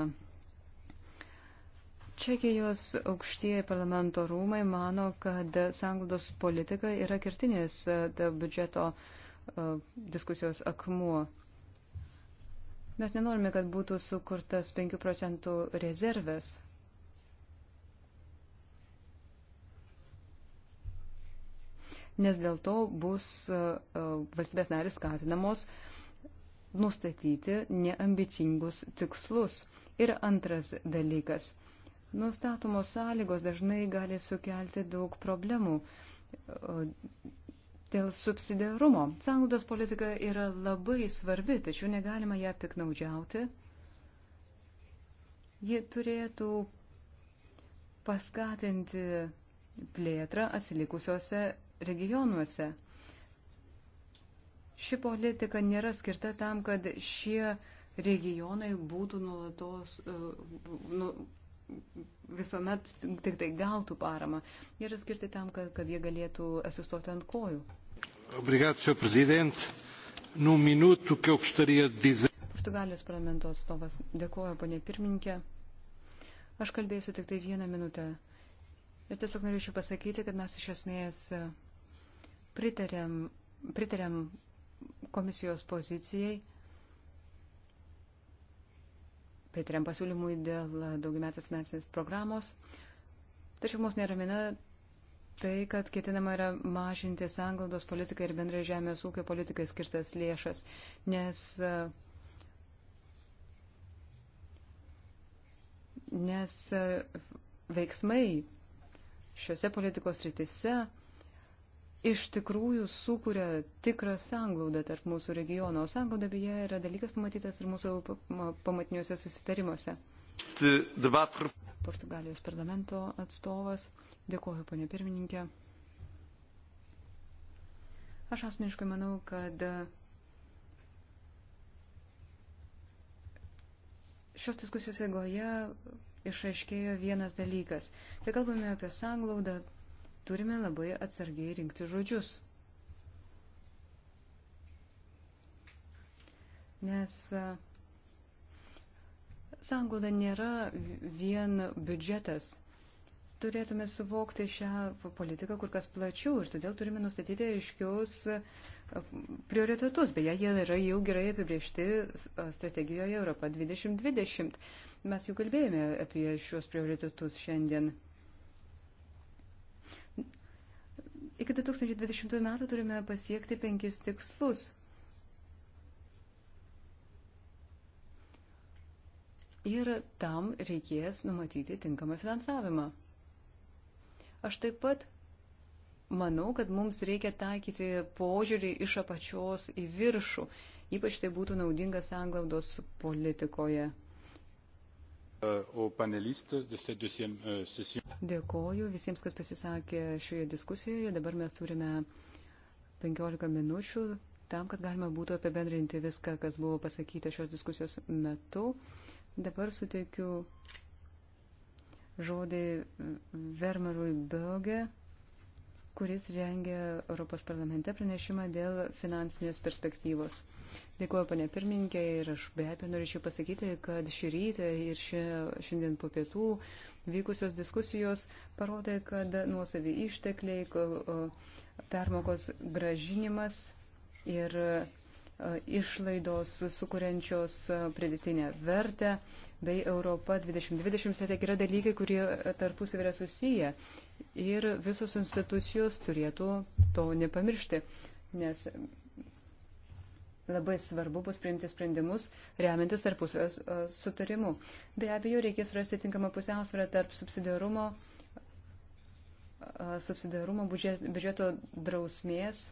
Čekijos aukštieji parlamento rūmai mano, kad sanglaudos politika yra kirtinis e, biudžeto e, diskusijos akmuo. Mes nenorime, kad būtų sukurtas 5 procentų rezervas. Nes dėl to bus e, valstybės narės skatinamos nustatyti neambicingus tikslus. Ir antras dalykas Nustatomos sąlygos dažnai gali sukelti daug problemų dėl subsidiarumo. Sąnaudos politika yra labai svarbi, tačiau negalima ją piknaudžiauti. Ji turėtų paskatinti plėtrą atsilikusiuose regionuose. Ši politika nėra skirta tam, kad šie regionai būtų nuolatos, e, nu, visuomet tik tai gautų paramą ir skirti tam, kad, kad jie galėtų asistoti ant kojų. Obrigado, senhor presidente. Num minuto que eu gostaria de dizer. Portugalijos parlamento atstovas. Dėkuoju, ponė pirmininkė. Aš kalbėsiu tik tai vieną minutę. Ir tiesiog norėčiau pasakyti, kad mes iš esmės e, pritarėm, pritarėm komisijos pozicijai pritariam pasiūlymui dėl daugiametės finansinės programos. Tačiau mus neramina tai, kad ketinama yra mažinti sanglaudos politikai ir bendrai žemės ūkio politikai skirtas lėšas, nes, nes e, veiksmai šiuose politikos rytise iš tikrųjų sukuria tikrą sanglaudą tarp mūsų regiono, o sanglauda beje yra dalykas numatytas ir mūsų pamatiniuose susitarimuose. Portugalijos parlamento atstovas, dėkoju, ponė pirmininkė. Aš asmeniškai manau, kad e, šios diskusijos eigoje išaiškėjo vienas dalykas. Tai kalbame apie sanglaudą, Turime labai atsargiai rinkti žodžius. Nes e, sanglauda nėra vien biudžetas. Turėtume suvokti šią politiką kur kas plačiau ir todėl turime nustatyti aiškius e, prioritetus. Beje, jie yra jau gerai apibriežti e, strategijoje Europa 2020. Mes jau kalbėjome apie šios prioritetus šiandien. Iki 2020 metų turime pasiekti penkis tikslus. Ir tam reikės numatyti tinkamą finansavimą. Aš taip pat manau, kad mums reikia taikyti požiūrį iš apačios į viršų. Ypač tai būtų naudinga sanglaudos politikoje. Uh, uh, Dėkoju visiems, kas pasisakė šioje diskusijoje. Dabar mes turime 15 minučių tam, kad galima būtų apibendrinti viską, kas buvo pasakyta šios diskusijos metu. Dabar suteikiu žodį Vermerui Böge kuris rengia Europos parlamente pranešimą dėl finansinės perspektyvos. Dėkuoju, panė pirmininkė, ir aš be abejo norėčiau pasakyti, kad šį rytą ir šiandien po pietų vykusios diskusijos parodė, kad nuosavį ištekliai, permokos gražinimas ir išlaidos sukūrenčios pridėtinę vertę bei Europa 2020 strategija yra dalykai, kurie tarpusavį yra susiję ir visos institucijos turėtų to nepamiršti, nes labai svarbu bus priimti sprendimus remiantis tarpusio sutarimu. Be abejo, reikės rasti tinkamą pusiausvyrą tarp subsidiarumo, subsidiarumo biudžeto drausmės.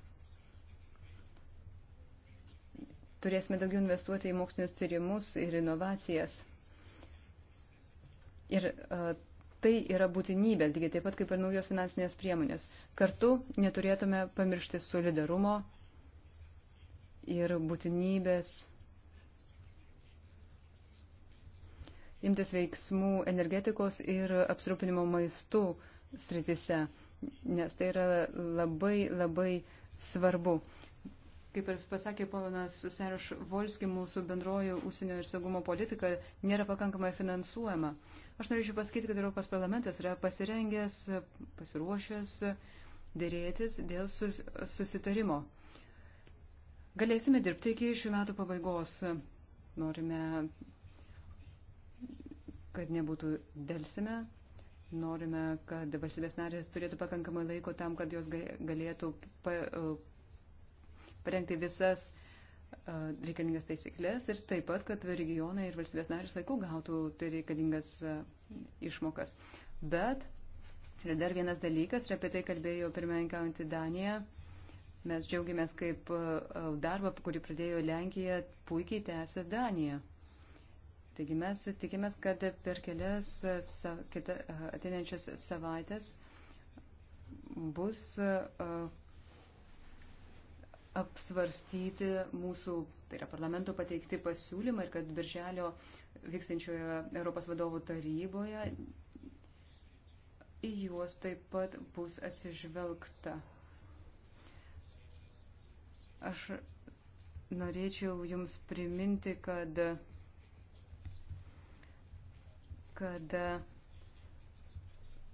Turėsime daugiau investuoti į mokslinius tyrimus ir inovacijas. Ir uh, tai yra būtinybė, lygiai taip pat kaip ir naujos finansinės priemonės. Kartu neturėtume pamiršti solidarumo ir būtinybės imtis veiksmų energetikos ir apsirūpinimo maistų sritise, nes tai yra labai labai svarbu. Kaip ir pasakė ponas Serš Volski, mūsų bendroji užsienio ir saugumo politika nėra pakankamai finansuojama. Aš norėčiau pasakyti, kad Europos parlamentas yra pasirengęs, pasiruošęs dėrėtis dėl sus, susitarimo. Galėsime dirbti iki šių metų pabaigos. Norime, kad nebūtų dėlsime. Norime, kad valstybės narės turėtų pakankamai laiko tam, kad jos galėtų pa, parengti visas reikalingas taisyklės ir taip pat, kad regionai ir valstybės narės laiku gautų tai reikalingas išmokas. Bet ir dar vienas dalykas, ir apie tai kalbėjo pirmininkaujantį Daniją, mes džiaugiamės, kaip darbą, kurį pradėjo Lenkija, puikiai tęsė Danija. Taigi mes tikimės, kad per kelias ateinančias savaitės bus uh, apsvarstyti mūsų, tai yra parlamento pateikti pasiūlymai ir kad birželio vykstančioje Europos vadovų taryboje į juos taip pat bus atsižvelgta. Aš norėčiau Jums priminti, kad, kad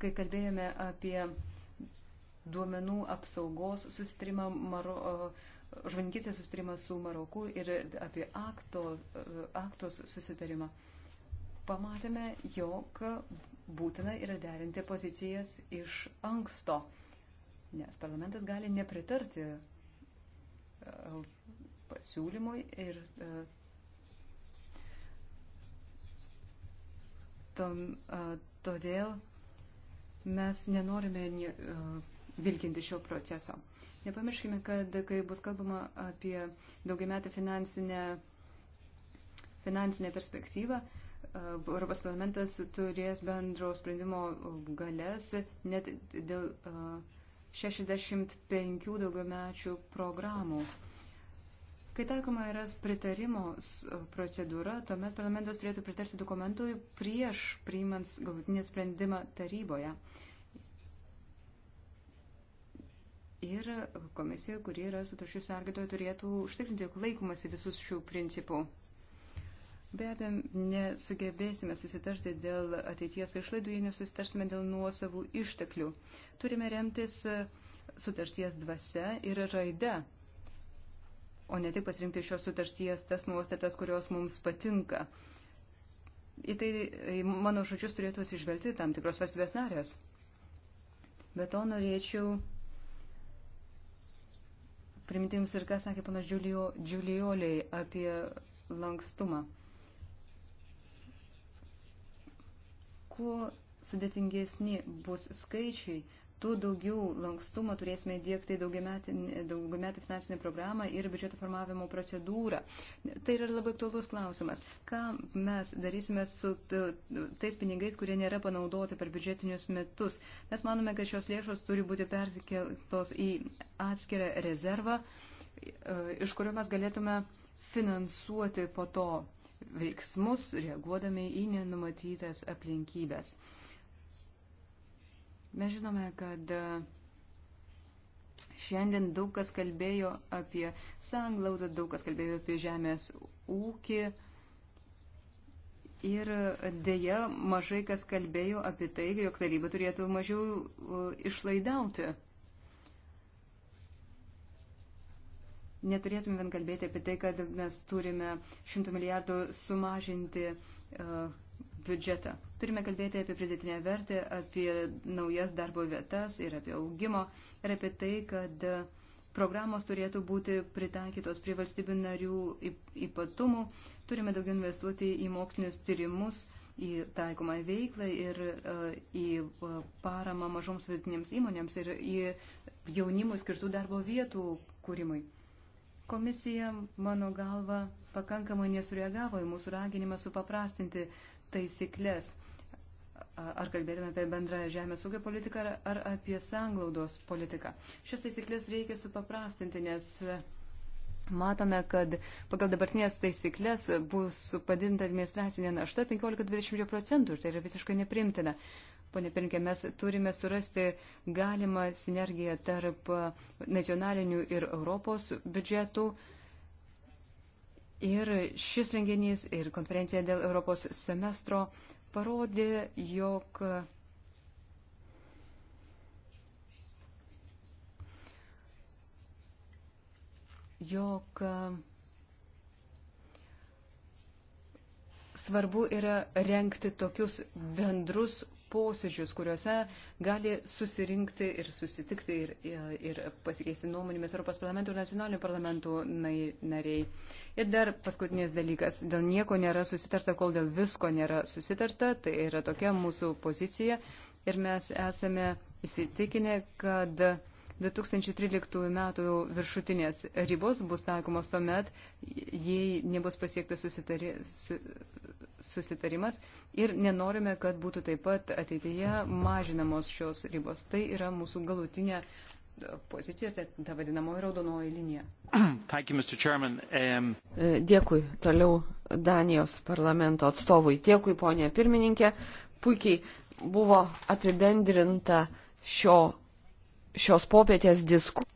kai kalbėjome apie duomenų apsaugos susitrimą Maro, žvaninkysės susitarimą su Maroku ir apie akto, aktos susitarimą, pamatėme, jog būtina yra derinti pozicijas iš anksto, nes parlamentas gali nepritarti e, pasiūlymui ir e, tom, e, todėl mes nenorime vilkinti šio proceso. Nepamirškime, kad kai bus kalbama apie daugiametę finansinę, finansinę perspektyvą, e, Europos parlamentas turės bendro sprendimo galės net dėl 65 e, daugiamečių programų. Kai taikoma yra pritarimo e, procedūra, tuomet parlamentas turėtų pritarti dokumentui prieš priimant galutinį sprendimą taryboje. Uh, Ir komisija, kuri yra sutarčių sargytoja, turėtų užtikrinti, jog laikomasi visus šių principų. Be abejo, nesugebėsime susitarti dėl ateities išlaidų, jei nesusitarsime dėl nuosavų išteklių. Turime remtis sutarties dvasia ir raida, o ne tik pasirinkti šios sutarties tas nuostatas, kurios mums patinka. Į tai į mano žodžius turėtų atsižvelgti tam tikros valstybės narės. Bet to norėčiau priminti jums ir ką sakė panas Džiulioliai apie lankstumą. Kuo sudėtingesni bus skaičiai, tuo daugiau lankstumo turėsime dėkti daugiametį, daugiametį finansinę programą ir biudžeto formavimo procedūrą. Tai yra labai aktualus klausimas. Ką mes darysime su tais pinigais, kurie nėra panaudoti per biudžetinius metus? Mes manome, kad šios lėšos turi būti perkeltos į atskirą rezervą, e, iš kurio mes galėtume finansuoti po to veiksmus, reaguodami į nenumatytas aplinkybės. Mes žinome, kad e, šiandien daug kas kalbėjo apie sanglaudą, daug kas kalbėjo apie žemės ūkį. Ir dėja, mažai kas kalbėjo apie tai, jog taryba turėtų mažiau e, išlaidauti. Neturėtume vien kalbėti apie tai, kad mes turime 100 milijardų sumažinti uh, biudžetą. Turime kalbėti apie pridėtinę vertę, apie naujas darbo vietas ir apie augimo ir apie tai, kad programos turėtų būti pritaikytos prie valstybių narių ypatumų. Turime daugiau investuoti į mokslinius tyrimus, į taikomą veiklą ir e, į e, paramą mažoms vidutinėms įmonėms ir į jaunimų skirtų darbo vietų kūrimui komisija, mano galva, pakankamai nesureagavo į mūsų raginimą supaprastinti taisyklės. Ar kalbėtume apie bendrąją žemės ūkio politiką ar apie sanglaudos politiką. Šias taisyklės reikia supaprastinti, nes matome, kad pagal dabartinės taisyklės bus padinta administracinė našta 15-20 procentų ir tai yra visiškai neprimtina. Pone Pirinkė, mes turime surasti galimą sinergiją tarp nacionalinių ir Europos biudžetų. Uh, Ir šis renginys ir konferencija dėl Europos semestro parodė, jog jog svarbu yra renkti tokius bendrus posėdžius, kuriuose gali susirinkti ir susitikti ir, ir, ir pasikeisti nuomonėmis Europos parlamentų ir nacionalinių parlamentų nariai. Ir dar paskutinis dalykas, dėl nieko nėra susitarta, kol dėl visko nėra susitarta, tai yra tokia mūsų pozicija ir mes esame įsitikinę, kad 2013 metų viršutinės ribos bus taikomos tuomet, jei nebus pasiektas susitari, susitarimas ir nenorime, kad būtų taip pat ateityje mažinamos šios ribos. Tai yra mūsų galutinė e, pozicija, tai ta vadinamoji raudonoji linija. Thank you, Mr. Chairman. Um... E, dėkui toliau Danijos parlamento atstovui. Dėkui, ponė pirmininkė. Puikiai buvo apibendrinta šio, šios popietės diskusija.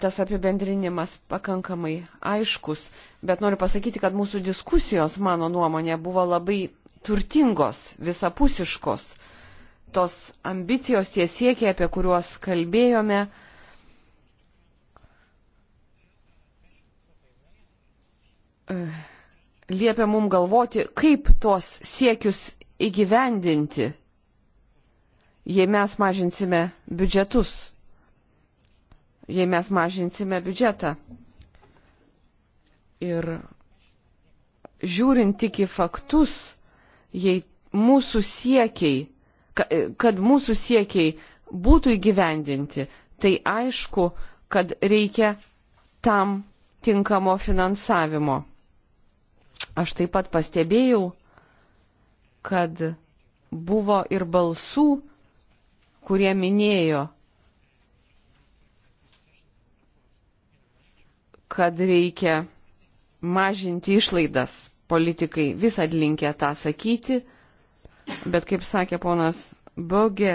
tas apibendrinimas pakankamai aiškus, bet noriu pasakyti, kad mūsų diskusijos, mano nuomonė, buvo labai turtingos, visapusiškos. Tos ambicijos, tie siekiai, apie kuriuos kalbėjome, e, liepia mums galvoti, kaip tuos siekius įgyvendinti, jei mes mažinsime biudžetus jei mes mažinsime biudžetą. Ir žiūrint tik į faktus, jei mūsų siekiai, kad mūsų siekiai būtų įgyvendinti, tai aišku, kad reikia tam tinkamo finansavimo. Aš taip pat pastebėjau, kad buvo ir balsų, kurie minėjo, kad reikia mažinti išlaidas. Politikai visad linkia tą sakyti, bet kaip sakė ponas Bogė,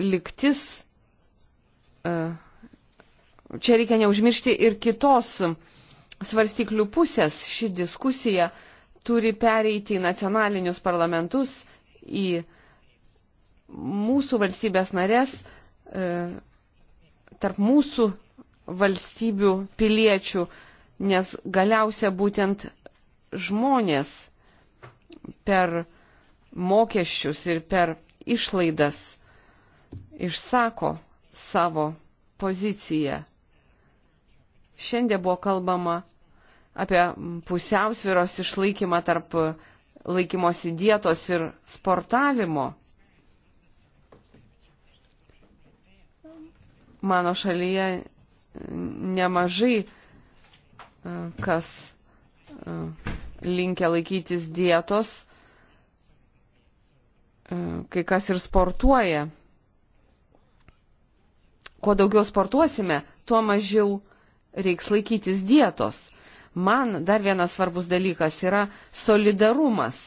liktis, e, čia reikia neužmiršti ir kitos svarstyklių pusės. Ši diskusija turi pereiti į nacionalinius parlamentus, į uh, mūsų valstybės narės, e, tarp mūsų valstybių piliečių, nes galiausia būtent žmonės per mokesčius ir per išlaidas išsako savo poziciją. Šiandien buvo kalbama apie pusiausviros išlaikymą tarp laikymosi dietos ir sportavimo. mano šalyje nemažai e, kas e, linkia laikytis dietos, e, kai kas ir sportuoja. Kuo daugiau sportuosime, tuo mažiau reiks laikytis dietos. Man dar vienas svarbus dalykas yra solidarumas.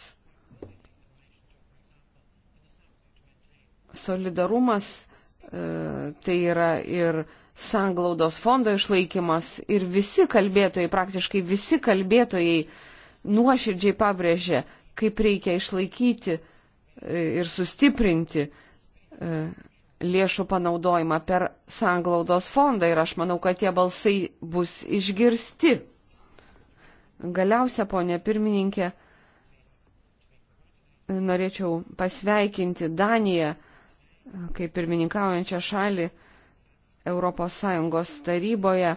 Solidarumas E, tai yra ir sanglaudos fondo išlaikymas, ir visi kalbėtojai, praktiškai visi kalbėtojai nuoširdžiai pabrėžė, kaip reikia išlaikyti e, ir sustiprinti e, lėšų panaudojimą per sanglaudos fondą ir aš manau, kad tie balsai bus išgirsti. Galiausia, ponė pirmininkė, norėčiau pasveikinti Daniją kaip pirmininkaujančią šalį ES taryboje.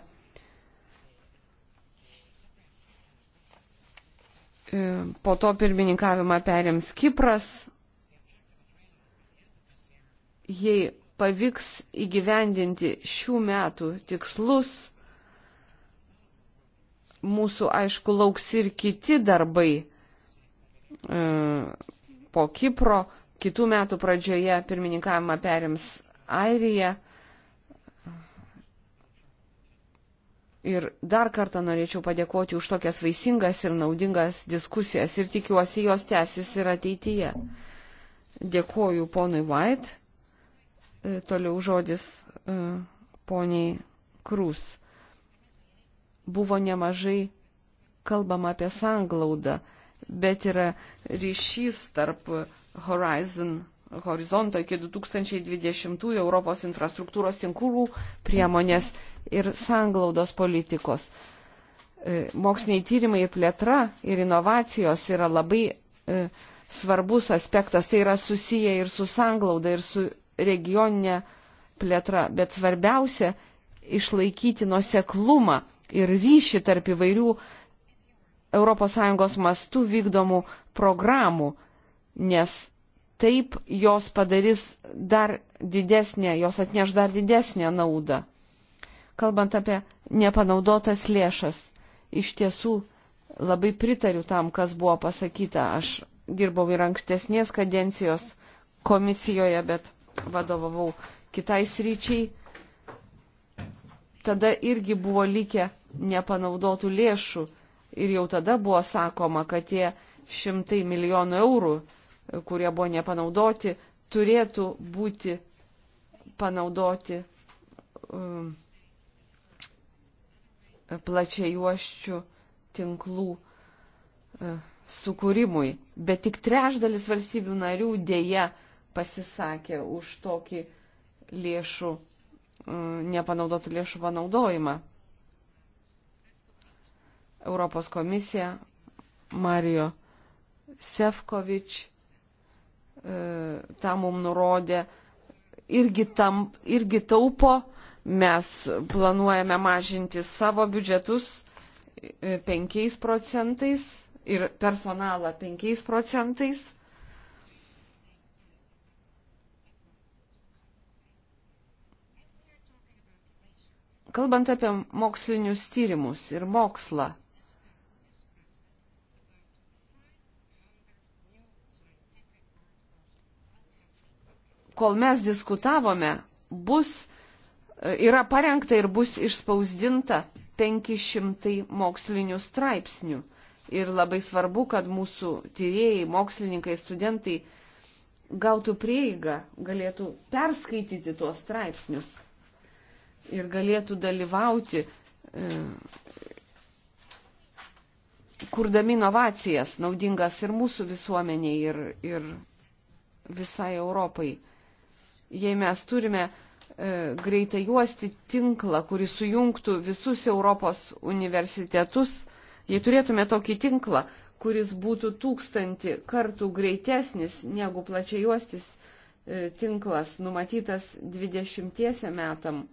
E, po to pirmininkavimą perims Kipras. Jei pavyks įgyvendinti šių metų tikslus, mūsų aišku lauks ir kiti darbai e, po Kipro, Kitų metų pradžioje pirmininkavimą perims Airija. Ir dar kartą norėčiau padėkoti už tokias vaisingas ir naudingas diskusijas ir tikiuosi jos tęsis ir ateityje. Dėkoju ponui White. E, toliau žodis e, poniai Krūs. Buvo nemažai kalbama apie sanglaudą, bet yra ryšys tarp Horizon horizonto iki 2020 Europos infrastruktūros tinklų priemonės ir sanglaudos politikos. E, moksliniai tyrimai, plėtra ir inovacijos yra labai e, svarbus aspektas. Tai yra susiję ir su sanglauda, ir su regioninė plėtra. Bet svarbiausia - išlaikyti nuoseklumą ir ryšį tarp įvairių ES mastų vykdomų programų nes taip jos padarys dar didesnė, jos atneš dar didesnę naudą. Kalbant apie nepanaudotas lėšas, iš tiesų labai pritariu tam, kas buvo pasakyta. Aš dirbau ir ankstesnės kadencijos komisijoje, bet vadovavau kitais ryčiai. Tada irgi buvo likę nepanaudotų lėšų ir jau tada buvo sakoma, kad tie šimtai milijonų eurų kurie buvo nepanaudoti, turėtų būti panaudoti um, plačiai juoščių tinklų uh, sukūrimui. Bet tik trečdalis valstybių narių dėja pasisakė už tokį lėšų, uh, nepanaudotų lėšų panaudojimą. Europos komisija Mario Sefkovič E, tą mum nurodė, irgi, tam, irgi taupo, mes planuojame mažinti savo biudžetus 5 e, procentais ir personalą 5 procentais. Kalbant apie mokslinius tyrimus ir mokslą, kol mes diskutavome, bus, e, yra parengta ir bus išspausdinta 500 mokslinių straipsnių. Ir labai svarbu, kad mūsų tyrėjai, mokslininkai, studentai gautų prieigą, galėtų perskaityti tuos straipsnius ir galėtų dalyvauti, e, kurdami inovacijas, naudingas ir mūsų visuomeniai, ir, ir visai Europai jei mes turime e, greitai juosti tinklą, kuris sujungtų visus Europos universitetus, jei turėtume tokį tinklą, kuris būtų tūkstantį kartų greitesnis negu plačiai juostis e, tinklas numatytas 20 metam,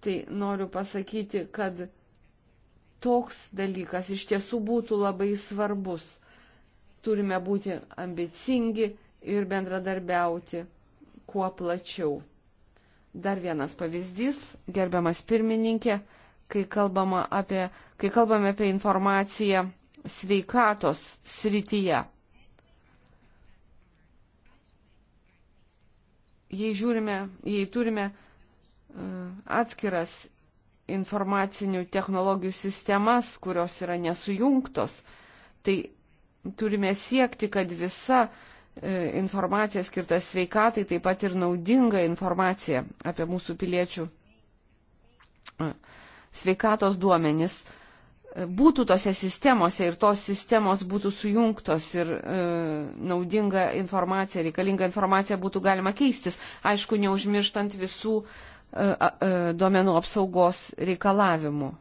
tai noriu pasakyti, kad toks dalykas iš tiesų būtų labai svarbus. Turime būti ambicingi, ir bendradarbiauti kuo plačiau. Dar vienas pavyzdys, gerbiamas pirmininkė, kai, kalbama apie, kai kalbame apie informaciją sveikatos srityje. Jei, žiūrime, jei turime e, atskiras informacinių technologijų sistemas, kurios yra nesujungtos, tai turime siekti, kad visa uh, E, informacija skirta sveikatai, taip pat ir naudinga informacija apie mūsų piliečių e, sveikatos duomenis e, būtų tose sistemose ir tos sistemos būtų sujungtos ir e, naudinga informacija, reikalinga informacija būtų galima keistis, aišku, neužmirštant visų e, e, duomenų apsaugos reikalavimų.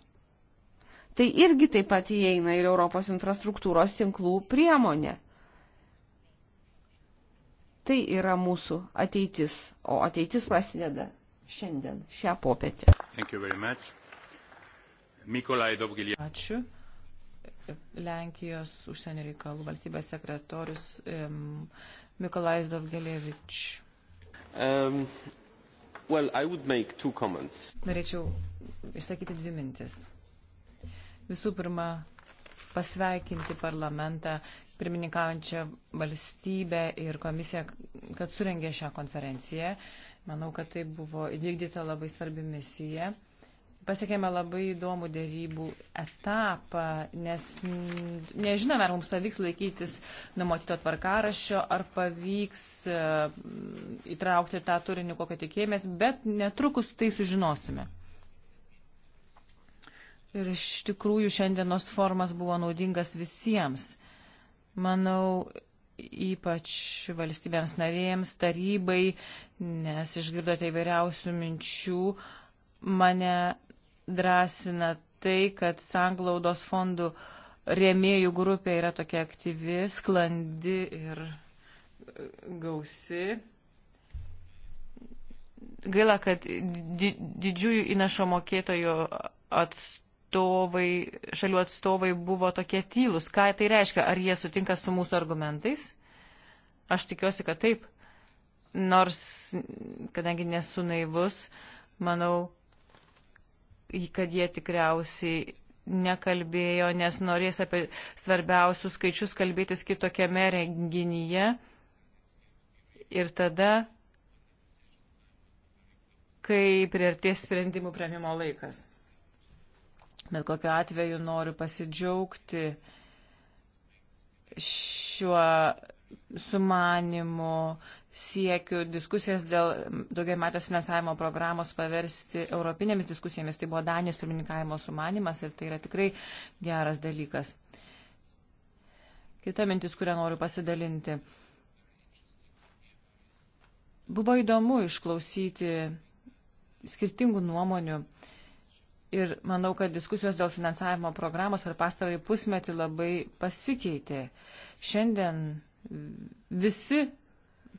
Tai irgi taip pat įeina ir Europos infrastruktūros tinklų priemonė. Tai yra mūsų ateitis, o ateitis prasideda šiandien, šią popietę. Ačiū. Lenkijos užsienio reikalų valstybės sekretorius um, Mikolajus Dovgelievič. Um, well, Norėčiau išsakyti dvi mintis. Visų pirma, pasveikinti parlamentą pirmininkaujančią valstybę ir komisiją, kad surengė šią konferenciją. Manau, kad tai buvo įvykdyta labai svarbi misija. Pasiekėme labai įdomų dėrybų etapą, nes nežinome, ar mums pavyks laikytis numatyto tvarkarašio, ar pavyks e, įtraukti tą turinį, kokio tikėjomės, bet netrukus tai sužinosime. Ir iš tikrųjų šiandienos formas buvo naudingas visiems manau, ypač valstybėms narėjams, tarybai, nes išgirdote įvairiausių minčių, mane drąsina tai, kad sanglaudos fondų rėmėjų grupė yra tokia aktyvi, sklandi ir gausi. Gaila, kad di didžiųjų įnašo mokėtojų atstovų atstovai, šalių atstovai buvo tokie tylus. Ką tai reiškia? Ar jie sutinka su mūsų argumentais? Aš tikiuosi, kad taip. Nors, kadangi nesu naivus, manau, kad jie tikriausiai nekalbėjo, nes norės apie svarbiausius skaičius kalbėtis kitokiame renginyje. Ir tada, kai priartės sprendimų prieimimo laikas. Bet kokiu atveju noriu pasidžiaugti šiuo sumanimu siekiu diskusijas dėl daugiametės finansavimo programos paversti europinėmis diskusijomis. Tai buvo Danijos pirmininkavimo sumanimas ir tai yra tikrai geras dalykas. Kita mintis, kurią noriu pasidalinti. Buvo įdomu išklausyti skirtingų nuomonių. Uh, Ir manau, kad diskusijos dėl finansavimo programos per pastarąjį pusmetį labai pasikeitė. Šiandien visi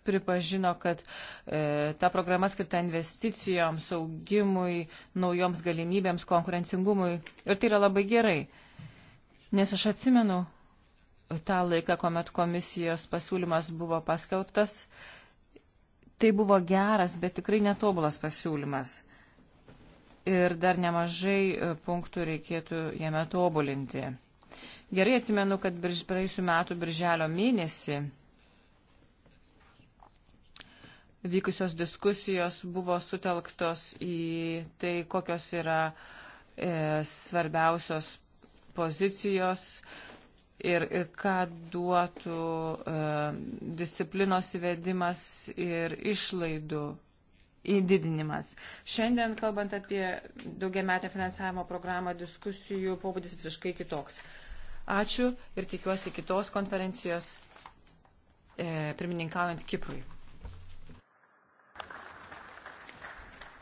pripažino, kad e, ta programa skirta investicijoms, augimui, naujoms galimybėms, konkurencingumui. Ir tai yra labai gerai. Nes aš atsimenu tą laiką, kuomet komisijos pasiūlymas buvo paskelbtas. Tai buvo geras, bet tikrai netobulas pasiūlymas ir dar nemažai e, punktų reikėtų jame tobulinti. Gerai atsimenu, kad birž, praėjusiu metu birželio mėnesį vykusios diskusijos buvo sutelktos į tai, kokios yra e, svarbiausios pozicijos ir, ir ką duotų e, disciplinos įvedimas ir išlaidų įdidinimas. Šiandien, kalbant apie daugiametę finansavimo programą, diskusijų pobūdis visiškai kitoks. Ačiū ir tikiuosi kitos konferencijos e, pirmininkaujant Kiprui.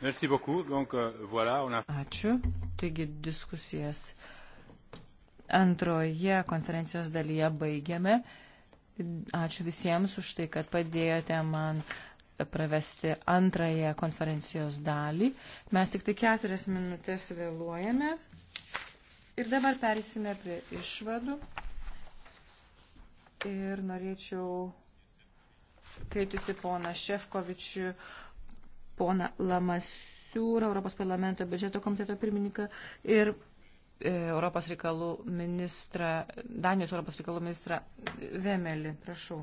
Merci beaucoup. Donc, euh, voilà, on a... Ačiū. Taigi diskusijas antroje konferencijos dalyje baigiame. Ačiū visiems už tai, kad padėjote man pravesti antrąją konferencijos dalį. Mes tik tai keturias minutės vėluojame. Ir dabar perėsime prie išvadų. Ir norėčiau kreiptis į poną Šefkovičių, poną Lamasiūrą, Europos parlamento biudžeto komiteto pirmininką ir e, Europos reikalų ministrą, Danijos Europos reikalų ministrą Vemelį. Prašau.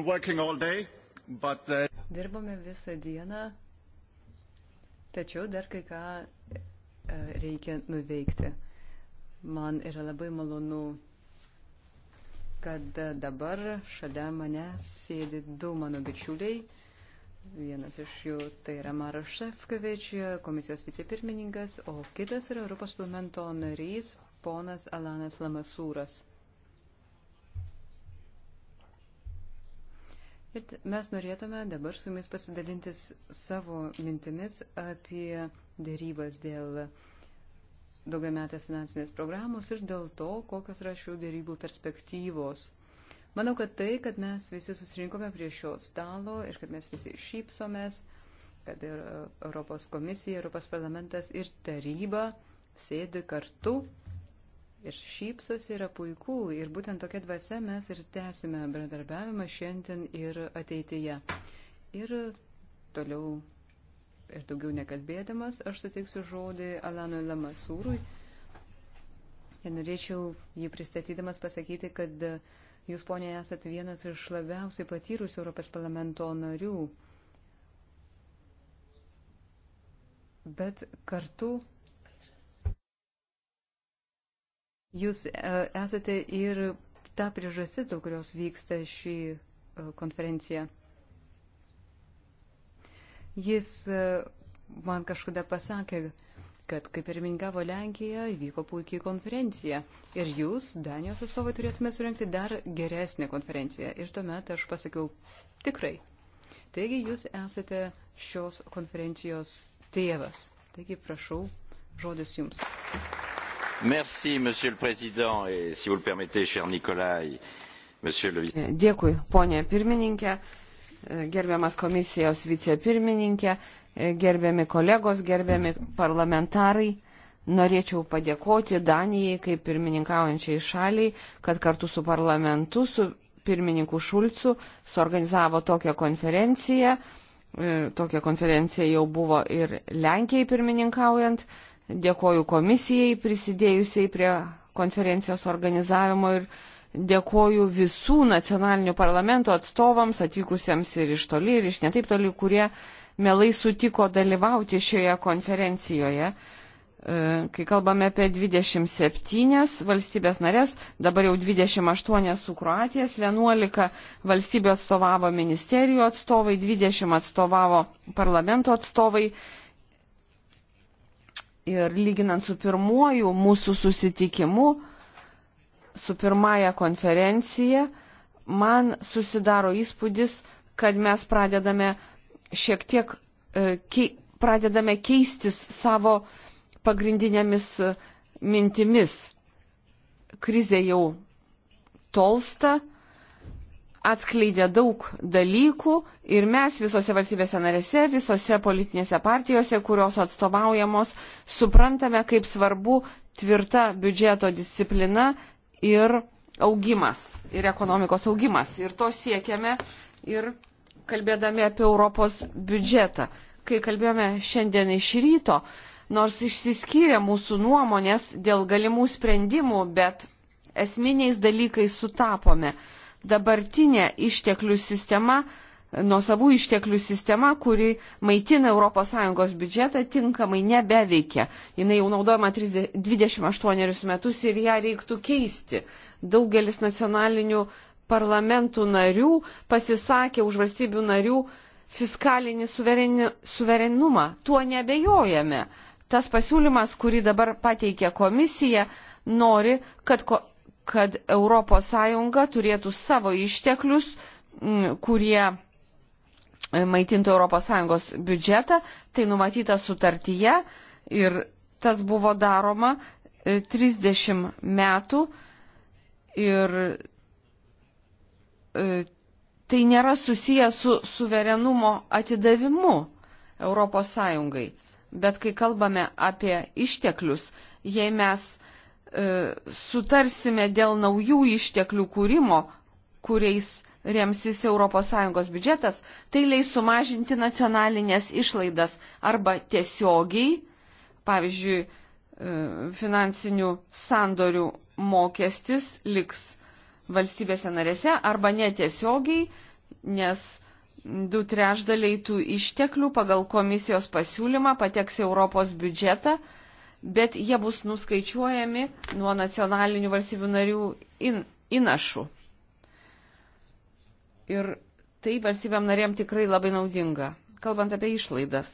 been working all day, but... Uh... Dirbame visą dieną, tačiau dar kai ką e, reikia nuveikti. Man yra labai malonu, kad e, dabar šalia mane sėdi du mano bičiuliai. Vienas iš jų tai yra Maras Šefkevič, komisijos vicepirmininkas, o kitas yra Europos parlamento narys, ponas Alanas Lamasūras. Ir mes norėtume dabar su jumis pasidalintis savo mintimis apie dėrybas dėl daugiametės finansinės programos ir dėl to, kokios yra šių dėrybų perspektyvos. Manau, kad tai, kad mes visi susirinkome prie šio stalo ir kad mes visi šypsomės, kad ir e, Europos komisija, Europos parlamentas ir taryba sėdi kartu ir šypsosi yra puiku ir būtent tokia dvasia mes ir tęsime bendradarbiavimą šiandien ir ateityje. Ir toliau ir daugiau nekalbėdamas aš suteiksiu žodį Alanui Lamasūrui. Ir norėčiau jį pristatydamas pasakyti, kad jūs, ponė, esat vienas iš labiausiai patyrusių Europos parlamento narių. Bet kartu Jūs e, esate ir ta priežastis, dėl kurios vyksta šį e, konferenciją. Jis e, man kažkada pasakė, kad kaip ir mingavo Lenkija, įvyko puikiai konferencija. Ir jūs, Danijos atstovai, turėtume surinkti dar geresnę konferenciją. Ir tuomet aš pasakiau, tikrai. Taigi jūs esate šios konferencijos tėvas. Taigi prašau, žodis jums. Merci, Monsieur le Président, et si vous le permettez, cher Nikolai, Monsieur le Vice. Dėkui, ponė pirmininkė, gerbiamas komisijos vicepirmininkė, gerbiami kolegos, gerbiami parlamentarai. Norėčiau padėkoti Danijai kaip pirmininkaujančiai šaliai, kad kartu su parlamentu, su pirmininku Šulcu suorganizavo tokią konferenciją. E, tokia konferencija jau buvo ir Lenkijai pirmininkaujant dėkoju komisijai prisidėjusiai prie konferencijos organizavimo ir dėkoju visų nacionalinių parlamento atstovams atvykusiems ir iš toli, ir iš netaip toli, kurie mielai sutiko dalyvauti šioje konferencijoje. E, kai kalbame apie 27 valstybės narės, dabar jau 28 su Kroatijas, 11 valstybių atstovavo ministerijų atstovai, 20 atstovavo parlamento atstovai, Ir lyginant su pirmuoju mūsų susitikimu, su pirmąją konferenciją, man susidaro įspūdis, kad mes pradedame šiek tiek e, kei, pradedame keistis savo pagrindinėmis e, mintimis. Krizė jau tolsta, atskleidė daug dalykų ir mes visose valstybėse narėse, visose politinėse partijose, kurios atstovaujamos, suprantame, kaip svarbu tvirta biudžeto disciplina ir augimas, ir ekonomikos augimas. Ir to siekiame ir kalbėdami apie Europos biudžetą. Kai kalbėjome šiandien iš ryto, nors išsiskyrė mūsų nuomonės dėl galimų sprendimų, bet esminiais dalykais sutapome dabartinė išteklių sistema, nuosavų išteklių sistema, kuri maitina ES biudžetą, tinkamai nebeveikia. Jis jau naudojama 28 metus ir ją reiktų keisti. Daugelis nacionalinių parlamentų narių pasisakė už valstybių narių fiskalinį suverenumą. Tuo nebejojame. Tas pasiūlymas, kurį dabar pateikė komisija, nori, kad ko kad ES turėtų savo išteklius, kurie e, maitintų ES biudžetą, tai numatyta sutartyje ir tas buvo daroma 30 e, metų ir e, tai nėra susiję su suverenumo atidavimu ES. Bet kai kalbame apie išteklius, jei mes E, sutarsime dėl naujų išteklių kūrimo, kuriais remsis ES biudžetas, tai leis sumažinti nacionalinės išlaidas arba tiesiogiai, pavyzdžiui, e, finansinių sandorių mokestis liks valstybėse narėse arba netiesiogiai, nes du trešdaliai tų išteklių pagal komisijos pasiūlymą pateks Europos biudžetą bet jie bus nuskaičiuojami nuo nacionalinių valstybių narių in, įnašų. Ir tai valstybėm narėm tikrai labai naudinga. Kalbant apie išlaidas,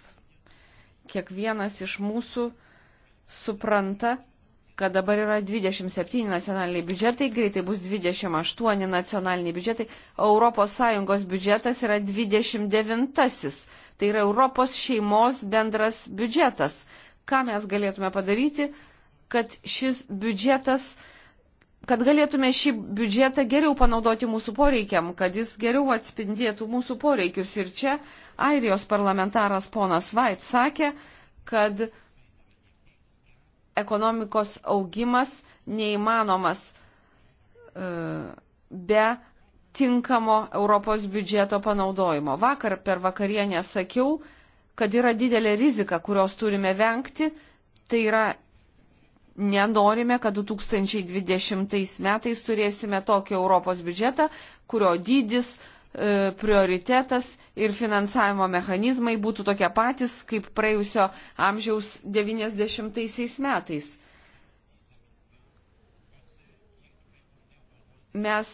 kiekvienas iš mūsų supranta, kad dabar yra 27 nacionaliniai biudžetai, greitai bus 28 nacionaliniai biudžetai, ES biudžetas yra 29. -asis. Tai yra Europos šeimos bendras biudžetas ką mes galėtume padaryti, kad šis biudžetas, kad galėtume šį biudžetą geriau panaudoti mūsų poreikiam, kad jis geriau atspindėtų mūsų poreikius. Ir čia Airijos parlamentaras ponas Vait sakė, kad ekonomikos augimas neįmanomas e, be tinkamo Europos biudžeto panaudojimo. Vakar per vakarienę sakiau, kad yra didelė rizika, kurios turime vengti, tai yra nenorime, kad 2020 metais turėsime tokį Europos biudžetą, kurio dydis, e, prioritetas ir finansavimo mechanizmai būtų tokie patys kaip praėjusio amžiaus 90 metais. Mes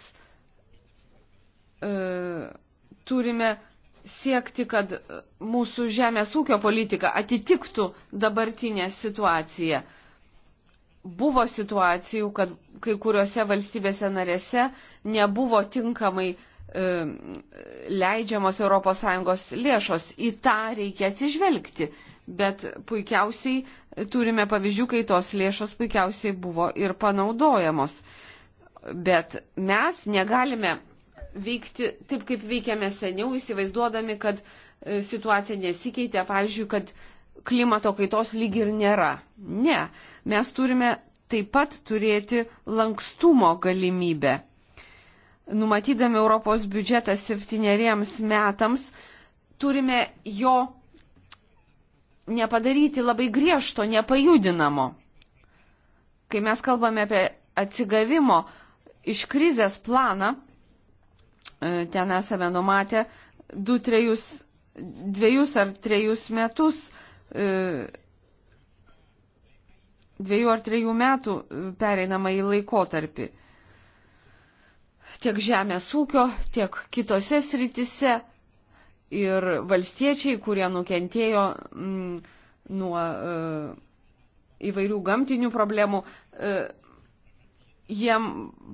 e, turime siekti, kad mūsų žemės ūkio politika atitiktų dabartinę situaciją. Buvo situacijų, kad kai kuriuose valstybėse narėse nebuvo tinkamai e, leidžiamos ES lėšos. Į tą reikia atsižvelgti. Bet puikiausiai turime pavyzdžių, kai tos lėšos puikiausiai buvo ir panaudojamos. Bet mes negalime veikti taip, kaip veikėme seniau, įsivaizduodami, kad e, situacija nesikeitė, pavyzdžiui, kad klimato kaitos lyg ir nėra. Ne, mes turime taip pat turėti lankstumo galimybę. Numatydami Europos biudžetą septyneriems metams, turime jo nepadaryti labai griežto, nepajudinamo. Kai mes kalbame apie atsigavimo iš krizės planą, ten esame numatę du, trejus, dviejus ar trejus metus, e, dviejų ar trejų metų pereinamą į laikotarpį. Tiek žemės ūkio, tiek kitose sritise ir valstiečiai, kurie nukentėjo m, mm, nuo e, įvairių gamtinių problemų, e, jiem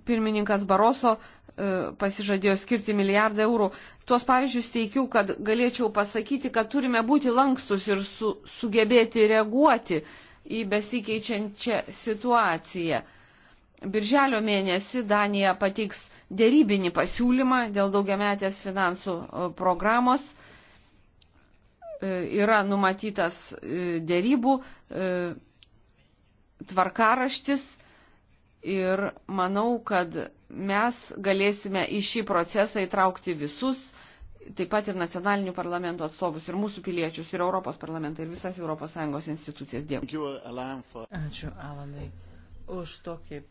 pirmininkas Baroso E, pasižadėjo skirti milijardą eurų. Tuos pavyzdžius teikiu, kad galėčiau pasakyti, kad turime būti lankstus ir su, sugebėti reaguoti į besikeičiančią situaciją. Birželio mėnesį Danija patiks dėrybinį pasiūlymą dėl daugiametės finansų e, programos. E, yra numatytas dėrybų tvarkaraštis ir manau, kad mes galėsime į šį procesą įtraukti visus, taip pat ir nacionalinių parlamentų atstovus, ir mūsų piliečius, ir Europos parlamentą, ir visas ES institucijas. Dėkui. Ačiū, Alanai, už tokį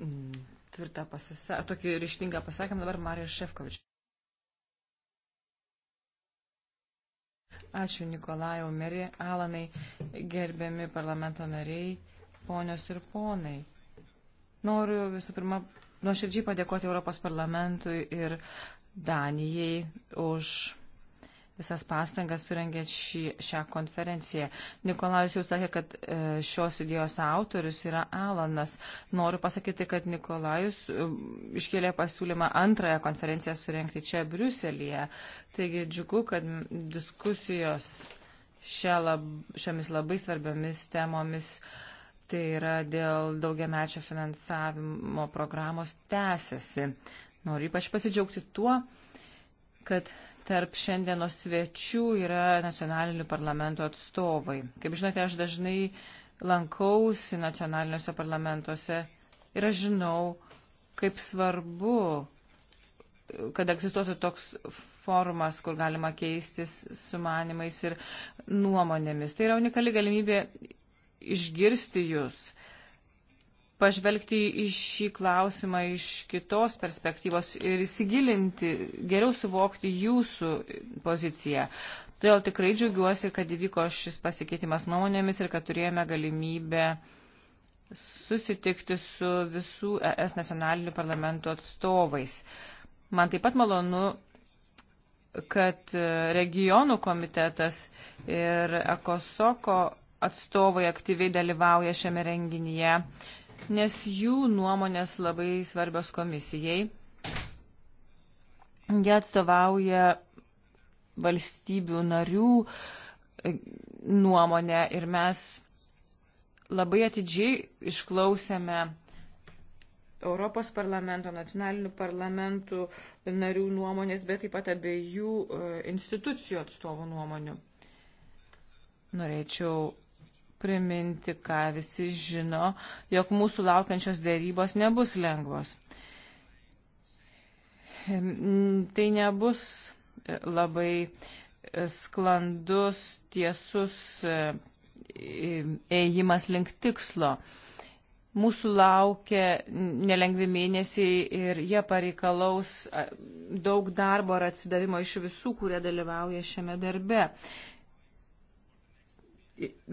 mm, tvirtą pasisakymą, tokį ryštingą pasakymą dabar Marija Šefkovič. Ačiū Nikolajau Meri, Alanai, gerbiami parlamento nariai, ponios ir ponai. Noriu visų pirma nuoširdžiai padėkoti Europos parlamentui ir Danijai už visas pastangas surengėt šį, šią konferenciją. Nikolajus jau sakė, kad e, šios idėjos autorius yra Alanas. Noriu pasakyti, kad Nikolajus e, iškėlė pasiūlymą antrąją konferenciją surengti čia Briuselėje. Taigi džiugu, kad diskusijos šia lab, šiomis labai svarbiomis temomis uh, tai yra dėl daugiamečio finansavimo programos tęsiasi. Noriu ypač pasidžiaugti tuo, kad tarp šiandienos svečių yra nacionalinių parlamento atstovai. Kaip žinote, aš dažnai lankausi nacionaliniuose parlamentuose ir aš žinau, kaip svarbu, kad egzistuotų toks formas, kur galima keistis sumanimais ir nuomonėmis. Tai yra unikali galimybė išgirsti jūs, pažvelgti į šį klausimą iš kitos perspektyvos ir įsigilinti, geriau suvokti jūsų poziciją. Todėl tikrai džiaugiuosi, kad įvyko šis pasikeitimas nuomonėmis ir kad turėjome galimybę susitikti su visų ES nacionalinių parlamentų atstovais. Man taip pat malonu kad regionų komitetas ir Ekosoko atstovai aktyviai dalyvauja šiame renginyje, nes jų nuomonės labai svarbios komisijai. Jie atstovauja valstybių narių e, nuomonę ir mes labai atidžiai išklausėme Europos parlamento, nacionalinių parlamentų narių nuomonės, bet taip pat abiejų e, institucijų atstovų nuomonių. Norėčiau priminti, ką visi žino, jog mūsų laukiančios dėrybos nebus lengvos. Tai nebus e, labai e, sklandus, tiesus e, ėjimas link tikslo. Mūsų laukia nelengvi mėnesiai ir jie pareikalaus daug darbo ir atsidavimo iš visų, kurie dalyvauja šiame darbe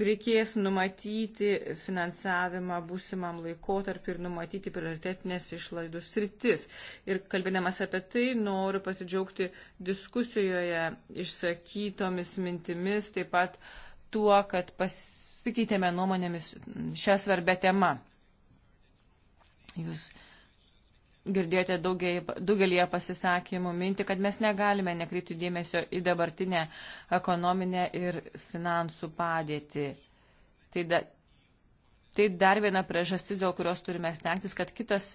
reikės numatyti finansavimą būsimam laikotarpiu ir numatyti prioritetinės išlaidų sritis. Ir kalbėdamas apie tai, noriu pasidžiaugti diskusijoje išsakytomis mintimis, taip pat tuo, kad pasikeitėme nuomonėmis šią svarbę temą. Jūs girdėjote daugelį pasisakymų minti, kad mes negalime nekreipti dėmesio į dabartinę ekonominę ir finansų padėtį. Tai, da, tai dar viena priežastis, dėl kurios turime stengtis, kad, kitas,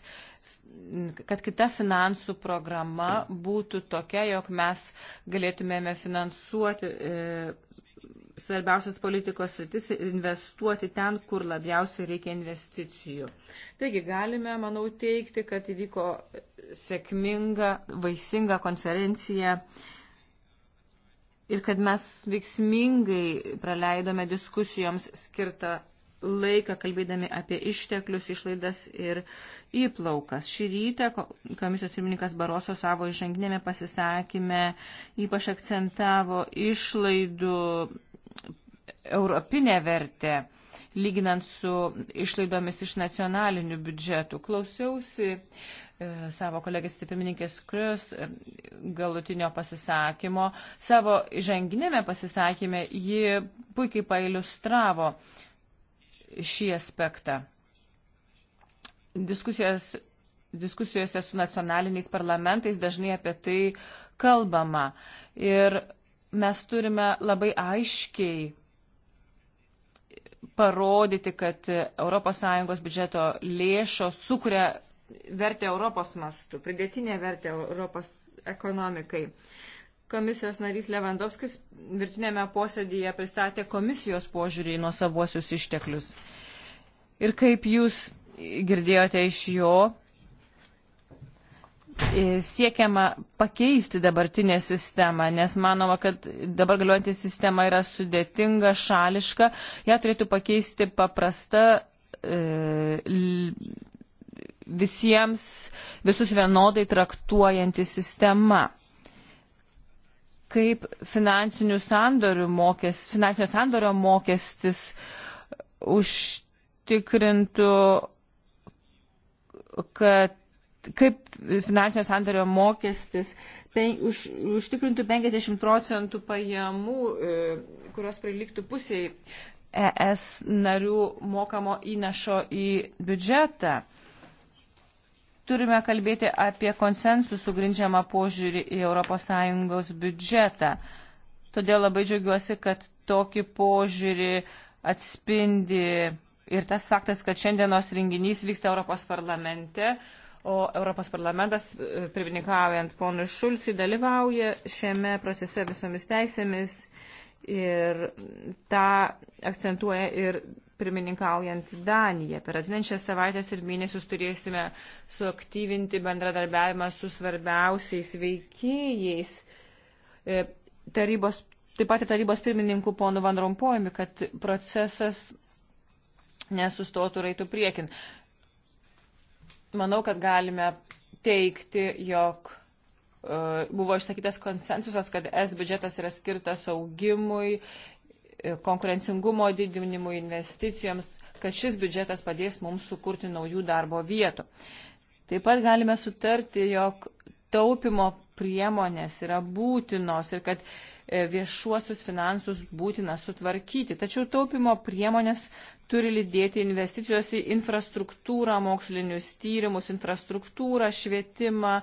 kad kita finansų programa būtų tokia, jog mes galėtumėme finansuoti e, svarbiausias politikos sritis - investuoti ten, kur labiausiai reikia investicijų. Taigi galime, manau, teikti, kad įvyko sėkminga, vaisinga konferencija ir kad mes veiksmingai praleidome diskusijoms skirtą laiką kalbėdami apie išteklius, išlaidas ir įplaukas. Šį rytą komisijos pirmininkas Baroso savo išanginėme pasisakime ypač akcentavo išlaidų europinę vertę, lyginant su išlaidomis iš nacionalinių biudžetų. Klausiausi e, savo kolegės pirmininkės Krius e, galutinio pasisakymo. Savo žanginėme pasisakymė ji puikiai pailustravo šį aspektą. Diskusijos, diskusijose su nacionaliniais parlamentais dažnai apie tai kalbama. Ir mes turime labai aiškiai parodyti, kad ES biudžeto lėšos sukuria vertę Europos mastu, pridėtinę vertę Europos ekonomikai. Uh, Komisijos narys Levandovskis virtinėme posėdėje pristatė komisijos požiūrį į nuosavuosius išteklius. Ir kaip jūs girdėjote iš jo, e, siekiama pakeisti dabartinę sistemą, nes manoma, kad dabar galiuojanti sistema yra sudėtinga, šališka, ją turėtų pakeisti paprasta e, visiems, visus vienodai traktuojanti sistema kaip finansinių sandorių mokes, finansinio sandorio mokestis užtikrintų, kad kaip finansinio sandorio mokestis pen, už, užtikrintų 50 procentų pajamų, e, kurios priliktų pusiai ES narių mokamo įnašo į biudžetą turime kalbėti apie konsensusų grindžiamą požiūrį į ES biudžetą. Todėl labai džiaugiuosi, kad tokį požiūrį atspindi ir tas faktas, kad šiandienos renginys vyksta Europos parlamente, o Europos parlamentas, e, pirmininkaujant ponui Šulcijui, dalyvauja šiame procese visomis teisėmis ir tą akcentuoja ir pirmininkaujant Daniją. Per atinančias savaitės ir mėnesius turėsime suaktyvinti bendradarbiavimą su svarbiausiais veikėjais. E, tarybos, taip pat ir tarybos pirmininku ponu Van Rompojumi, kad procesas nesustotų raitų priekin. Manau, kad galime teikti, jog e, buvo išsakytas konsensusas, kad S biudžetas yra skirtas augimui, konkurencingumo didinimui, investicijoms, kad šis biudžetas padės mums sukurti naujų darbo vietų. Taip pat galime sutarti, jog taupimo priemonės yra būtinos ir kad e, viešuosius finansus būtina sutvarkyti. Tačiau taupimo priemonės turi lydėti investicijos į infrastruktūrą, mokslinius tyrimus, infrastruktūrą, švietimą,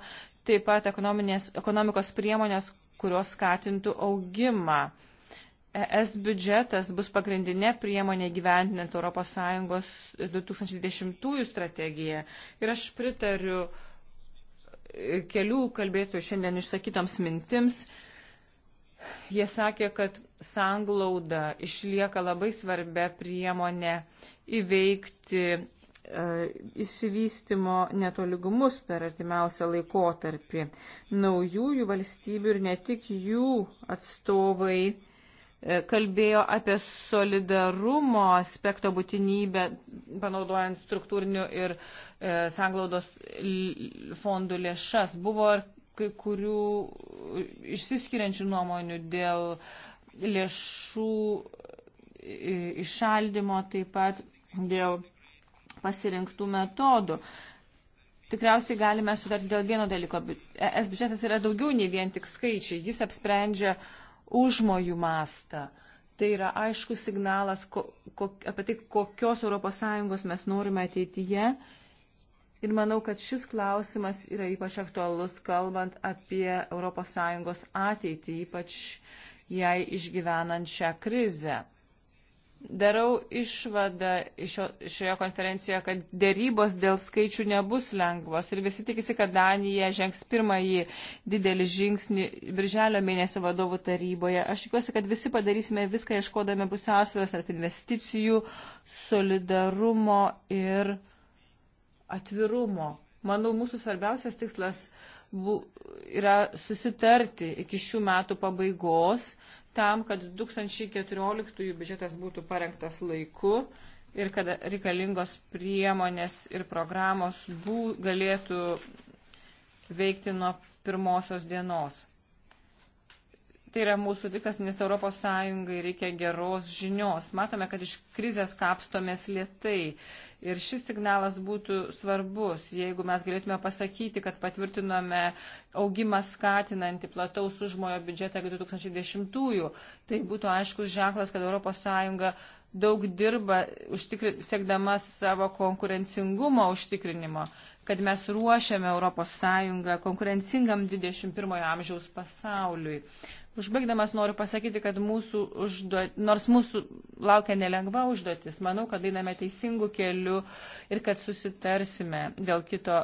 taip pat ekonomikos priemonės, kurios skatintų augimą. ES biudžetas bus pagrindinė priemonė gyventinant ES 2020 strategiją. Ir aš pritariu e, kelių kalbėtojų šiandien išsakytoms mintims. Jie sakė, kad sanglauda išlieka labai svarbia priemonė įveikti e, išsivystimo netoligumus per artimiausią laikotarpį. Naujųjų valstybių ir ne tik jų atstovai E, kalbėjo apie solidarumo aspekto būtinybę, panaudojant struktūrinių ir e, sanglaudos fondų lėšas. Buvo ir kai kurių išsiskiriančių nuomonių dėl lėšų e, išaldimo, taip pat dėl pasirinktų metodų. Tikriausiai galime sutarti dėl vieno dalyko. ES e biudžetas yra daugiau nei vien tik skaičiai. Jis apsprendžia uh, užmojų mastą. Tai yra aiškus signalas ko, ko, apie tai, kokios ES mes norime ateityje. Ir manau, kad šis klausimas yra ypač aktualus, kalbant apie ES ateitį, ypač jai išgyvenant šią krizę. Darau išvadą šio, šioje konferencijoje, kad dėrybos dėl skaičių nebus lengvos ir visi tikisi, kad Danija žengs pirmąjį didelį žingsnį Birželio mėnesio vadovų taryboje. Aš tikiuosi, kad visi padarysime viską ieškodami pusiausvės tarp investicijų, solidarumo ir atvirumo. Manau, mūsų svarbiausias tikslas bu, yra susitarti iki šių metų pabaigos tam, kad 2014 biudžetas būtų parengtas laiku ir kad reikalingos priemonės ir programos bū, galėtų veikti nuo pirmosios dienos. Tai yra mūsų tikslas, nes ES reikia geros žinios. Matome, kad iš krizės kapstomės lietai. Ir šis signalas būtų svarbus, jeigu mes galėtume pasakyti, kad patvirtinome augimą skatinantį plataus užmojo biudžetą iki 2010-ųjų. Tai būtų aiškus ženklas, kad ES daug dirba, užtikri, siekdama savo konkurencingumo užtikrinimo, kad mes ruošiame ES konkurencingam 21-ojo amžiaus pasauliui. Užbaigdamas noriu pasakyti, kad mūsų užduot, nors mūsų laukia nelengva užduotis, manau, kad einame teisingų kelių ir kad susitarsime dėl, kito,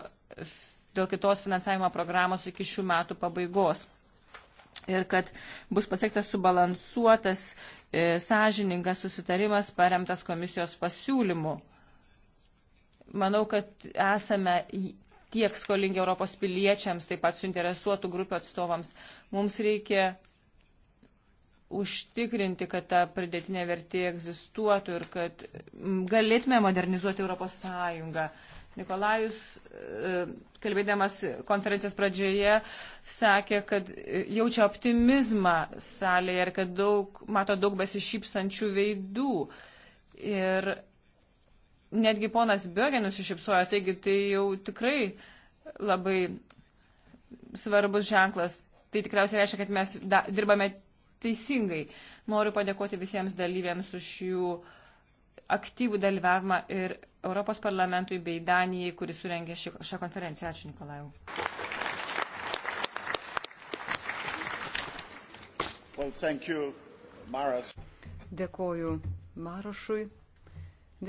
dėl kitos finansavimo programos iki šių metų pabaigos. Ir kad bus pasiektas subalansuotas, e, sąžiningas susitarimas paremtas komisijos pasiūlymu. Manau, kad esame tiek skolingi Europos piliečiams, taip pat suinteresuotų grupių atstovams. Mums reikia užtikrinti, kad ta pridėtinė vertė egzistuotų ir kad galėtume modernizuoti Europos Sąjungą. Nikolajus, e, kalbėdamas konferencijos pradžioje, sakė, kad jaučia optimizmą salėje ir kad daug, mato daug besišypsančių veidų. Ir netgi ponas Biogė nusišypsojo, taigi tai jau tikrai labai svarbus ženklas. Tai tikriausiai reiškia, kad mes da, dirbame teisingai. Noriu padėkoti visiems dalyviams už jų aktyvų dalyvavimą ir Europos parlamentui bei Danijai, kuris surengė šį, šią konferenciją. Ačiū, Nikolajau. Well, thank you, Maras. Dėkoju Marašui.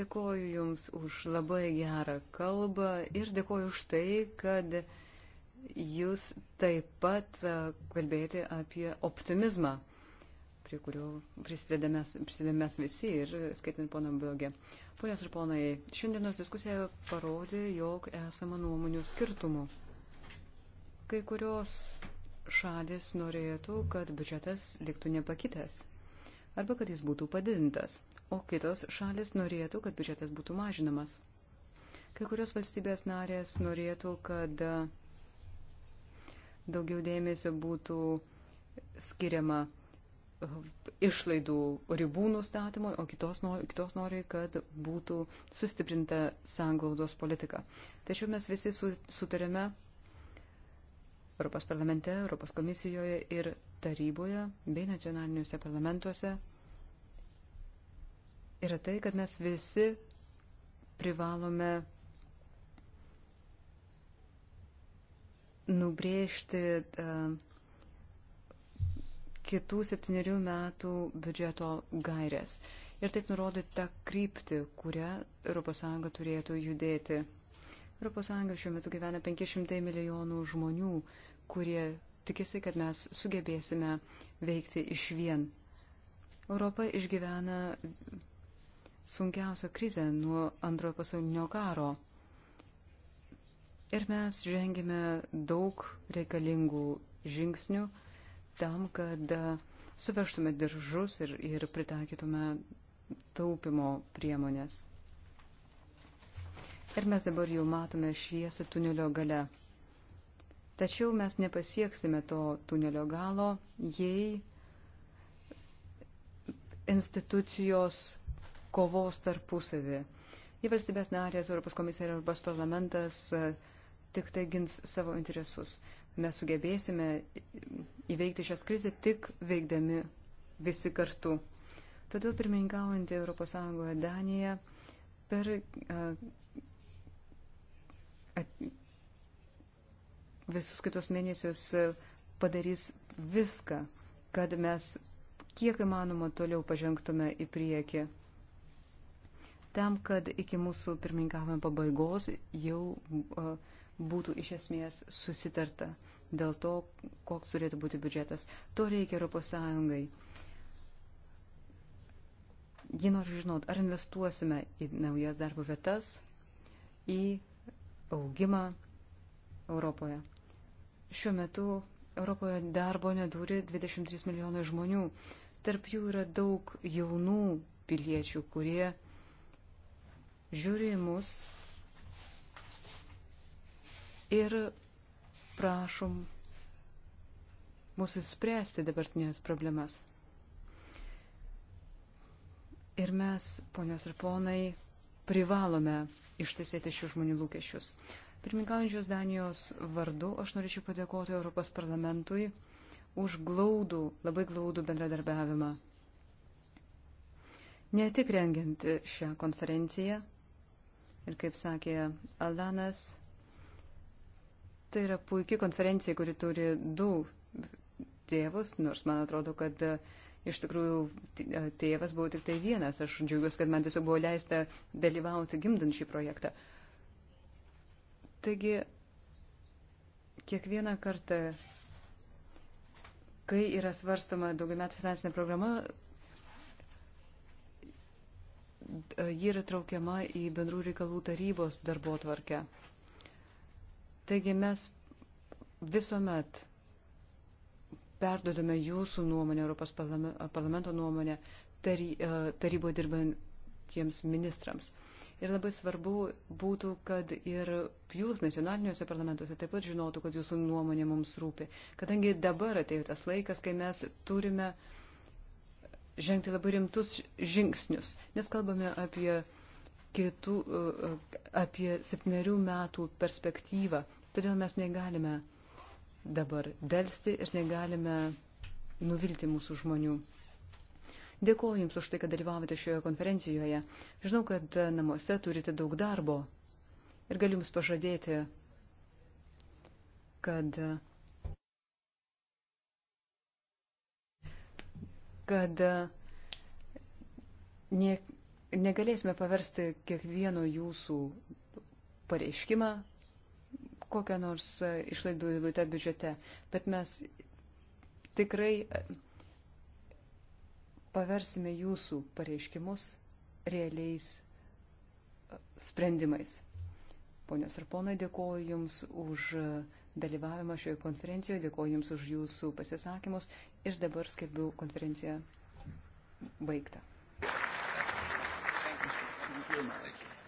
Dėkoju Jums už labai gerą kalbą ir dėkoju už tai, kad Jūs taip pat kalbėjote apie optimizmą prie kurių prisidedame mes visi ir skaitant poną Biogę. Ponios ir ponai, šiandienos diskusija parodė, jog esama nuomonių skirtumų. Kai kurios šalis norėtų, kad biudžetas liktų nepakitęs arba kad jis būtų padidintas, o kitos šalis norėtų, kad biudžetas būtų mažinamas. Kai kurios valstybės narės norėtų, kad daugiau dėmesio būtų skiriama išlaidų ribų nustatymui, o kitos nori, kitos nori, kad būtų sustiprinta sanglaudos politika. Tačiau mes visi sutarėme Europos parlamente, Europos komisijoje ir taryboje bei nacionaliniuose parlamentuose yra tai, kad mes visi privalome nubrėžti uh, kitų septyniarių metų biudžeto gairės. Ir taip nurodyti tą kryptį, kurią ES turėtų judėti. ES šiuo metu gyvena 500 milijonų žmonių, kurie tikisi, kad mes sugebėsime veikti iš vien. Europa išgyvena sunkiausią krizę nuo antrojo pasaulinio karo. Ir mes žengėme daug reikalingų žingsnių tam, kad e, suvežtume diržus ir, ir pritaikytume taupimo priemonės. Ir mes dabar jau matome šviesą tunelio gale. Tačiau mes nepasieksime to tunelio galo, jei institucijos kovos tarpusavį. Jei valstybės narės, Europos komisija ir Europos parlamentas e, tik tai gins savo interesus mes sugebėsime įveikti šias krizę tik veikdami visi kartu. Todėl pirmininkaujantį ES Daniją per visus kitos mėnesius padarys viską, kad mes kiek įmanoma toliau pažengtume į priekį. Tam, kad iki mūsų pirmininkavimo pabaigos jau uh, būtų iš esmės susitarta dėl to, koks turėtų būti biudžetas. To reikia Europos Sąjungai. Ji nori žinot, ar investuosime į naujas darbo vietas, į augimą Europoje. Šiuo metu Europoje darbo neturi 23 milijonai žmonių. Tarp jų yra daug jaunų piliečių, kurie žiūri į mus ir prašom mūsų spręsti dabartinės problemas. Ir mes, ponios ir ponai, privalome ištisėti šių žmonių lūkesčius. Pirmininkaujančios Danijos vardu aš norėčiau padėkoti Europos parlamentui už glaudų, labai glaudų bendradarbiavimą. Ne tik rengiant šią konferenciją, ir kaip sakė Alanas, Tai yra puikia konferencija, kuri turi du tėvus, nors man atrodo, kad e, iš tikrųjų e, tėvas buvo tik tai vienas. Aš džiaugiuosi, kad man tiesiog buvo leista dalyvauti gimdant šį projektą. Taigi, kiekvieną kartą, kai yra svarstoma daugiametė finansinė programa, e, ji yra traukiama į bendrų reikalų tarybos darbo tvarkę. Taigi mes visuomet perdodame jūsų nuomonę, Europos parlamento nuomonę e, taryboje dirbantiems ministrams. Ir labai svarbu būtų, kad ir jūs nacionaliniuose parlamentuose taip pat žinotų, kad jūsų nuomonė mums rūpi. Kadangi dabar atėjo tas laikas, kai mes turime žengti labai rimtus žingsnius, nes kalbame apie, kitų, e, e, apie septynerių metų perspektyvą Todėl mes negalime dabar dėlsti ir negalime nuvilti mūsų žmonių. Dėkuoju Jums už tai, kad dalyvavote šioje konferencijoje. Žinau, kad namuose turite daug darbo ir galiu Jums pažadėti, kad, kad ne, negalėsime paversti kiekvieno Jūsų pareiškimą kokią nors e, išlaidų įlūtę biudžete, bet mes tikrai e, paversime jūsų pareiškimus realiais e, sprendimais. Ponios ir ponai, dėkoju Jums už dalyvavimą šioje konferencijoje, dėkoju Jums už Jūsų pasisakymus ir dabar skelbiu konferenciją baigtą. Thank you. Thank you.